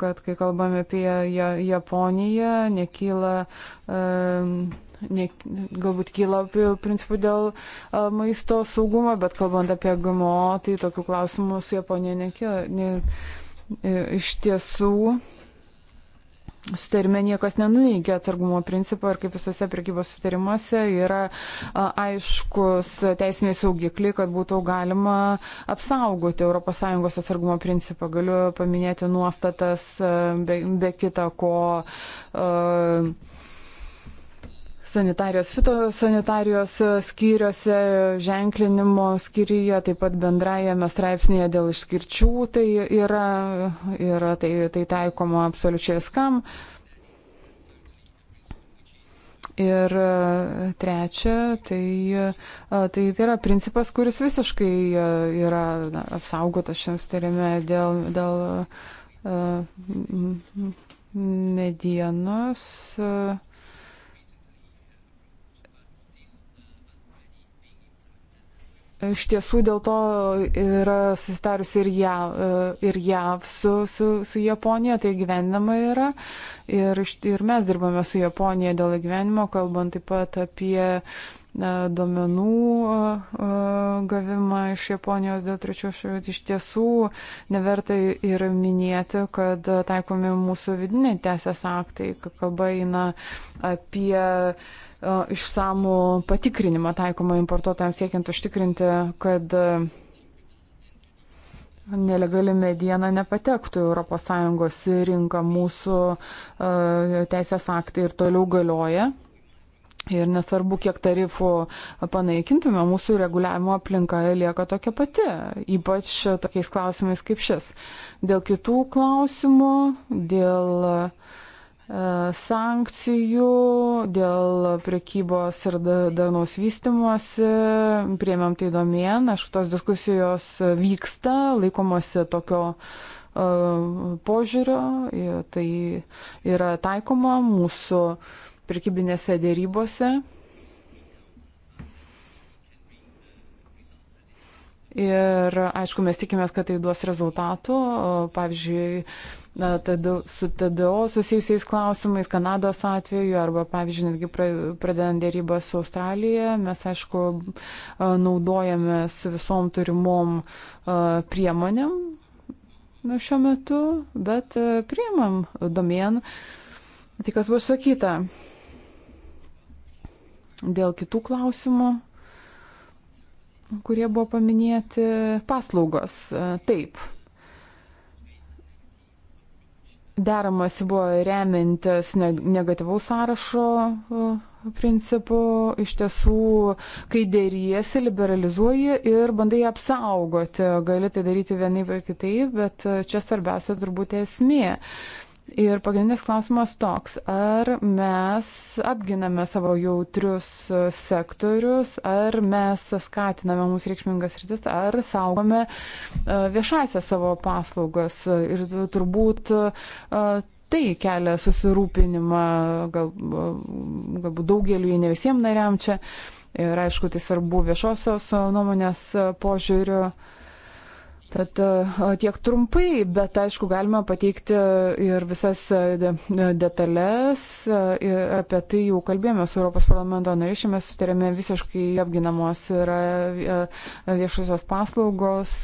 kad kai kalbame apie Japoniją, nekyla ne, galbūt kyla principų dėl a, maisto saugumo, bet kalbant apie GMO, tai tokių klausimų su Japonija nekyla. Ne, e, iš tiesų. Sutarime niekas nenuneigia atsargumo principo ir kaip visose prekybos sutarimuose yra a, aiškus teisiniai saugikliai, kad būtų galima apsaugoti ES atsargumo principą. Galiu paminėti nuostatas a, be, be kita ko. A, sanitarijos fitosanitarijos skyriuose, ženklinimo skyriuje, taip pat bendrajame straipsnėje dėl išskirčių tai yra, yra tai, tai taikoma absoliučiai viskam. Ir e, trečia, tai, e, tai, tai yra principas, kuris visiškai e, yra na, apsaugotas šiam starime dėl, dėl medienos. Uh, Iš tiesų dėl to yra susitarusi ir JAV, e, ir JAV su, su, su Japonija, tai gyvenama yra. Ir, ir mes dirbame su Japonija dėl gyvenimo, kalbant taip pat apie e, duomenų e, gavimą iš Japonijos dėl trečios šalių. Iš tiesų neverta ir minėti, kad taikomi mūsų vidiniai teisės aktai, kalba eina apie E, išsamų patikrinimą taikomą importuotojams siekiant užtikrinti, kad e, nelegali mediena nepatektų ES rinką, mūsų e, teisės aktai ir toliau galioja. Ir nesvarbu, kiek tarifų panaikintume, mūsų reguliavimo aplinka lieka tokia pati, ypač tokiais klausimais kaip šis. Dėl kitų klausimų, dėl uh, E, sankcijų dėl prekybos ir darnaus vystimuosi, priemėm tai domien, aišku, tos diskusijos vyksta, laikomasi tokio e, požiūrio, tai yra taikoma mūsų prekybinėse dėrybose. Ir aišku, mes tikimės, kad tai duos rezultatų. Pavyzdžiui, na, tada, su TDO susijusiais klausimais, Kanados atveju arba, pavyzdžiui, netgi pradedant dėrybą su Australija, mes, aišku, naudojamės visom turimom priemonėm šiuo metu, bet priemam domien tai, kas buvo sakyta. Dėl kitų klausimų kurie buvo paminėti paslaugos. Taip, Deramasi buvo remiantis negatyvaus sąrašo e, principu. Iš tiesų, kai dėryjasi, liberalizuoji ir bandai apsaugoti. Gali tai daryti vienaip ar kitaip, bet čia svarbiausia turbūt esmė. Uh, Ir pagrindinis klausimas toks, ar mes apginame savo jautrius sektorius, ar mes skatiname mūsų reikšmingas rytis, ar saugome e, viešąsią savo paslaugas. Ir turbūt e, tai kelia susirūpinimą gal, e, galbūt daugeliu, ne visiems nariam čia. Ir aišku, tai svarbu viešosios nuomonės požiūriu. Tad e, tiek trumpai, bet aišku, galima pateikti ir visas e, e, detalės. Apie tai jau kalbėjome su Europos parlamento narišiu, mes sutarėme visiškai apginamos yra viešusios paslaugos,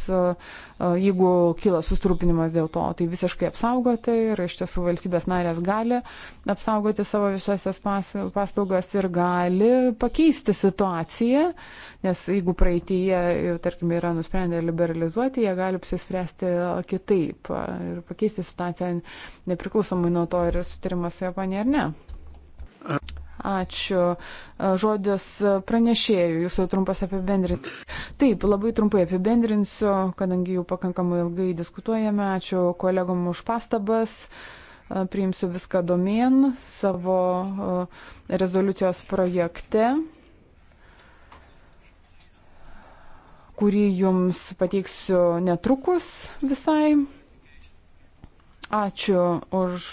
jeigu kyla sustrūpinimas dėl to, tai visiškai apsaugoti ir iš tiesų valstybės narės gali apsaugoti savo viešasias paslaugas ir gali pakeisti situaciją, nes jeigu praeitįje, tarkime, yra nusprendę liberalizuoti, jie gali apsispręsti kitaip ir pakeisti situaciją nepriklausomai nuo to, ar sutarimas su Japonija ar ne. Ačiū. Žodis pranešėjų, jūsų trumpas apibendrinimas. Taip, labai trumpai apibendrinsiu, kadangi jau pakankamai ilgai diskutuojame. Ačiū kolegom už pastabas priimsiu viską domėn savo rezoliucijos projekte, kurį jums pateiksiu netrukus visai. Ačiū už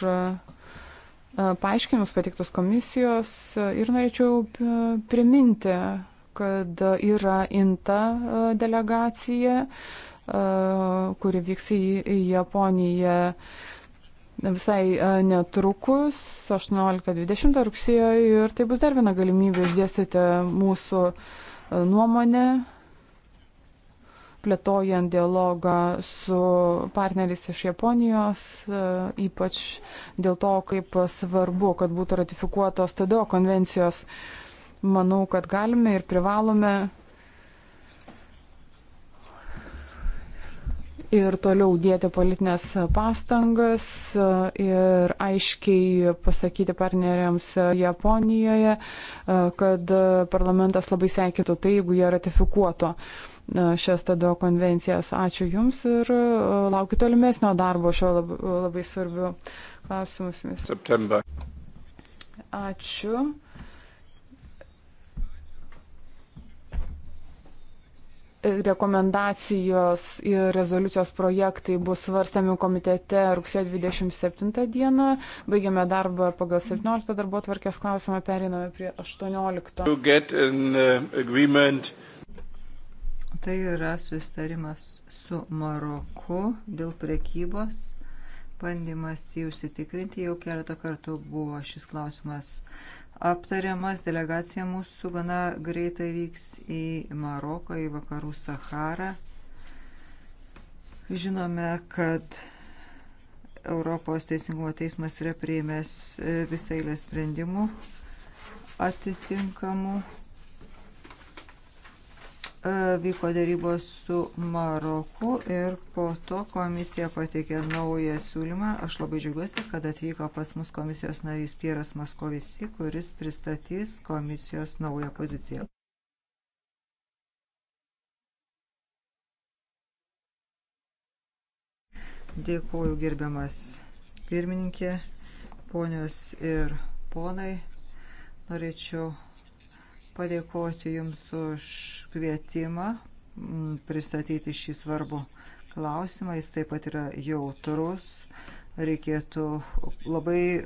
paaiškinimus pateiktus komisijos ir norėčiau priminti kad yra INTA e, delegacija, e, kuri vyks į Japoniją visai e, netrukus, 18-20 rugsėjo ir tai bus dar viena galimybė išdėstyti mūsų nuomonę, plėtojant dialogą su partneriais iš Japonijos, ypač dėl to, kaip svarbu, kad būtų ratifikuotos TDO konvencijos uh, manau, kad galime ir privalome ir toliau dėti politinės pastangas ir aiškiai pasakyti partneriams Japonijoje, kad parlamentas labai seikėtų tai, jeigu jie ratifikuotų šias tada konvencijas. Ačiū Jums ir laukiu tolimesnio darbo šio labai svarbiu klausimus. Ačiū. rekomendacijos ir rezoliucijos projektai bus svarstami komitete rugsėjo 27 dieną. Baigiame darbą pagal 17 darbo tvarkės klausimą, periname prie 18. Uh, tai yra susitarimas su Maroku dėl prekybos. Bandymas jį užsitikrinti jau keletą kartų buvo šis klausimas aptariamas. Delegacija mūsų gana greitai vyks į Maroką, į vakarų Saharą. Žinome, kad Europos Teisingumo teismas yra prieimęs e, visai lės sprendimų atitinkamų E, vyko darybos su Maroku ir po to komisija pateikė naują siūlymą. Aš labai džiaugiuosi, kad atvyko pas mus komisijos narys Pieras Maskovici, kuris pristatys komisijos naują poziciją. Dėkuoju gerbiamas pirmininkė, ponios ir ponai. Norėčiau padėkoti Jums už kvietimą mm, pristatyti šį svarbų klausimą. Jis taip pat yra jautrus. Reikėtų labai e,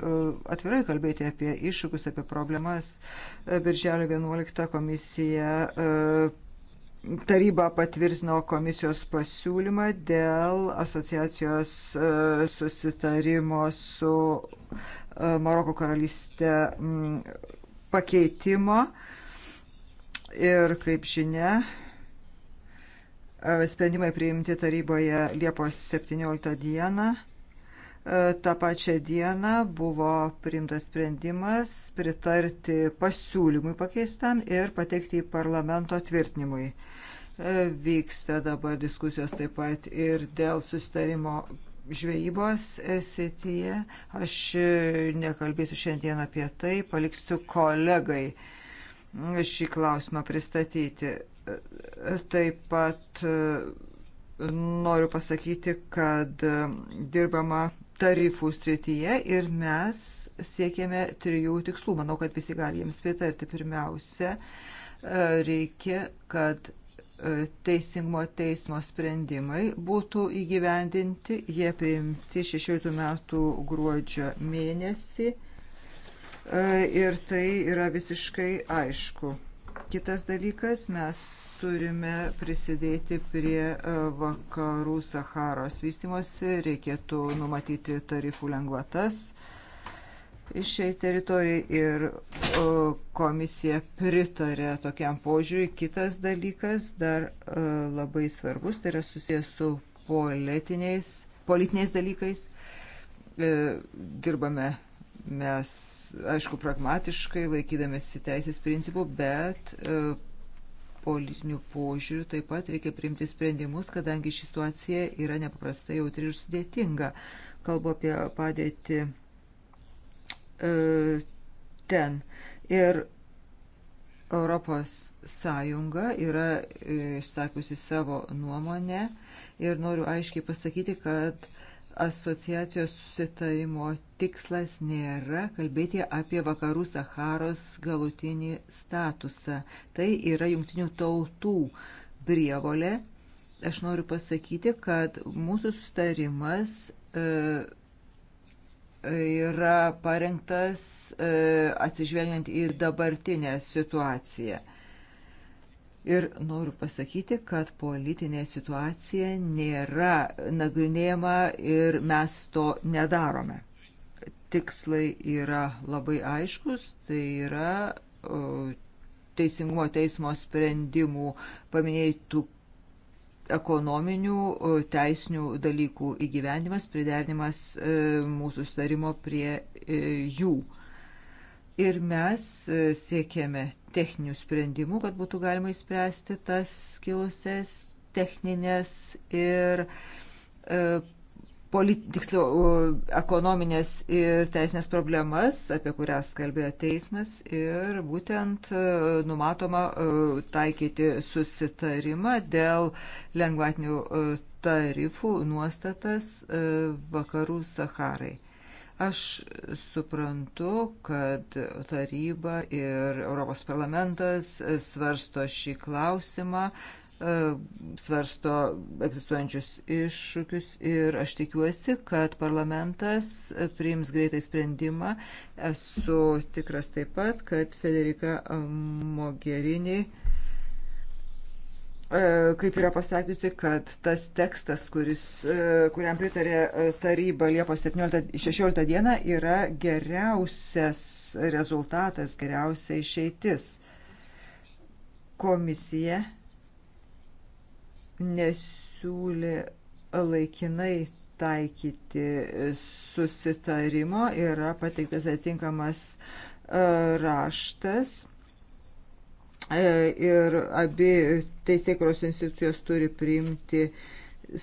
atvirai kalbėti apie iššūkius, apie problemas. E, Birželio 11 komisija e, taryba patvirtino komisijos pasiūlymą dėl asociacijos susitarimo su Maroko karalystė pakeitimo. Ir kaip žinia, e, sprendimai priimti taryboje Liepos 17 dieną. E, Ta pačia diena buvo priimtas sprendimas pritarti pasiūlymui pakeistam ir pateikti į parlamento tvirtinimui e, vyksta dabar diskusijos taip pat ir dėl sustarimo žvejybos srityje. Aš nekalbėsiu šiandien apie tai, paliksiu kolegai šį klausimą pristatyti. Taip pat e, noriu pasakyti, kad e, dirbama tarifų srityje ir mes siekėme trijų tikslų. Manau, kad visi gali jiems pritarti. Pirmiausia, e, reikia, kad teisingumo teismo sprendimai būtų įgyvendinti. Jie priimti 16 metų gruodžio mėnesį E, ir tai yra visiškai aišku. Kitas dalykas, mes turime prisidėti prie e, vakarų Saharos vystimosi, reikėtų numatyti tarifų lengvatas šiai teritorijai ir e, komisija pritarė tokiam požiūriui. Kitas dalykas dar labai svarbus, tai yra susijęs su politiniais, politiniais dalykais. Dirbame mes aišku, pragmatiškai laikydamėsi teisės principų, bet e, politinių požiūrių taip pat reikia priimti sprendimus, kadangi ši situacija yra nepaprastai jautri ir sudėtinga. Kalbu apie padėtį e, ten. Ir Europos Sąjunga yra e, išsakiusi savo nuomonę ir noriu aiškiai pasakyti, kad asociacijos susitarimo tikslas nėra kalbėti apie vakarų Saharos galutinį statusą. Tai yra jungtinių tautų prievolė. Aš noriu pasakyti, kad mūsų susitarimas e, yra parengtas e, atsižvelgiant į dabartinę situaciją. Ir noriu pasakyti, kad politinė situacija nėra nagrinėjama ir mes to nedarome. Tikslai yra labai aiškus, tai yra Teisingumo teismo sprendimų paminėtų ekonominių teisinių dalykų įgyvendimas, pridernimas e, mūsų starimo prie e, jų. Ir mes e, siekėme techninių sprendimų, kad būtų galima įspręsti tas kilusias techninės ir e, polit, tiksliau, ekonominės ir teisinės problemas, apie kurias kalbėjo teismas ir būtent e, numatoma e, taikyti susitarimą dėl lengvatinių tarifų nuostatas vakarų Saharai. Aš suprantu, kad taryba ir Europos parlamentas svarsto šį klausimą, e, svarsto egzistuojančius iššūkius ir aš tikiuosi, kad parlamentas priims greitai sprendimą. Esu tikras taip pat, kad Federika Mogherini E, kaip yra pasakiusi, kad tas tekstas, kuris, e, kuriam pritarė e, taryba Liepos 17, 16 dieną, yra geriausias rezultatas, geriausia išeitis. Komisija nesiūlė laikinai taikyti susitarimo, yra pateiktas atitinkamas raštas E, ir abi teisėkros institucijos turi priimti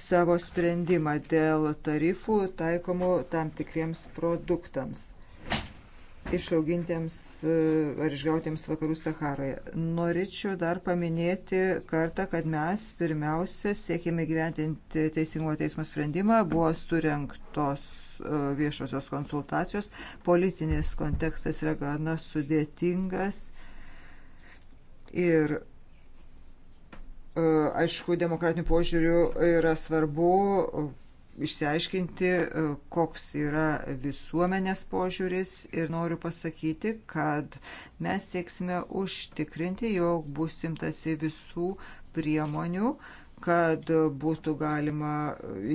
savo sprendimą dėl tarifų taikomų tam tikriems produktams išaugintiems e, ar išgautiems vakarų Saharoje. Norėčiau dar paminėti kartą, kad mes pirmiausia siekėme gyventinti Teisingumo teismo sprendimą, buvo surinktos e, viešosios konsultacijos, politinis kontekstas yra gana sudėtingas Ir e, aišku, demokratiniu požiūriu yra svarbu e, išsiaiškinti, e, koks yra visuomenės požiūris ir noriu pasakyti, kad mes sieksime užtikrinti, jog bus imtasi visų priemonių, kad būtų galima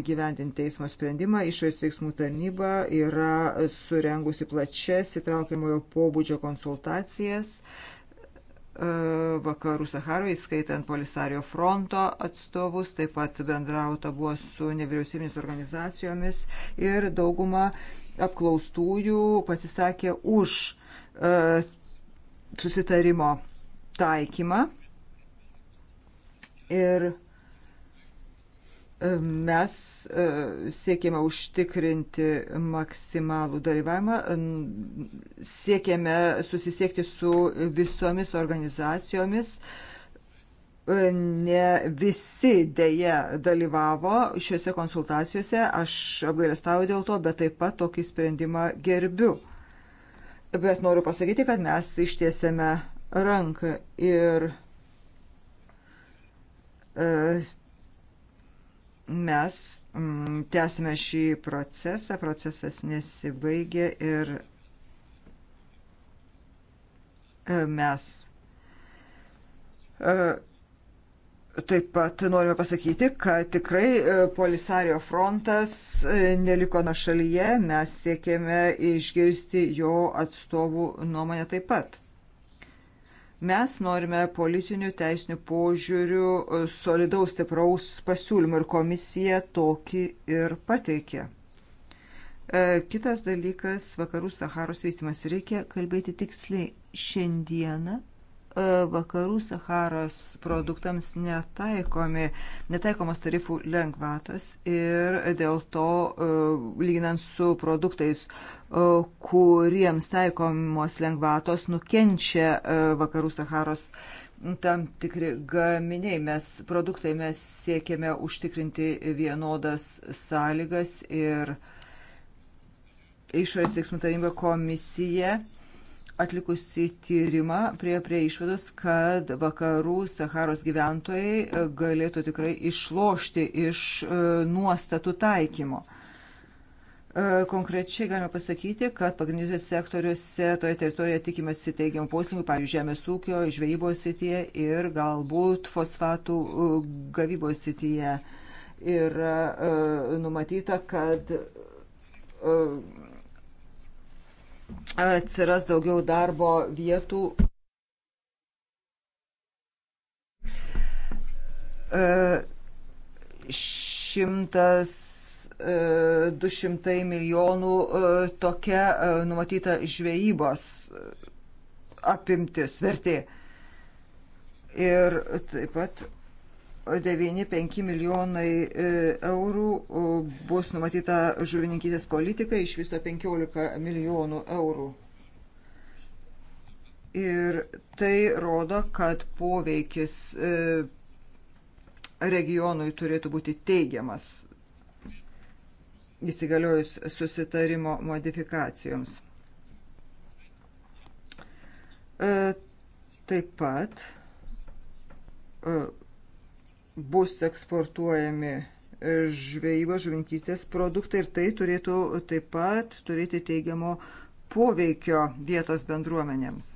įgyvendinti teismo sprendimą. Išorės veiksmų tarnyba yra surengusi plačias įtraukiamojo pobūdžio konsultacijas E, vakarų Saharoje, įskaitant Polisario fronto atstovus, taip pat bendrauta buvo su nevyriausybinės organizacijomis ir dauguma apklaustųjų pasisakė už e, susitarimo taikymą. Ir mes e, siekėme užtikrinti maksimalų dalyvavimą, siekėme susisiekti su visomis organizacijomis. E, ne visi dėje dalyvavo šiuose konsultacijose, aš apgailestauju dėl to, bet taip pat tokį sprendimą gerbiu. Bet noriu pasakyti, kad mes ištiesėme ranką ir e, mes mm, tęsime šį procesą, procesas nesibaigė ir e, mes e, taip pat norime pasakyti, kad tikrai e, Polisario frontas neliko nuo šalyje, mes siekėme išgirsti jo atstovų nuomonę taip pat. Mes norime politinių teisinių požiūrių e, solidaus stipraus pasiūlymų ir komisija tokį ir pateikė. E, kitas dalykas - vakarų Saharos vystimas. Reikia kalbėti tiksliai šiandieną vakarų Saharos produktams netaikomi, netaikomos tarifų lengvatos ir dėl to, e, lyginant su produktais, e, kuriems taikomos lengvatos, nukenčia e, vakarų Saharos tam tikri gaminiai, mes produktai mes siekiame užtikrinti vienodas sąlygas ir išorės veiksmų taryba komisija atlikusi tyrimą prie, prie išvados, kad vakarų Saharos gyventojai e, galėtų tikrai išlošti iš e, nuostatų taikymo. E, konkrečiai galime pasakyti, kad pagrindiniuose sektoriuose toje teritorijoje tikimasi teigiamų poslinkių, pavyzdžiui, žemės ūkio, žvejybos srityje ir galbūt fosfatų gavybos srityje. Ir numatyta, kad atsiras daugiau darbo vietų. E, šimtas 200 e, milijonų e, tokia numatyta žvejybos apimtis vertė. Ir taip pat 9,5 milijonai e, eurų bus numatyta žuvininkystės politika, iš viso 15 milijonų eurų. Ir tai rodo, kad poveikis e, regionui turėtų būti teigiamas įsigaliojus susitarimo modifikacijoms. E, taip pat bus eksportuojami e, žvejybos žuvinkystės produktai ir tai turėtų taip pat turėti teigiamo poveikio vietos bendruomenėms.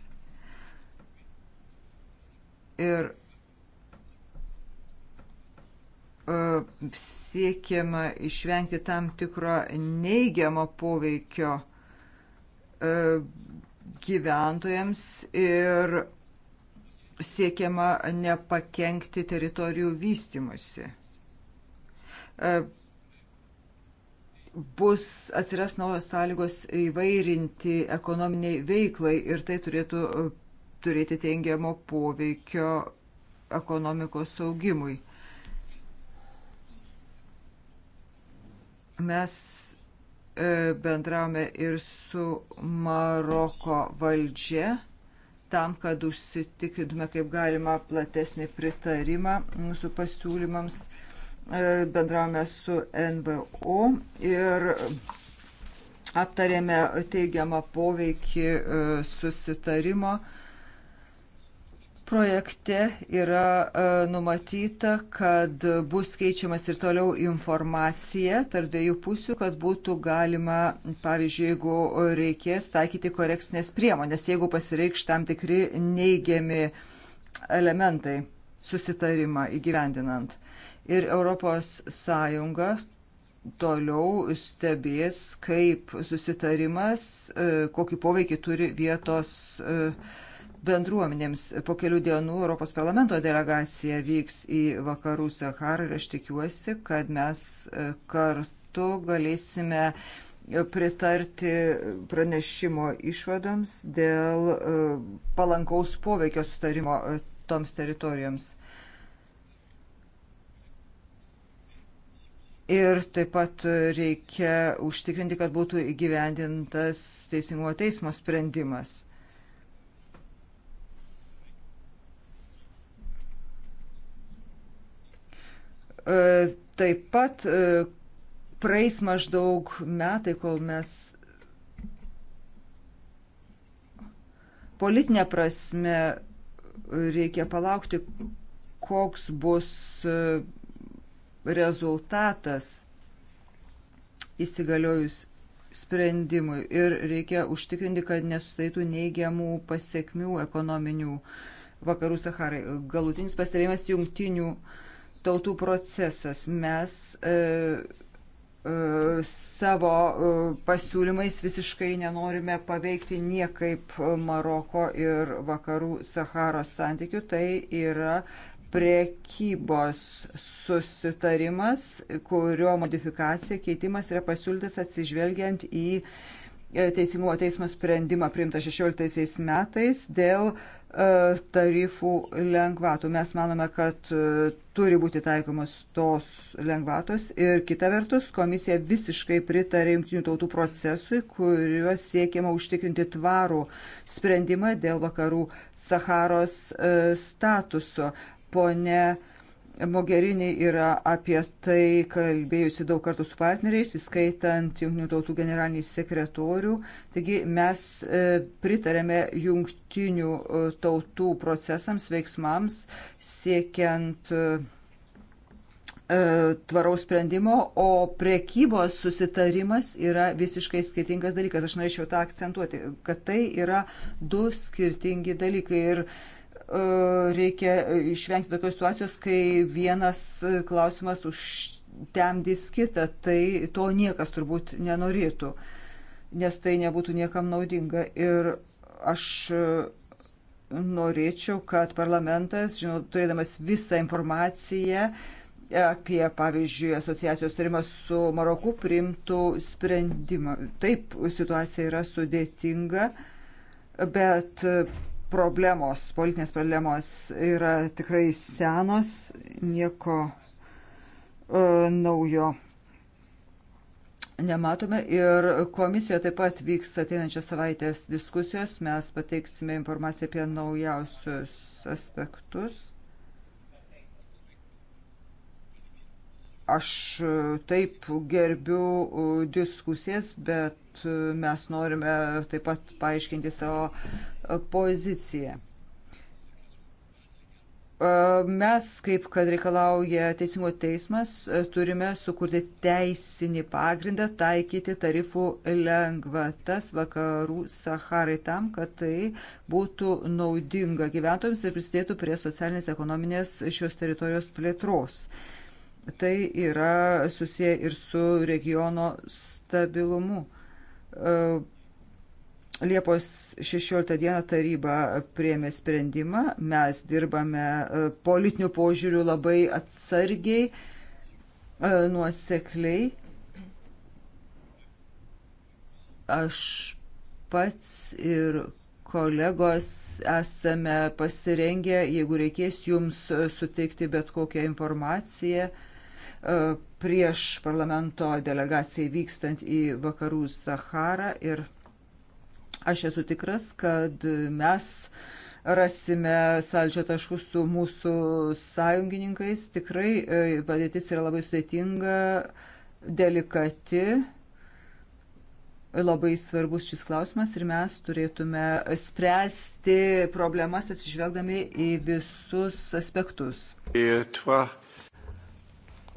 Ir e, siekiama išvengti tam tikro neigiamo poveikio e, gyventojams ir siekiama nepakenkti teritorijų vystimusi. E, bus atsiras naujos sąlygos įvairinti ekonominiai veiklai ir tai turėtų e, turėti teigiamo poveikio ekonomikos augimui. Mes e, bendravome ir su Maroko valdžia tam, kad užsitikrintume kaip galima platesnį pritarimą mūsų pasiūlymams. E, bendravome su NVO ir aptarėme teigiamą poveikį e, susitarimo. Projekte yra e, numatyta, kad bus keičiamas ir toliau informacija tarp dviejų pusių, kad būtų galima, pavyzdžiui, jeigu reikės taikyti korekcinės priemonės, jeigu pasireikš tam tikri neigiami elementai susitarimą įgyvendinant. Ir ES toliau stebės, kaip susitarimas, e, kokį poveikį turi vietos e, bendruomenėms. Po kelių dienų Europos parlamento delegacija vyks į vakarų Saharą ir aš tikiuosi, kad mes e, kartu galėsime pritarti pranešimo išvadoms dėl e, palankaus poveikio sustarimo e, toms teritorijoms. Ir taip pat reikia užtikrinti, kad būtų įgyvendintas teisingumo teismo sprendimas. E, taip pat e, praeis maždaug metai, kol mes politinė prasme reikia palaukti, koks bus e, rezultatas įsigaliojus sprendimui ir reikia užtikrinti, kad nesusaitų neigiamų pasiekmių ekonominių vakarų Saharai. Galutinis pastebėjimas jungtinių uh, tautų procesas. Mes e, e, savo e, pasiūlymais visiškai nenorime paveikti niekaip Maroko ir vakarų Saharos santykių. Tai yra prekybos susitarimas, kurio modifikacija, keitimas yra pasiūlytas atsižvelgiant į e, E, Teisingumo teismo sprendimą priimtą 16 metais dėl e, tarifų lengvatų. Mes manome, kad e, turi būti taikomos tos lengvatos ir kita vertus komisija visiškai pritarė jungtinių tautų procesui, kuriuos siekiama užtikrinti tvarų sprendimą dėl vakarų Saharos statuso. Pone uh, Mogherini yra apie tai kalbėjusi daug kartų su partneriais, įskaitant Junktinių tautų generalinį sekretorių. Taigi mes e, pritarėme Junktinių e, tautų procesams, veiksmams, siekiant e, tvaraus sprendimo, o priekybos susitarimas yra visiškai skirtingas dalykas. Aš norėčiau tą akcentuoti, kad tai yra du skirtingi dalykai. Ir E, reikia išvengti tokios situacijos, kai vienas klausimas užtemdys kitą. Tai to niekas turbūt nenorėtų, nes tai nebūtų niekam naudinga. Ir aš norėčiau, kad parlamentas, žinau, turėdamas visą informaciją, apie, pavyzdžiui, asociacijos tarimą su Maroku priimtų sprendimą. Taip, situacija yra sudėtinga, bet problemos, politinės problemos yra tikrai senos, nieko e, naujo nematome. Ir komisijoje taip pat vyks ateinančios savaitės diskusijos, mes pateiksime informaciją apie naujausius aspektus. Aš e, taip gerbiu e, diskusijas, bet e, mes norime taip pat paaiškinti savo poziciją. Mes, kaip kad reikalauja Teisingo teismas, turime sukurti teisinį pagrindą taikyti tarifų lengvatas vakarų Saharai tam, kad tai būtų naudinga gyventojams ir prisidėtų prie socialinės ekonominės šios teritorijos plėtros. Uh, Tai yra susiję ir su regiono stabilumu. E, Liepos 16 dieną taryba priemė sprendimą, mes dirbame e, politinių požiūrių labai atsargiai, e, nuosekliai. Aš pats ir kolegos esame pasirengę, jeigu reikės jums suteikti bet kokią informaciją E, prieš parlamento delegacijai vykstant į vakarų Saharą ir aš esu tikras, kad mes rasime salčio taškų su mūsų sąjungininkais. Tikrai e, padėtis yra labai sudėtinga, delikati, labai svarbus šis klausimas ir mes turėtume spręsti problemas atsižvelgdami į visus aspektus. Lietuva.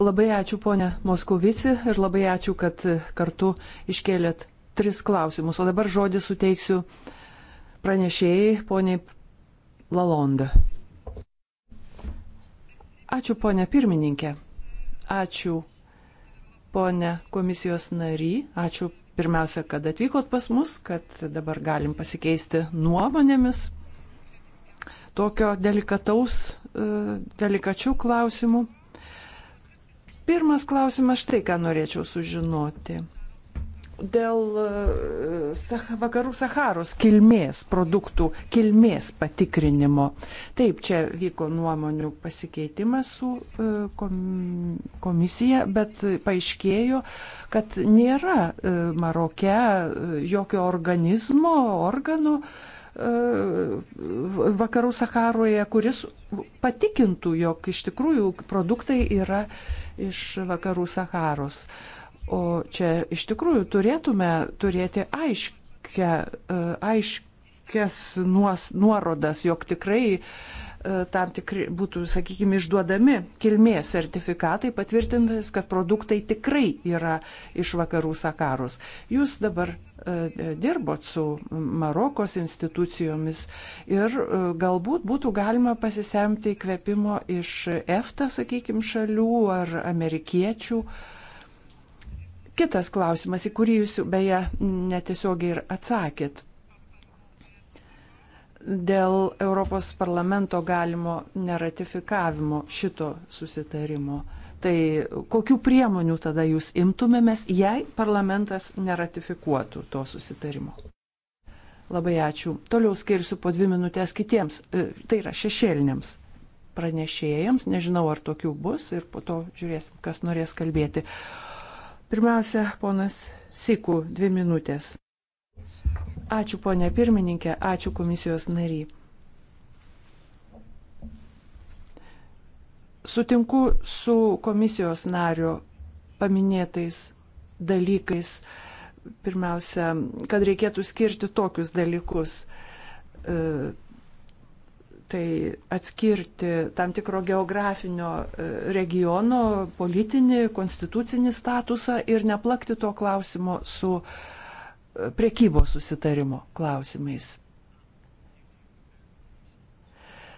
Labai ačiū, ponė Moskovici, ir labai ačiū, kad kartu iškėlėt tris klausimus. O dabar žodį suteiksiu pranešėjai, poniai Lalonda. Ačiū, ponė pirmininkė. Ačiū, ponė komisijos nary. Ačiū pirmiausia, kad atvykot pas mus, kad dabar galim pasikeisti nuomonėmis tokio delikataus, e, delikačių klausimų. Pirmas klausimas štai ką norėčiau sužinoti. Dėl e, sah vakarų Saharos kilmės, produktų kilmės patikrinimo. Taip, čia vyko nuomonių pasikeitimas su e, komisija, bet paaiškėjo, kad nėra e, Maroke jokio organizmo, organo vakarų Saharoje, kuris patikintų, jog iš tikrųjų produktai yra uh, iš vakarų Saharos. O čia iš tikrųjų turėtume turėti aiškę, e, aiškės nuos, nuorodas, jog tikrai e, tam tikri būtų, sakykime, išduodami kilmės sertifikatai patvirtintas, kad produktai tikrai yra iš vakarų Sakaros. Jūs dabar E, dirbot su Marokos institucijomis ir e, galbūt būtų galima pasisemti įkvėpimo iš EFTA, sakykime, šalių ar amerikiečių. Kitas klausimas, į kurį jūs beje netiesiogiai ir atsakėt. Dėl Europos parlamento galimo neratifikavimo šito susitarimo. Uh, Tai kokių priemonių tada jūs imtumėmės, jei parlamentas neratifikuotų to susitarimo? Labai ačiū. Toliau skirsiu po dvi minutės kitiems, e, tai yra šešėliniams pranešėjams, nežinau ar tokių bus ir po to žiūrėsim, kas norės kalbėti. Pirmiausia, ponas Sikų, dvi minutės. Ačiū ponė pirmininkė, ačiū komisijos nariai. Sutinku su komisijos nario paminėtais dalykais. Pirmiausia, kad reikėtų skirti tokius dalykus e, tai atskirti tam tikro geografinio e, regiono politinį, konstitucinį statusą ir neplakti to klausimo su e, priekybos susitarimo klausimais.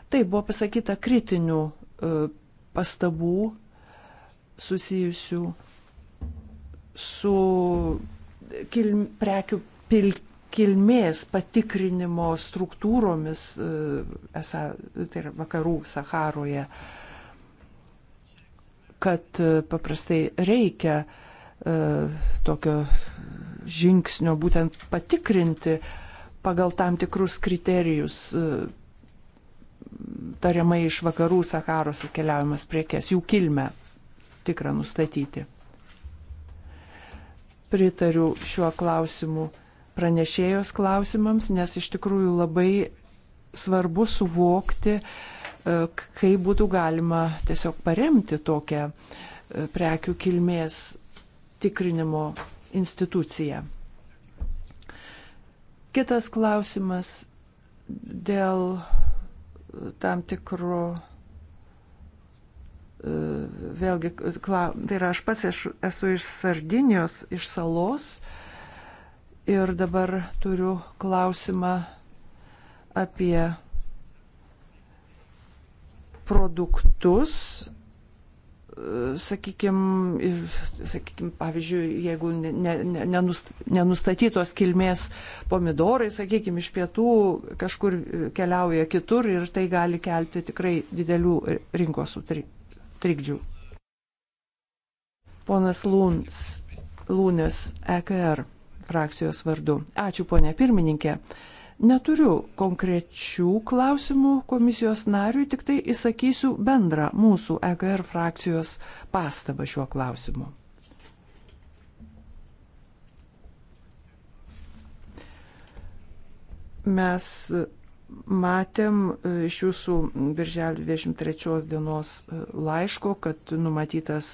Tai buvo pasakyta kritinių pastabų susijusių su kilm, prekių pil, kilmės patikrinimo struktūromis, e, esą, tai yra vakarų Saharoje, kad e, paprastai reikia e, tokio žingsnio būtent patikrinti pagal tam tikrus kriterijus tariamai iš vakarų Saharos atkeliaujamas priekes, jų kilmę tikrą nustatyti. Pritariu šiuo klausimu pranešėjos klausimams, nes iš tikrųjų labai svarbu suvokti, e, kaip būtų galima tiesiog paremti tokią e, prekių kilmės tikrinimo instituciją. Kitas klausimas dėl tam tikru e, vėlgi, tai yra aš pats aš esu iš Sardinijos, iš salos ir dabar turiu klausimą apie produktus, sakykime, sakykim, pavyzdžiui, jeigu ne, ne, nenustatytos kilmės pomidorai, sakykime, iš pietų kažkur keliauja kitur ir tai gali kelti tikrai didelių rinkos trikdžių. Ponas Lūns, Lūnės EKR frakcijos vardu. Ačiū, ponė pirmininkė. Uh, Neturiu konkrečių klausimų komisijos nariui, tik tai įsakysiu bendrą mūsų EKR frakcijos pastabą šiuo klausimu. Mes matėm iš jūsų birželio 23 dienos laiško, kad numatytas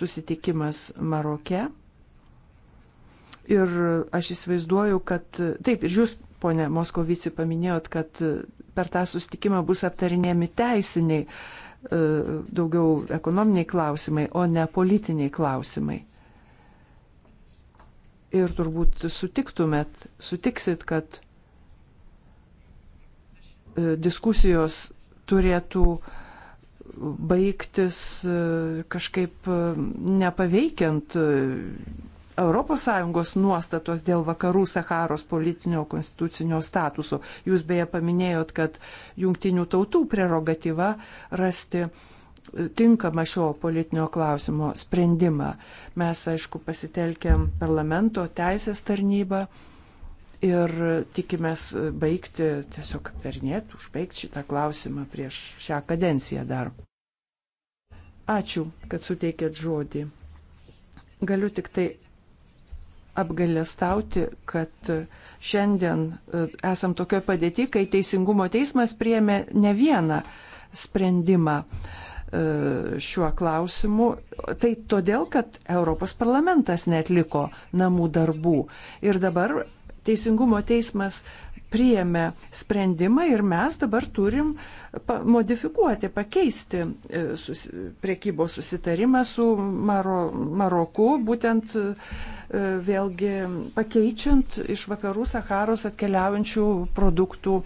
susitikimas Maroke. Ir aš įsivaizduoju, kad taip, ir jūs Pone Moskovici, paminėjot, kad e, per tą sustikimą bus aptarinėjami teisiniai, e, daugiau ekonominiai klausimai, o ne politiniai klausimai. Ir turbūt sutiktumėt, sutiksit, kad e, diskusijos turėtų baigtis kažkaip nepaveikiant ES nuostatos dėl vakarų Saharos politinio konstitucinio statuso. Jūs beje paminėjot, kad jungtinių tautų prerogatyva rasti e, tinkamą šio politinio klausimo sprendimą. Mes, aišku, pasitelkėm parlamento teisės tarnybą ir tikimės baigti, tiesiog aptarinėti, užbaigti šitą klausimą prieš šią kadenciją dar. Ačiū, kad suteikėt žodį. Galiu tik tai apgailestauti, kad šiandien e, esam tokioje padėti, kai Teisingumo teismas priemė ne vieną sprendimą e, šiuo klausimu. Tai todėl, kad Europos parlamentas netliko namų darbų. Ir dabar Teisingumo teismas priėmė sprendimą ir mes dabar turim modifikuoti, pakeisti e, sus, priekybos susitarimą su Maro, Maroku, būtent e, vėlgi pakeičiant iš vakarų Saharos atkeliaujančių produktų e,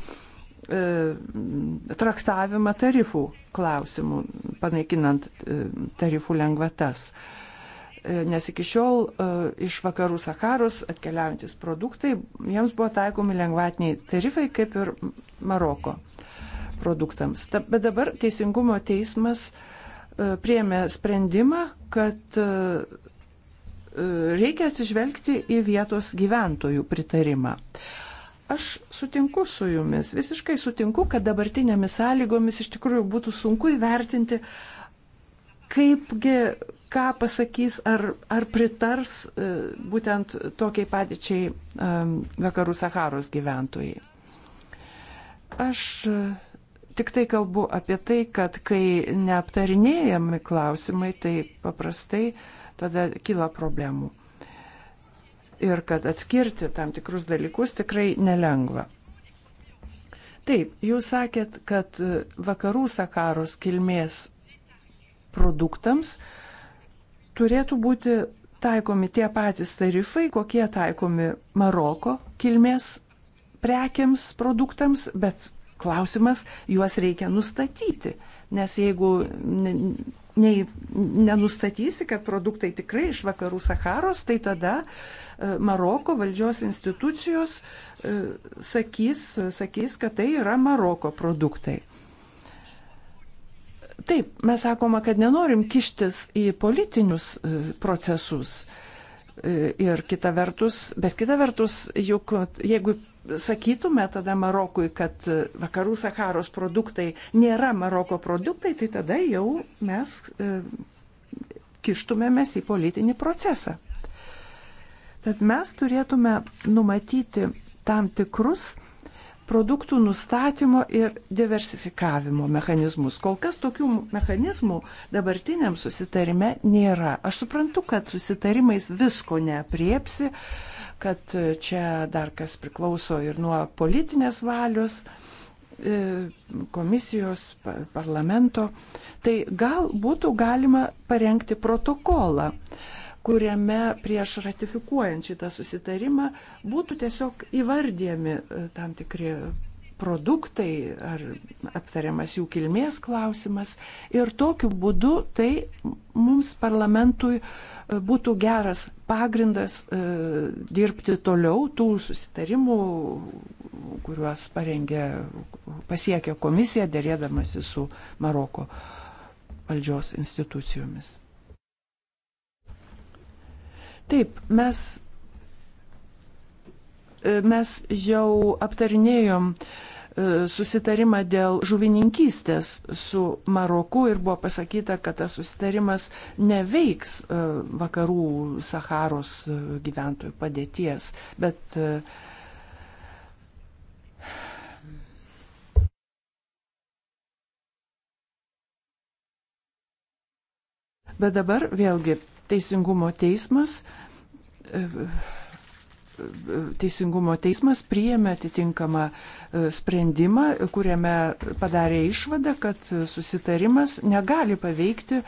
traktavimą tarifų klausimų, panaikinant tarifų lengvatas nes iki šiol e, iš vakarų Saharos atkeliaujantis produktai, jiems buvo taikomi lengvatiniai tarifai kaip ir Maroko produktams. Bet dabar Teisingumo teismas e, priėmė sprendimą, kad e, reikia atsižvelgti į vietos gyventojų pritarimą. Aš sutinku su jumis, visiškai sutinku, kad dabartinėmis sąlygomis iš tikrųjų būtų sunku įvertinti, kaipgi ką pasakys, ar, ar pritars e, būtent tokiai padėčiai e, vakarų Saharos gyventojai. Aš e, tik tai kalbu apie tai, kad kai neaptarinėjami klausimai, tai paprastai tada kyla problemų. Ir kad atskirti tam tikrus dalykus tikrai nelengva. Taip, jūs sakėt, kad vakarų Sakaros kilmės produktams uh, turėtų būti taikomi tie patys tarifai, kokie taikomi Maroko kilmės prekiams, produktams, bet klausimas, juos reikia nustatyti. Nes jeigu nei, nenustatysi, kad produktai tikrai iš vakarų Saharos, tai tada e, Maroko valdžios institucijos e, sakys, sakys, kad tai yra Maroko produktai. Taip, mes sakoma, kad nenorim kištis į politinius e, procesus. E, ir kita vertus, bet kita vertus, juk jeigu sakytume tada Marokui, kad e, vakarų Saharos produktai nėra Maroko produktai, tai tada jau mes kištumėmės į politinį procesą. Tad mes turėtume numatyti tam tikrus produktų nustatymo ir diversifikavimo mechanizmus. Kol kas tokių mechanizmų dabartiniam susitarime nėra. Aš suprantu, kad susitarimais visko neapriepsi, kad čia dar kas priklauso ir nuo politinės valios e, komisijos, parlamento, tai gal būtų galima parengti protokolą. Uh, kuriame prieš ratifikuojant šitą susitarimą būtų tiesiog įvardyjami e, tam tikri produktai ar aptariamas jų kilmės klausimas. Ir tokiu būdu tai mums parlamentui e, būtų geras pagrindas e, dirbti toliau tų susitarimų, kuriuos parengė, pasiekė komisija dėrėdamasi su Maroko valdžios institucijomis. Taip, mes, e, mes jau aptarinėjom e, susitarimą dėl žuvininkystės su Maroku ir buvo pasakyta, kad tas susitarimas neveiks e, vakarų Saharos gyventojų padėties, bet Bet dabar vėlgi Teisingumo teismas e, Teisingumo teismas priėmė atitinkamą e, sprendimą, kuriame padarė išvadą, kad susitarimas negali paveikti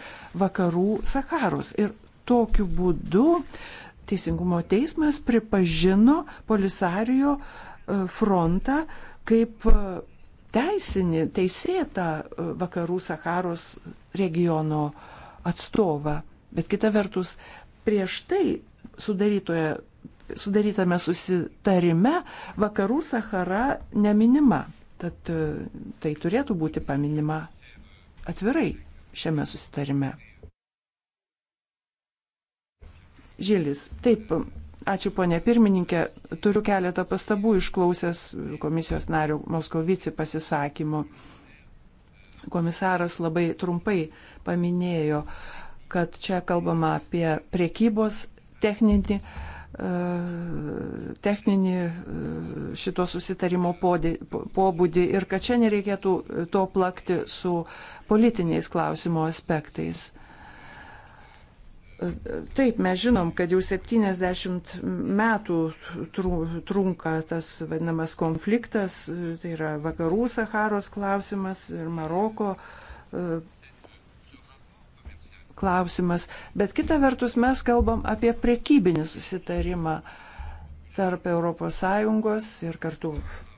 vakarų Saharos. Ir tokiu būdu Teisingumo teismas pripažino Polisario e, frontą kaip teisinį, teisėtą vakarų Saharos regiono atstovą. Bet kita vertus, prieš tai sudarytoje, sudarytame susitarime vakarų Sahara neminima. Tad e, tai turėtų būti paminima atvirai šiame susitarime. Žilis, taip, ačiū ponė pirmininkė, turiu keletą pastabų išklausęs komisijos nario Moskovici pasisakymo. Komisaras labai trumpai paminėjo uh, kad čia kalbama apie priekybos techninį, e, techninį e, šito susitarimo pobūdį ir kad čia nereikėtų to plakti su politiniais klausimo aspektais. E, taip, mes žinom, kad jau 70 metų trunka tas vadinamas konfliktas, tai yra vakarų Saharos klausimas ir Maroko klausimas, bet kita vertus mes kalbam apie prekybinį susitarimą tarp ES ir kartu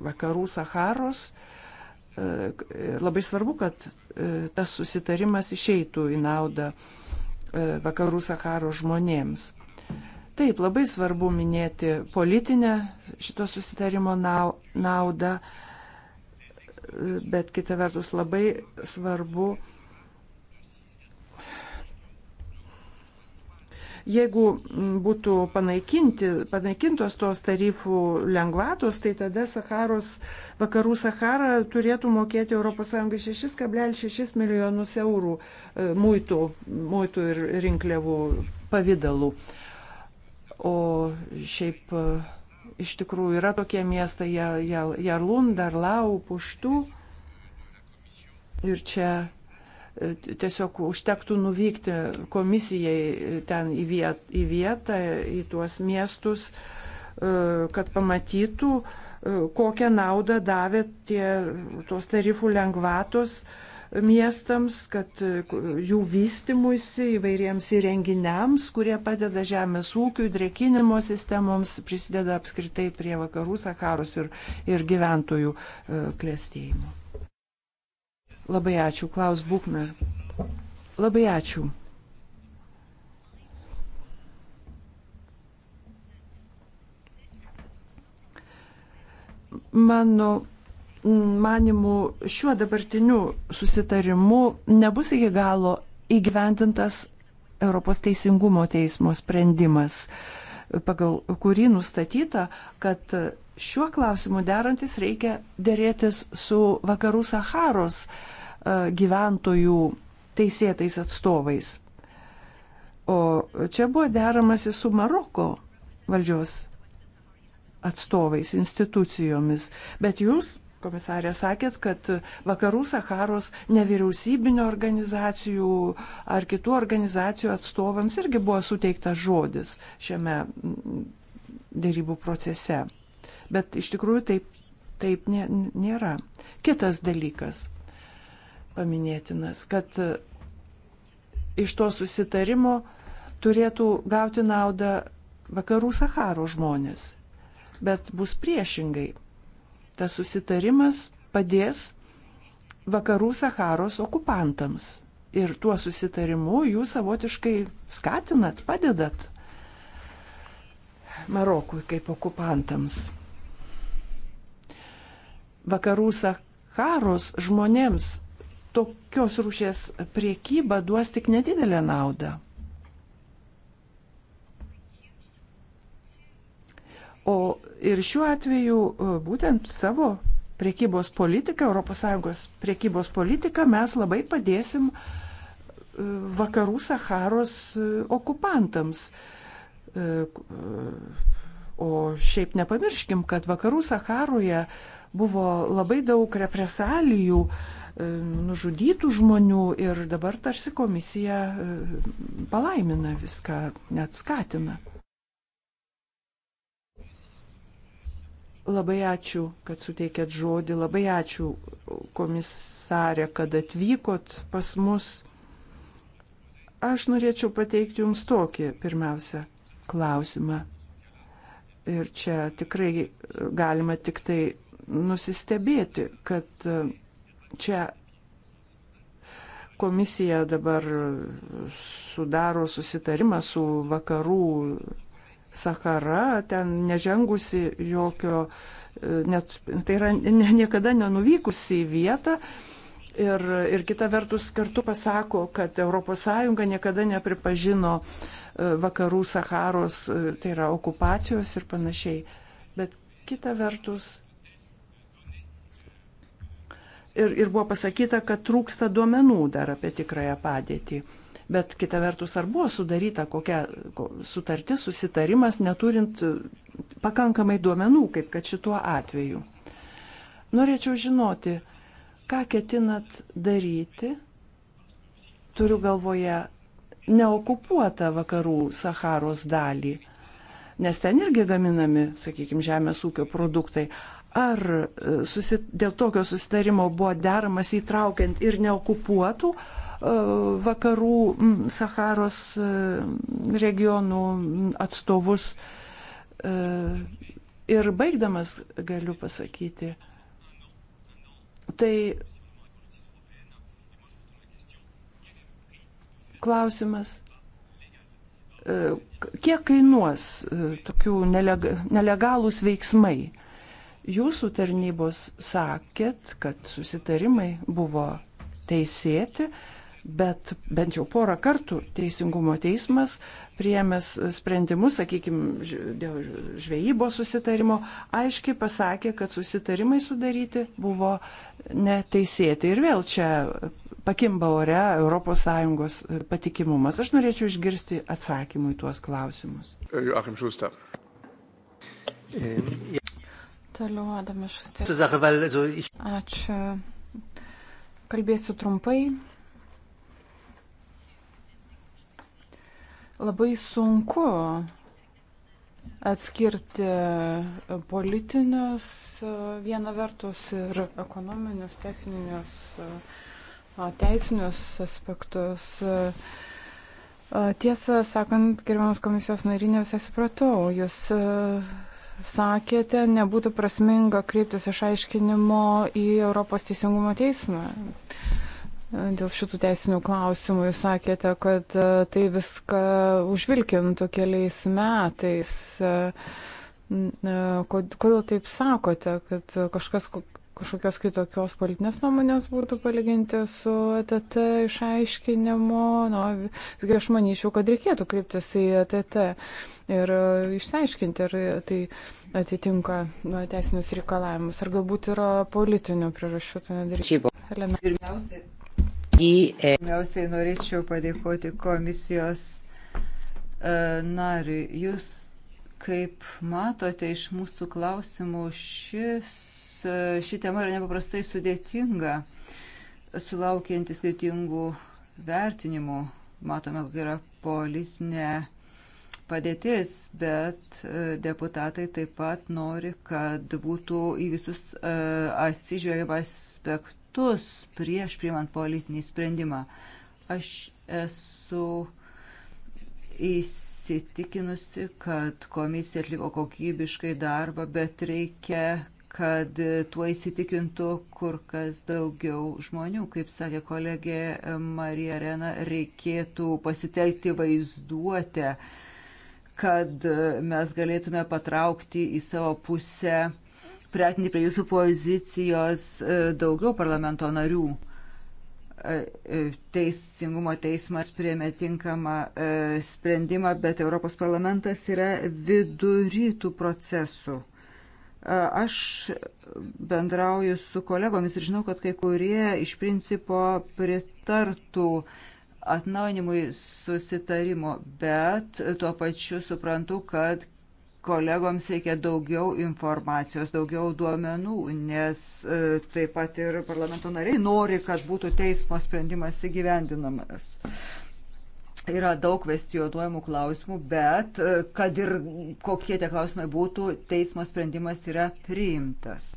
vakarų Saharos. E, labai svarbu, kad e, tas susitarimas išeitų į naudą e, vakarų Saharos žmonėms. Taip, labai svarbu minėti politinę šito susitarimo naudą, bet kita vertus labai svarbu Jeigu mm, būtų panaikintos tos tarifų lengvatos, tai tada Saharos, vakarų Sahara turėtų mokėti ES 6,6 milijonus eurų e, muitų, muitų ir rinkliavų pavydalų. O šiaip e, iš tikrųjų yra tokie miestai, Jarlun, Darlau, Puštų. Ir čia tiesiog užtektų nuvykti komisijai ten į vietą, į, vietą, į tuos miestus, e, kad pamatytų, e, kokią naudą davė tie, tos tarifų lengvatos miestams, kad e, jų vystimuisi įvairiems įrenginiams, kurie padeda žemės ūkiui, drekinimo sistemoms, prisideda apskritai prie vakarų Sakaros ir, ir gyventojų klėstėjimo. Labai ačiū, Klaus Bukner. Labai ačiū. Mano manimų šiuo dabartiniu susitarimu nebus iki galo įgyvendintas Europos teisingumo teismo sprendimas, pagal kurį nustatyta, kad šiuo klausimu derantis reikia dėrėtis su vakarų Saharos uh, E, gyventojų teisėtais atstovais. O čia buvo deramasi su Maroko valdžios atstovais, institucijomis. Bet jūs, komisarė, sakėt, kad vakarų Saharos nevyriausybinio organizacijų ar kitų organizacijų atstovams irgi buvo suteiktas žodis šiame mm, dėrybų procese. Bet iš tikrųjų taip, taip nėra. Kitas dalykas paminėtinas, kad e, iš to susitarimo turėtų gauti naudą vakarų Saharo žmonės. Bet bus priešingai. Tas susitarimas padės vakarų Saharos okupantams. Ir tuo susitarimu jūs savotiškai skatinat, padedat Marokui kaip okupantams. Vakarų Saharos žmonėms tokios rūšės priekyba duos tik nedidelę naudą. O ir šiuo atveju e, būtent savo priekybos politiką, ES priekybos politiką mes labai padėsim e, vakarų Saharos e, okupantams. O šiaip nepamirškim, kad vakarų Saharoje uh, buvo labai daug represalijų, e, nužudytų žmonių ir dabar tarsi komisija e, palaimina viską, net skatina. Labai ačiū, kad suteikėt žodį, labai ačiū komisarė, kad atvykot pas mus. Aš norėčiau pateikti Jums tokį pirmiausia klausimą. Ir čia tikrai galima tik tai nusistebėti, kad e, čia komisija dabar sudaro susitarimą su vakarų Sahara, ten nežengusi jokio, e, net, tai yra ne, niekada nenuvykusi į vietą. Ir, ir kita vertus kartu pasako, kad ES niekada nepripažino e, vakarų Saharos, tai yra okupacijos ir panašiai. Bet kita vertus ir, ir buvo pasakyta, kad trūksta duomenų dar apie tikrąją padėtį. Bet kita vertus, ar buvo sudaryta kokia sutartis, susitarimas, neturint e, pakankamai duomenų, kaip kad šituo atveju. Norėčiau žinoti, ką ketinat daryti, turiu galvoje neokupuotą vakarų Saharos dalį, nes ten irgi gaminami, sakykime, žemės ūkio produktai. Ar e, susi, dėl tokio susitarimo buvo deramas įtraukiant ir neokupuotų e, vakarų Saharos e, regionų atstovus? Ir baigdamas galiu pasakyti, tai klausimas, kiek kainuos tokių neleg, nelegalūs veiksmai? Jūsų tarnybos sakėt, kad susitarimai buvo teisėti, bet bent jau porą kartų Teisingumo teismas priemęs sprendimus, sakykime, dėl žvejybos susitarimo, aiškiai pasakė, kad susitarimai sudaryti buvo neteisėti. Ir vėl čia pakimba ore ES patikimumas. Aš norėčiau išgirsti atsakymų į tuos klausimus. Joachim Šuster. Toliau Adamas Šustis. Ačiū. Kalbėsiu trumpai. Labai sunku atskirti politinius viena vertus ir ekonominius, techninius, teisinius aspektus. Tiesą sakant, gerbiamas komisijos narinė, visai supratau, jūs sakėte, nebūtų prasminga kreiptis išaiškinimo į Europos teisingumo teismą. Dėl šitų teisinių klausimų jūs sakėte, kad e, tai viską užvilkintų keliais metais. E, e, kodėl taip sakote, kad kažkas kažkokios kitokios politinės nuomonės būtų palyginti su ETT išaiškinimu. Nu, visgi aš manyčiau, kad reikėtų kreiptis į ETT ir e, išsiaiškinti, ar tai atitinka nu, teisinius reikalavimus, ar galbūt yra politinių priežasčių to nedaryti. Pirmiausiai, e- pirmiausiai norėčiau padėkoti komisijos e, nariui, jūs kaip matote iš mūsų klausimų, šis E, ši tema yra nepaprastai sudėtinga, sulaukianti skirtingų vertinimų. Matome, kokia yra politinė padėtis, bet e, deputatai taip pat nori, kad būtų į visus e, atsižvelgiama aspektus prieš priimant politinį sprendimą. Aš esu įsitikinusi, kad komisija atliko kokybiškai darbą, bet reikia kad tuo įsitikintų kur kas daugiau žmonių. Kaip sakė kolegė Marija Arena, reikėtų pasitelkti vaizduotę, kad mes galėtume patraukti į savo pusę, priartinti prie jūsų pozicijos e, daugiau parlamento narių. E, e, teisingumo teismas priemė tinkamą sprendimą, bet Europos parlamentas yra vidury tų procesų. Aš bendrauju su kolegomis ir žinau, kad kai kurie iš principo pritartų atnaujinimui susitarimo, bet tuo pačiu suprantu, kad kolegoms reikia daugiau informacijos, daugiau duomenų, nes e, taip pat ir parlamento nariai nori, kad būtų teismo sprendimas įgyvendinamas. Yra daug kvestionuojamų klausimų, bet e, kad ir kokie tie klausimai būtų, teismo sprendimas yra priimtas.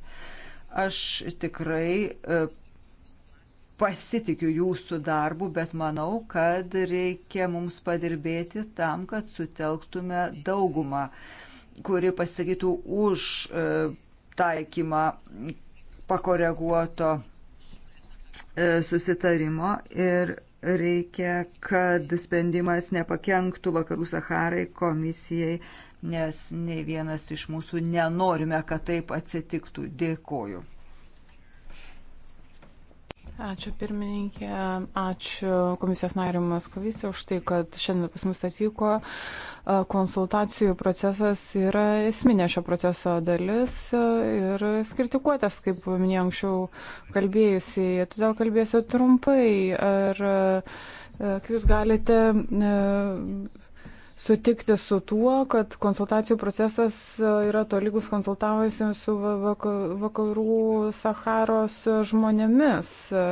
Aš tikrai e, pasitikiu jūsų darbu, bet manau, kad reikia mums padirbėti tam, kad sutelktume daugumą, kuri pasakytų už e, taikymą pakoreguoto susitarimo ir reikia, kad sprendimas nepakenktų vakarų Saharai komisijai, nes nei vienas iš mūsų nenorime, kad taip atsitiktų. Dėkoju. Ačiū pirmininkė, ačiū komisijos nariu Maskovici už tai, kad šiandien pas mus atvyko. Konsultacijų procesas yra esminė šio proceso dalis ir skirtikuotas, kaip minėjau anksčiau kalbėjusiai. Todėl kalbėsiu trumpai. Ar kaip jūs galite sutikti su tuo, kad konsultacijų procesas e, yra tolygus konsultavusi su vakarų Saharos žmonėmis. E,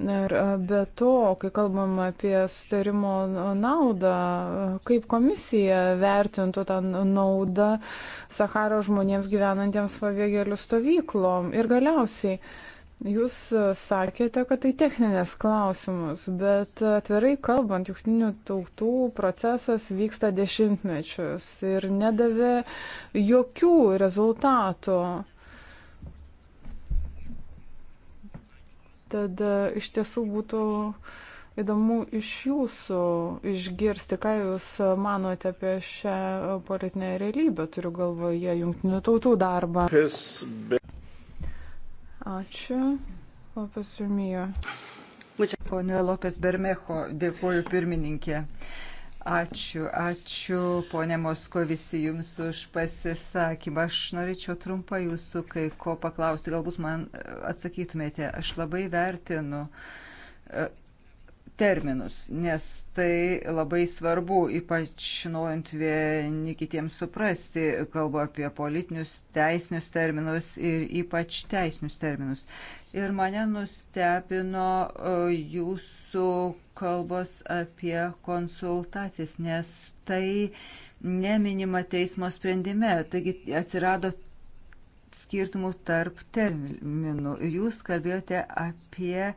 ir e, be to, kai kalbam apie sutarimo naudą, kaip komisija vertintų tą naudą Saharo žmonėms gyvenantiems pavėgėlių stovyklom. Ir galiausiai, uh, Jūs e, sakėte, kad tai techninės klausimus, bet e, atvirai kalbant, jungtinių tautų procesas vyksta dešimtmečius ir nedavė jokių rezultatų. Tad e, iš tiesų būtų įdomu iš jūsų išgirsti, ką jūs manote apie šią politinę realybę, turiu galvoje jungtinių tautų darbą. Be... Ačiū. Lopes Pirmijo. Pone Lopes Bermejo, dėkuoju pirmininkė. Ačiū, ačiū, ponė Moskovisi, jums už pasisakymą. Aš norėčiau trumpai jūsų kai ko paklausti, galbūt man atsakytumėte. Aš labai vertinu terminus, nes tai labai svarbu, ypač norint vieni kitiems suprasti, kalbu apie politinius teisinius terminus ir ypač teisinius terminus. Ir mane nustebino e, jūsų kalbos apie konsultacijas, nes tai neminima teismo sprendime. Taigi atsirado skirtumų tarp terminų. Jūs kalbėjote apie e,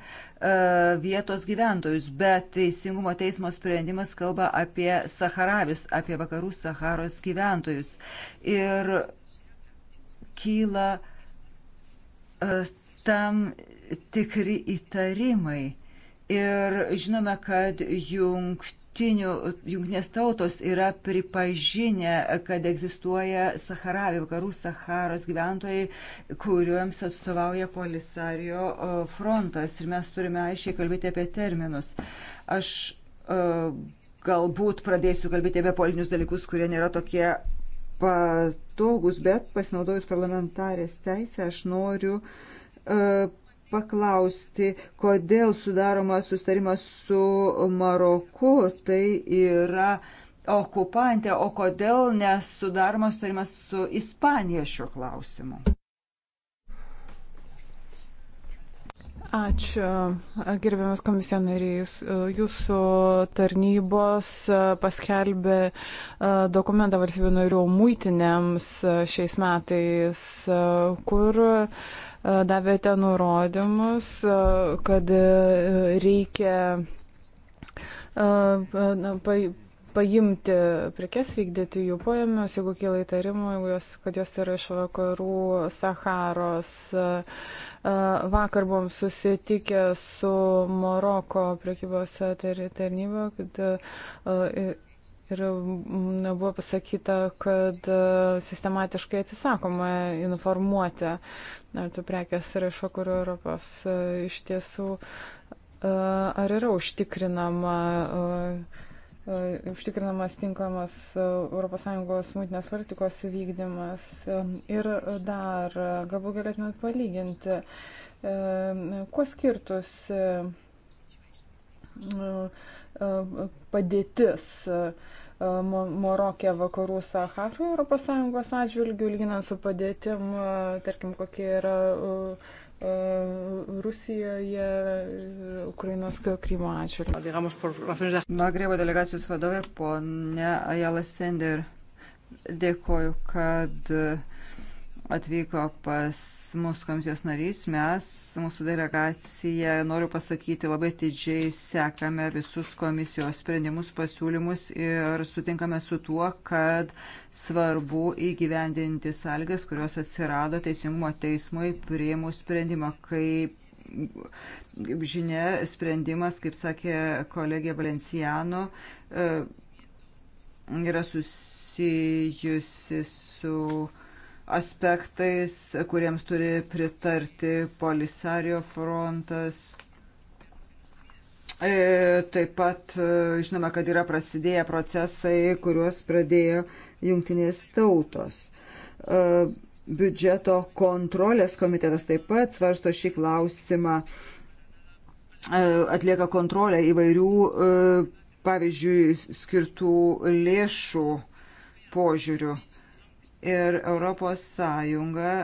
vietos gyventojus, bet Teisingumo teismo sprendimas kalba apie Saharavius, apie vakarų Saharos gyventojus. Ir kyla e, tam tikri įtarimai. Ir žinome, kad jungti jungtinių, jungtinės tautos yra pripažinę, kad egzistuoja Saharavė, vakarų Saharos gyventojai, kuriuoms atstovauja Polisario frontas. Ir mes turime aiškiai kalbėti apie terminus. Aš galbūt pradėsiu kalbėti apie politinius dalykus, kurie nėra tokie patogus, bet pasinaudojus parlamentarės teisę aš noriu uh, paklausti, kodėl sudaromas sustarimas su Maroku, tai yra okupantė, o kodėl nesudaromas sustarimas su Ispanija šiuo klausimu. Ačiū, gerbiamas komisionariais. Jūsų tarnybos paskelbė dokumentą valstybių narių muitinėms šiais metais, kur E, davėte nurodymus, e, kad e, reikia na, pa, paimti prekes, vykdyti jų poėmius, jeigu kyla įtarimų, jos, kad jos yra iš vakarų Saharos. Vakar buvom susitikę su Maroko prekybos tarnyba, kad Ir mm, buvo pasakyta, kad e, sistematiškai atsisakoma informuoti, ar tų prekės yra iš vakarų Europos. E, iš tiesų, e, ar yra užtikrinama, užtikrinamas tinkamas ES mūtinės politikos vykdymas. Ir dar, galbūt galėtumėt palyginti, kuo skirtus E, padėtis e, e, Marokė, vakarų Sahara, ES atžvilgių, lyginant su padėtim, tarkim, kokie yra Rusijoje, Ukrainos Krymo atžvilgių. Magrebo delegacijos vadovė, ponė Ajala Sender, dėkoju, kad uh, atvyko pas mūsų komisijos narys. Mes, mūsų delegacija, noriu pasakyti, labai didžiai sekame visus komisijos sprendimus, pasiūlymus ir sutinkame su tuo, kad svarbu įgyvendinti sąlygas, kurios atsirado Teisingumo teismui prieimus sprendimą, kaip žinia, sprendimas, kaip sakė kolegė Valenciano, e, yra susijusi su aspektais, kuriems turi pritarti Polisario frontas. E, taip pat e, žinoma, kad yra prasidėję procesai, kuriuos pradėjo jungtinės tautos. E, biudžeto kontrolės komitetas taip pat svarsto šį klausimą, atlieka kontrolę įvairių, pavyzdžiui, skirtų lėšų požiūrių ir Europos Sąjunga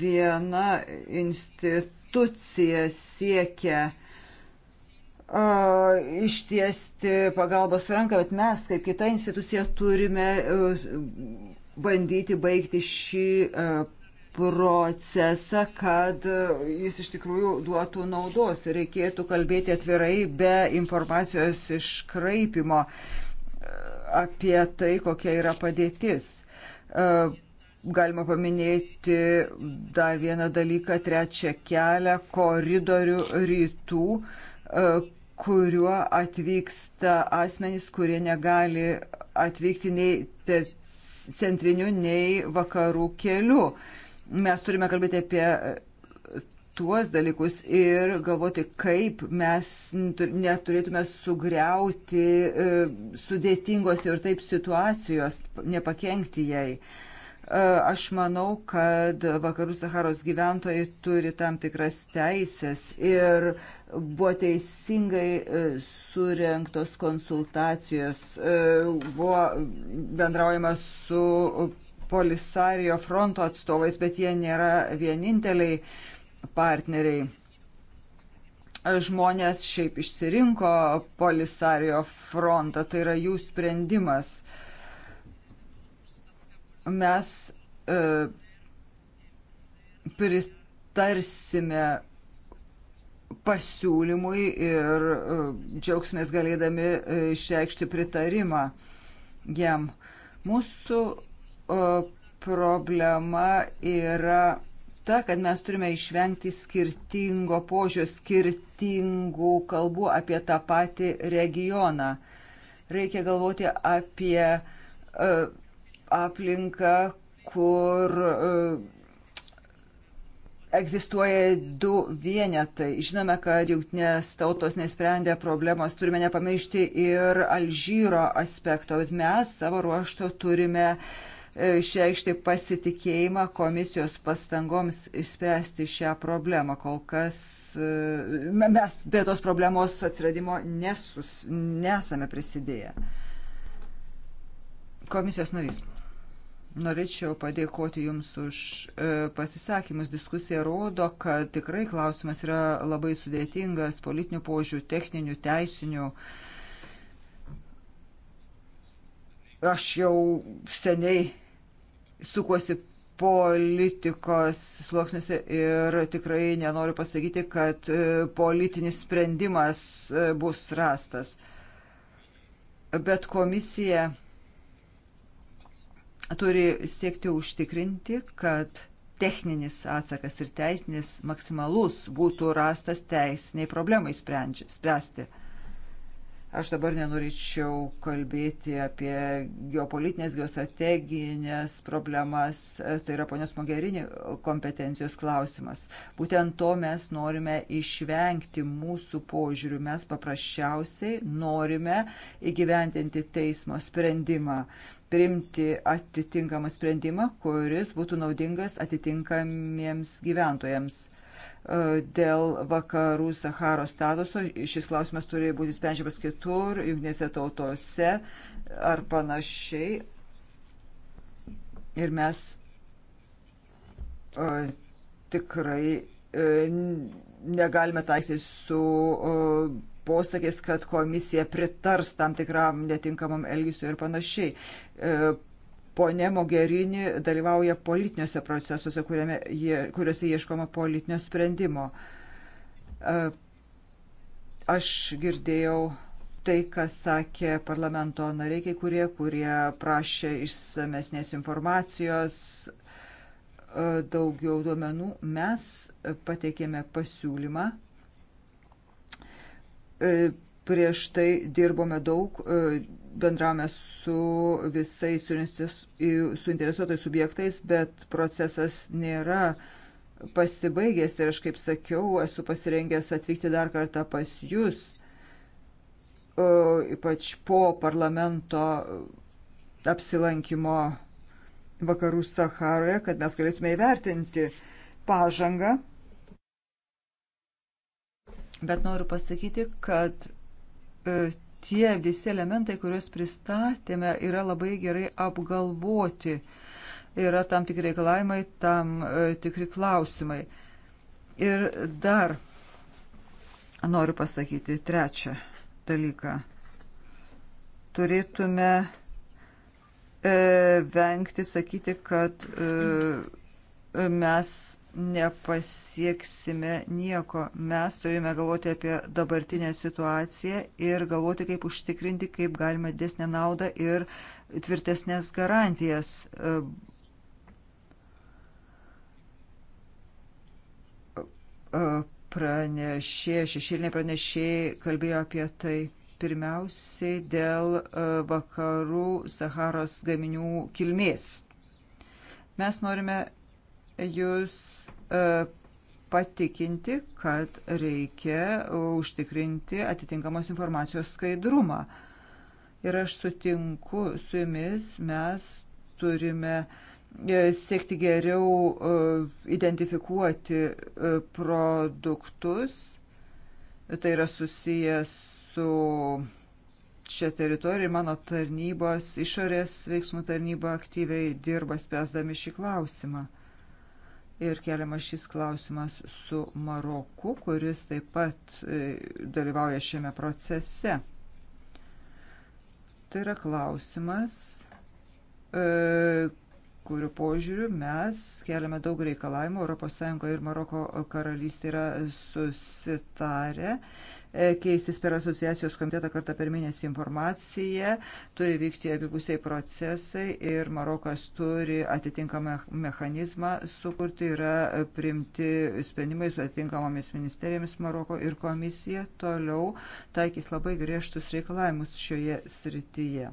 viena institucija siekia ištiesti pagalbos ranką, bet mes kaip kita institucija turime bandyti baigti šį procesą, kad jis iš tikrųjų duotų naudos. Reikėtų kalbėti atvirai be informacijos iškraipimo. Uh, apie tai, kokia yra padėtis. E, galima paminėti dar vieną dalyką, trečią kelią, koridorių rytų, e, kuriuo atvyksta asmenys, kurie negali atvykti nei per centriniu, nei vakarų keliu. Mes turime kalbėti apie tuos dalykus ir galvoti, kaip mes neturėtume sugriauti e, sudėtingos ir taip situacijos, nepakengti jai. E, aš manau, kad vakarų Saharos gyventojai turi tam tikras teisės ir buvo teisingai e, surinktos konsultacijos, buvo bendraujama su Polisario fronto atstovais, bet jie nėra vieninteliai partneriai. Žmonės šiaip išsirinko Polisario frontą, tai yra jų sprendimas. Mes e, pritarsime pasiūlymui ir e, džiaugsmės galėdami e, išreikšti pritarimą jam. Mūsų e, problema yra ta, kad mes turime išvengti skirtingo požio, skirtingų kalbų apie tą patį regioną. Reikia galvoti apie uh, aplinką, kur uh, egzistuoja du vienetai. Žinome, kad jungtinės tautos nesprendė problemos, turime nepamiršti ir Alžyro aspekto, bet mes savo ruošto turime uh, E, išreikšti pasitikėjimą komisijos pastangoms išspręsti šią problemą. Kol kas e, mes prie tos problemos atsiradimo nesus, nesame prisidėję. Komisijos narys. Norėčiau padėkoti Jums už e, pasisakymus. Diskusija rodo, kad tikrai klausimas yra labai sudėtingas politinių požiūrių, techninių, teisinių. Aš jau seniai sukuosi politikos sluoksniuose ir tikrai nenoriu pasakyti, kad e, politinis sprendimas e, bus rastas. Bet komisija turi siekti užtikrinti, kad techninis atsakas ir teisinis maksimalus būtų rastas teisiniai problemai spręsti. Aš dabar nenorėčiau kalbėti apie geopolitinės, geostrateginės problemas, tai yra ponios Mogherini kompetencijos klausimas. Būtent to mes norime išvengti mūsų požiūrių. Mes paprasčiausiai norime įgyventinti teismo sprendimą priimti atitinkamą sprendimą, kuris būtų naudingas atitinkamiems gyventojams dėl vakarų Saharos statuso. Šis klausimas turi būti sprendžiamas kitur, jungtinėse tautose ar panašiai. Ir mes o, e, tikrai e, negalime taisyti su o, e, posakis, kad komisija pritars tam tikram netinkamam elgesiu ir panašiai. E, ponė Mogherini dalyvauja politiniuose procesuose, jie, kuriuose ieškoma politinio sprendimo. E, aš girdėjau tai, kas sakė parlamento nariai, kai kurie, kurie prašė išsamesnės informacijos, e, daugiau duomenų. Mes pateikėme pasiūlymą e, Prieš tai dirbome daug, e, bendravome su visais suinteresuotais subjektais, bet procesas nėra pasibaigęs ir aš, kaip sakiau, esu pasirengęs atvykti dar kartą pas jūs, e, ypač po parlamento apsilankimo vakarų Saharoje, kad mes galėtume įvertinti pažangą. Bet noriu pasakyti, kad E, tie visi elementai, kuriuos pristatėme, yra labai gerai apgalvoti. Yra tam tikri reikalavimai, tam e, tikri klausimai. Ir dar noriu pasakyti trečią dalyką. Turėtume e, vengti sakyti, kad e, mes nepasieksime nieko. Mes turime galvoti apie dabartinę situaciją ir galvoti, kaip užtikrinti, kaip galima didesnę naudą ir tvirtesnės garantijas. E, e, pranešė, šešėlinė pranešė, kalbėjo apie tai pirmiausiai dėl e, vakarų Saharos gaminių kilmės. Mes norime jūs E, patikinti, kad reikia užtikrinti atitinkamos informacijos skaidrumą. Ir aš sutinku su jumis, mes turime e, siekti geriau e, identifikuoti produktus. Tai yra susijęs su šią teritoriją. Mano tarnybos, išorės veiksmų tarnyba aktyviai dirba spręsdami šį klausimą ir keliamas šis klausimas su Maroku, kuris taip pat e, dalyvauja šiame procese. Tai yra klausimas, e, kurių požiūrių mes keliame daug reikalavimų. ES ir Maroko karalystė yra susitarę E, keistis per asociacijos komitetą kartą per mėnesį informaciją, turi vykti abipusiai procesai ir Marokas turi atitinkamą mechanizmą sukurti, yra primti sprendimai su atitinkamomis ministerijomis Maroko ir komisija toliau taikys labai griežtus reikalavimus šioje srityje.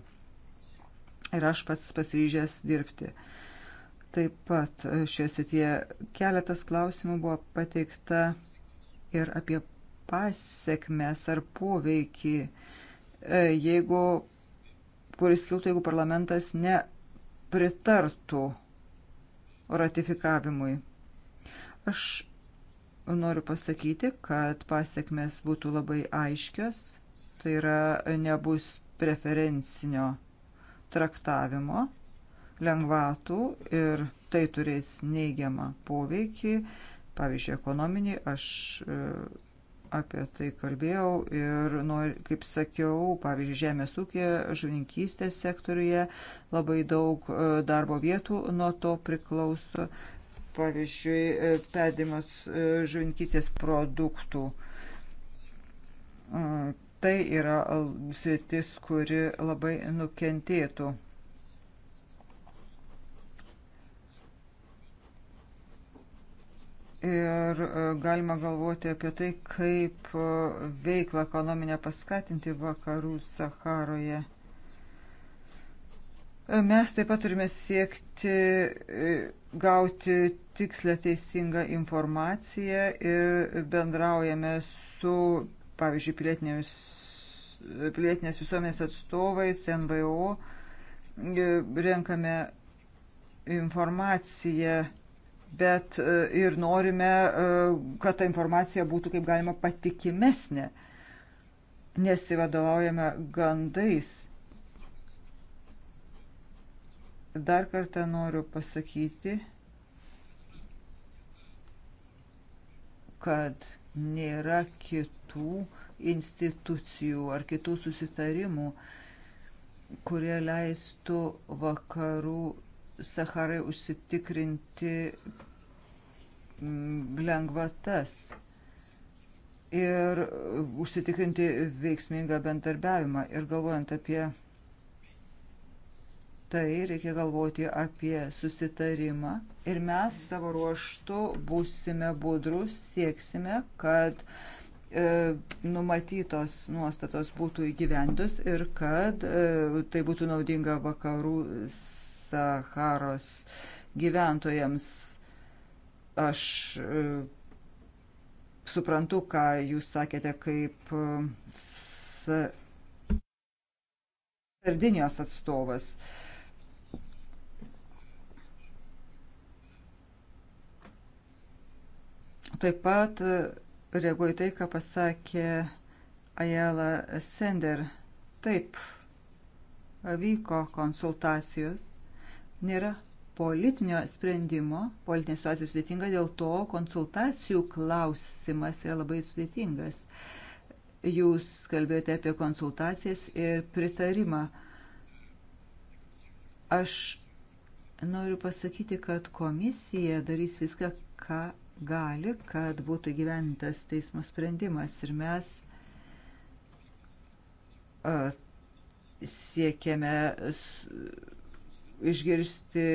Ir aš pats pasiryžęs dirbti. Taip pat e, šioje srityje keletas klausimų buvo pateikta ir apie pasiekmes ar poveikį, e, jeigu, kuris kiltų, jeigu parlamentas nepritartų ratifikavimui. Aš noriu pasakyti, kad pasiekmes būtų labai aiškios, tai yra nebus preferencinio traktavimo, lengvatų ir tai turės neigiamą poveikį, pavyzdžiui, ekonominį. Aš e, apie tai kalbėjau ir, nor, kaip sakiau, pavyzdžiui, žemės ūkė, žuvininkystės sektoriuje labai daug e, darbo vietų nuo to priklauso, pavyzdžiui, e, pedimas e, žuvininkystės produktų. Tai yra sritis, kuri labai nukentėtų. ir e, galima galvoti apie tai, kaip e, veiklą ekonominę paskatinti vakarų Saharoje. E, mes taip pat turime siekti gauti tikslę teisingą informaciją ir bendraujame su, pavyzdžiui, pilietinės, pilietinės visuomenės atstovais, NVO, renkame informaciją bet e, ir norime, e, kad ta informacija būtų kaip galima patikimesnė. Nesivadovaujame gandais. Dar kartą noriu pasakyti, kad nėra kitų institucijų ar kitų susitarimų, kurie leistų vakarų Saharai užsitikrinti mm, lengvatas ir užsitikrinti veiksmingą bendarbiavimą. Ir galvojant apie tai, reikia galvoti apie susitarimą. Ir mes savo ruoštų būsime budrus, sieksime, kad e, numatytos nuostatos būtų įgyvendus ir kad e, tai būtų naudinga vakarų Saharos gyventojams. Aš e, suprantu, ką jūs sakėte kaip e, Sardinijos atstovas. Taip pat e, reaguoju tai, ką pasakė Ajala Sender. Taip, vyko konsultacijos Nėra politinio sprendimo, politinė situacija sudėtinga, dėl to konsultacijų klausimas yra labai sudėtingas. Jūs kalbėjote apie konsultacijas ir pritarimą. Aš noriu pasakyti, kad komisija darys viską, ką gali, kad būtų gyventas teismo sprendimas ir mes uh, siekiame. Uh, išgirsti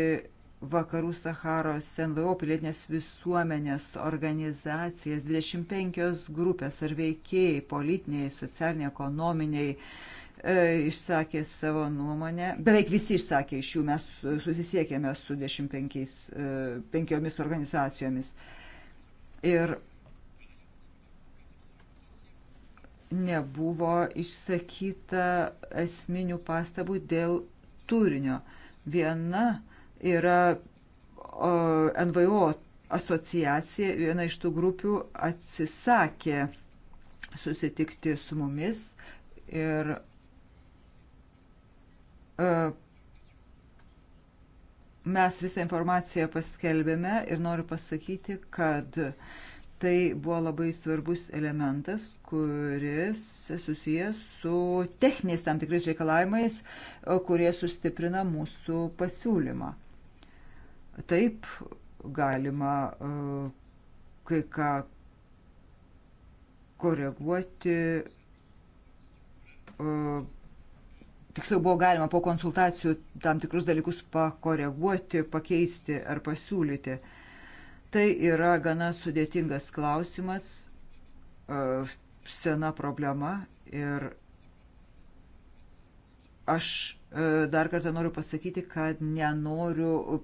Vakarų Saharos NVO pilietinės visuomenės organizacijas, 25 grupės ar veikėjai, politiniai, socialiniai, ekonominiai, e, išsakė savo nuomonę. Beveik visi išsakė iš jų, mes susisiekėme su 25 e, organizacijomis. Ir nebuvo išsakyta esminių pastabų dėl turinio. E, Viena yra NVO asociacija, viena iš tų grupių atsisakė susitikti su mumis ir e, mes visą informaciją paskelbėme ir noriu pasakyti, kad tai buvo labai svarbus elementas kuris susijęs su techniniais tam tikrais reikalavimais, kurie sustiprina mūsų pasiūlymą. Taip galima kai ką koreguoti. Tiksliau buvo galima po konsultacijų tam tikrus dalykus pakoreguoti, pakeisti ar pasiūlyti. Tai yra gana sudėtingas klausimas sena problema ir aš e, dar kartą noriu pasakyti, kad nenoriu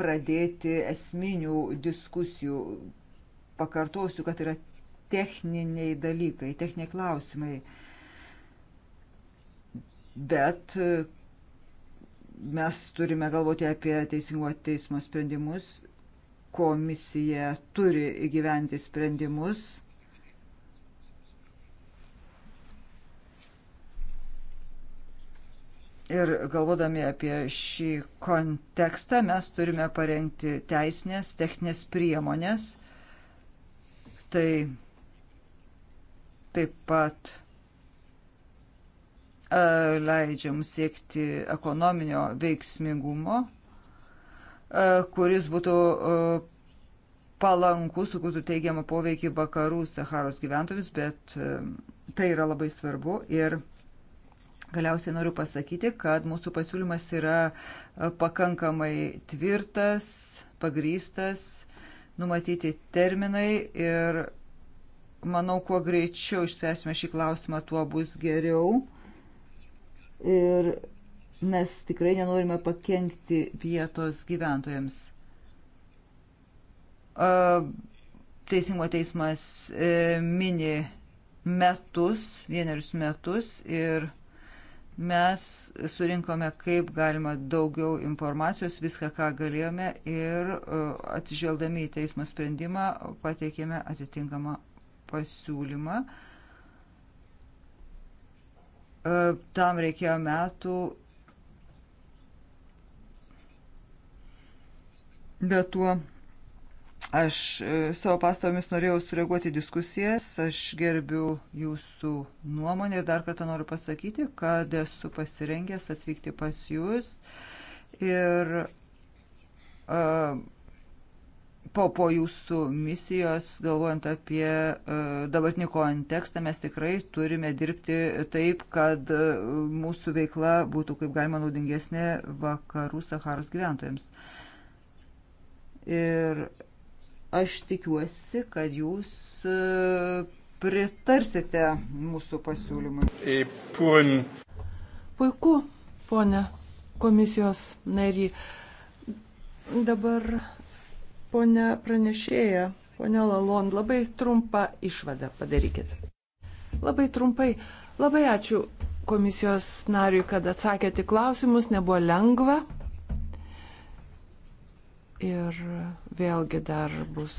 pradėti esminių diskusijų. Pakartosiu, kad yra techniniai dalykai, techniniai klausimai. Bet e, mes turime galvoti apie teisingumo teismo sprendimus. Komisija turi įgyventi sprendimus Ir galvodami apie šį kontekstą mes turime parengti teisinės, techninės priemonės. Tai taip pat e, leidžia mums siekti ekonominio veiksmingumo, e, kuris būtų e, palankus, sukurtų teigiamą poveikį vakarų Saharos gyventojus, bet tai yra labai svarbu ir svarbu Galiausiai noriu pasakyti, kad mūsų pasiūlymas yra e, pakankamai tvirtas, pagrystas, numatyti terminai ir manau, kuo greičiau išspręsime šį klausimą, tuo bus geriau. Ir mes tikrai nenorime pakengti vietos gyventojams. E, Teisingo teismas e, mini metus, vienerius metus ir Mes surinkome kaip galima daugiau informacijos, viską, ką galėjome ir e, atsižvelgdami į teismo sprendimą pateikėme atitinkamą pasiūlymą. E, tam reikėjo metų bet tuo Aš e, savo pastabomis norėjau sureaguoti diskusijas, aš gerbiu jūsų nuomonę ir dar kartą noriu pasakyti, kad esu pasirengęs atvykti pas jūs ir uh, po, po jūsų misijos, galvojant apie uh, dabartinį kontekstą, mes tikrai turime dirbti taip, kad uh, mūsų veikla būtų kaip galima naudingesnė vakarų Saharos gyventojams. Ir uh, Aš tikiuosi, kad jūs e, pritarsite mūsų pasiūlymui. Puiku, ponė komisijos nary. Dabar ponė pranešėja, ponė Lalon, labai trumpą išvadą padarykit. Labai trumpai. Labai ačiū komisijos nariui, kad atsakėte klausimus, nebuvo lengva, Ir vėlgi dar bus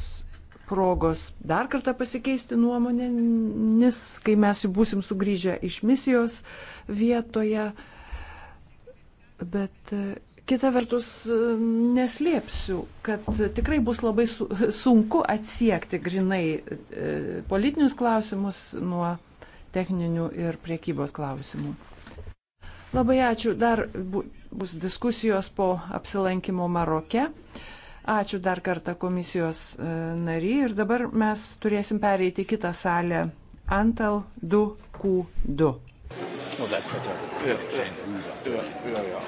progos dar kartą pasikeisti nuomonėmis, kai mes jau būsim sugrįžę iš misijos vietoje. Bet e, kita vertus, e, neslėpsiu, kad tikrai bus labai su, sunku atsiekti grinai e, politinius klausimus nuo techninių ir priekybos klausimų. Labai ačiū. Dar bus diskusijos po apsilankimo Maroke. Ačiū dar kartą komisijos e, nary ir dabar mes turėsim pereiti kitą salę Antal 2Q2. Well, that's better. Yeah, yeah. Yeah, yeah, yeah.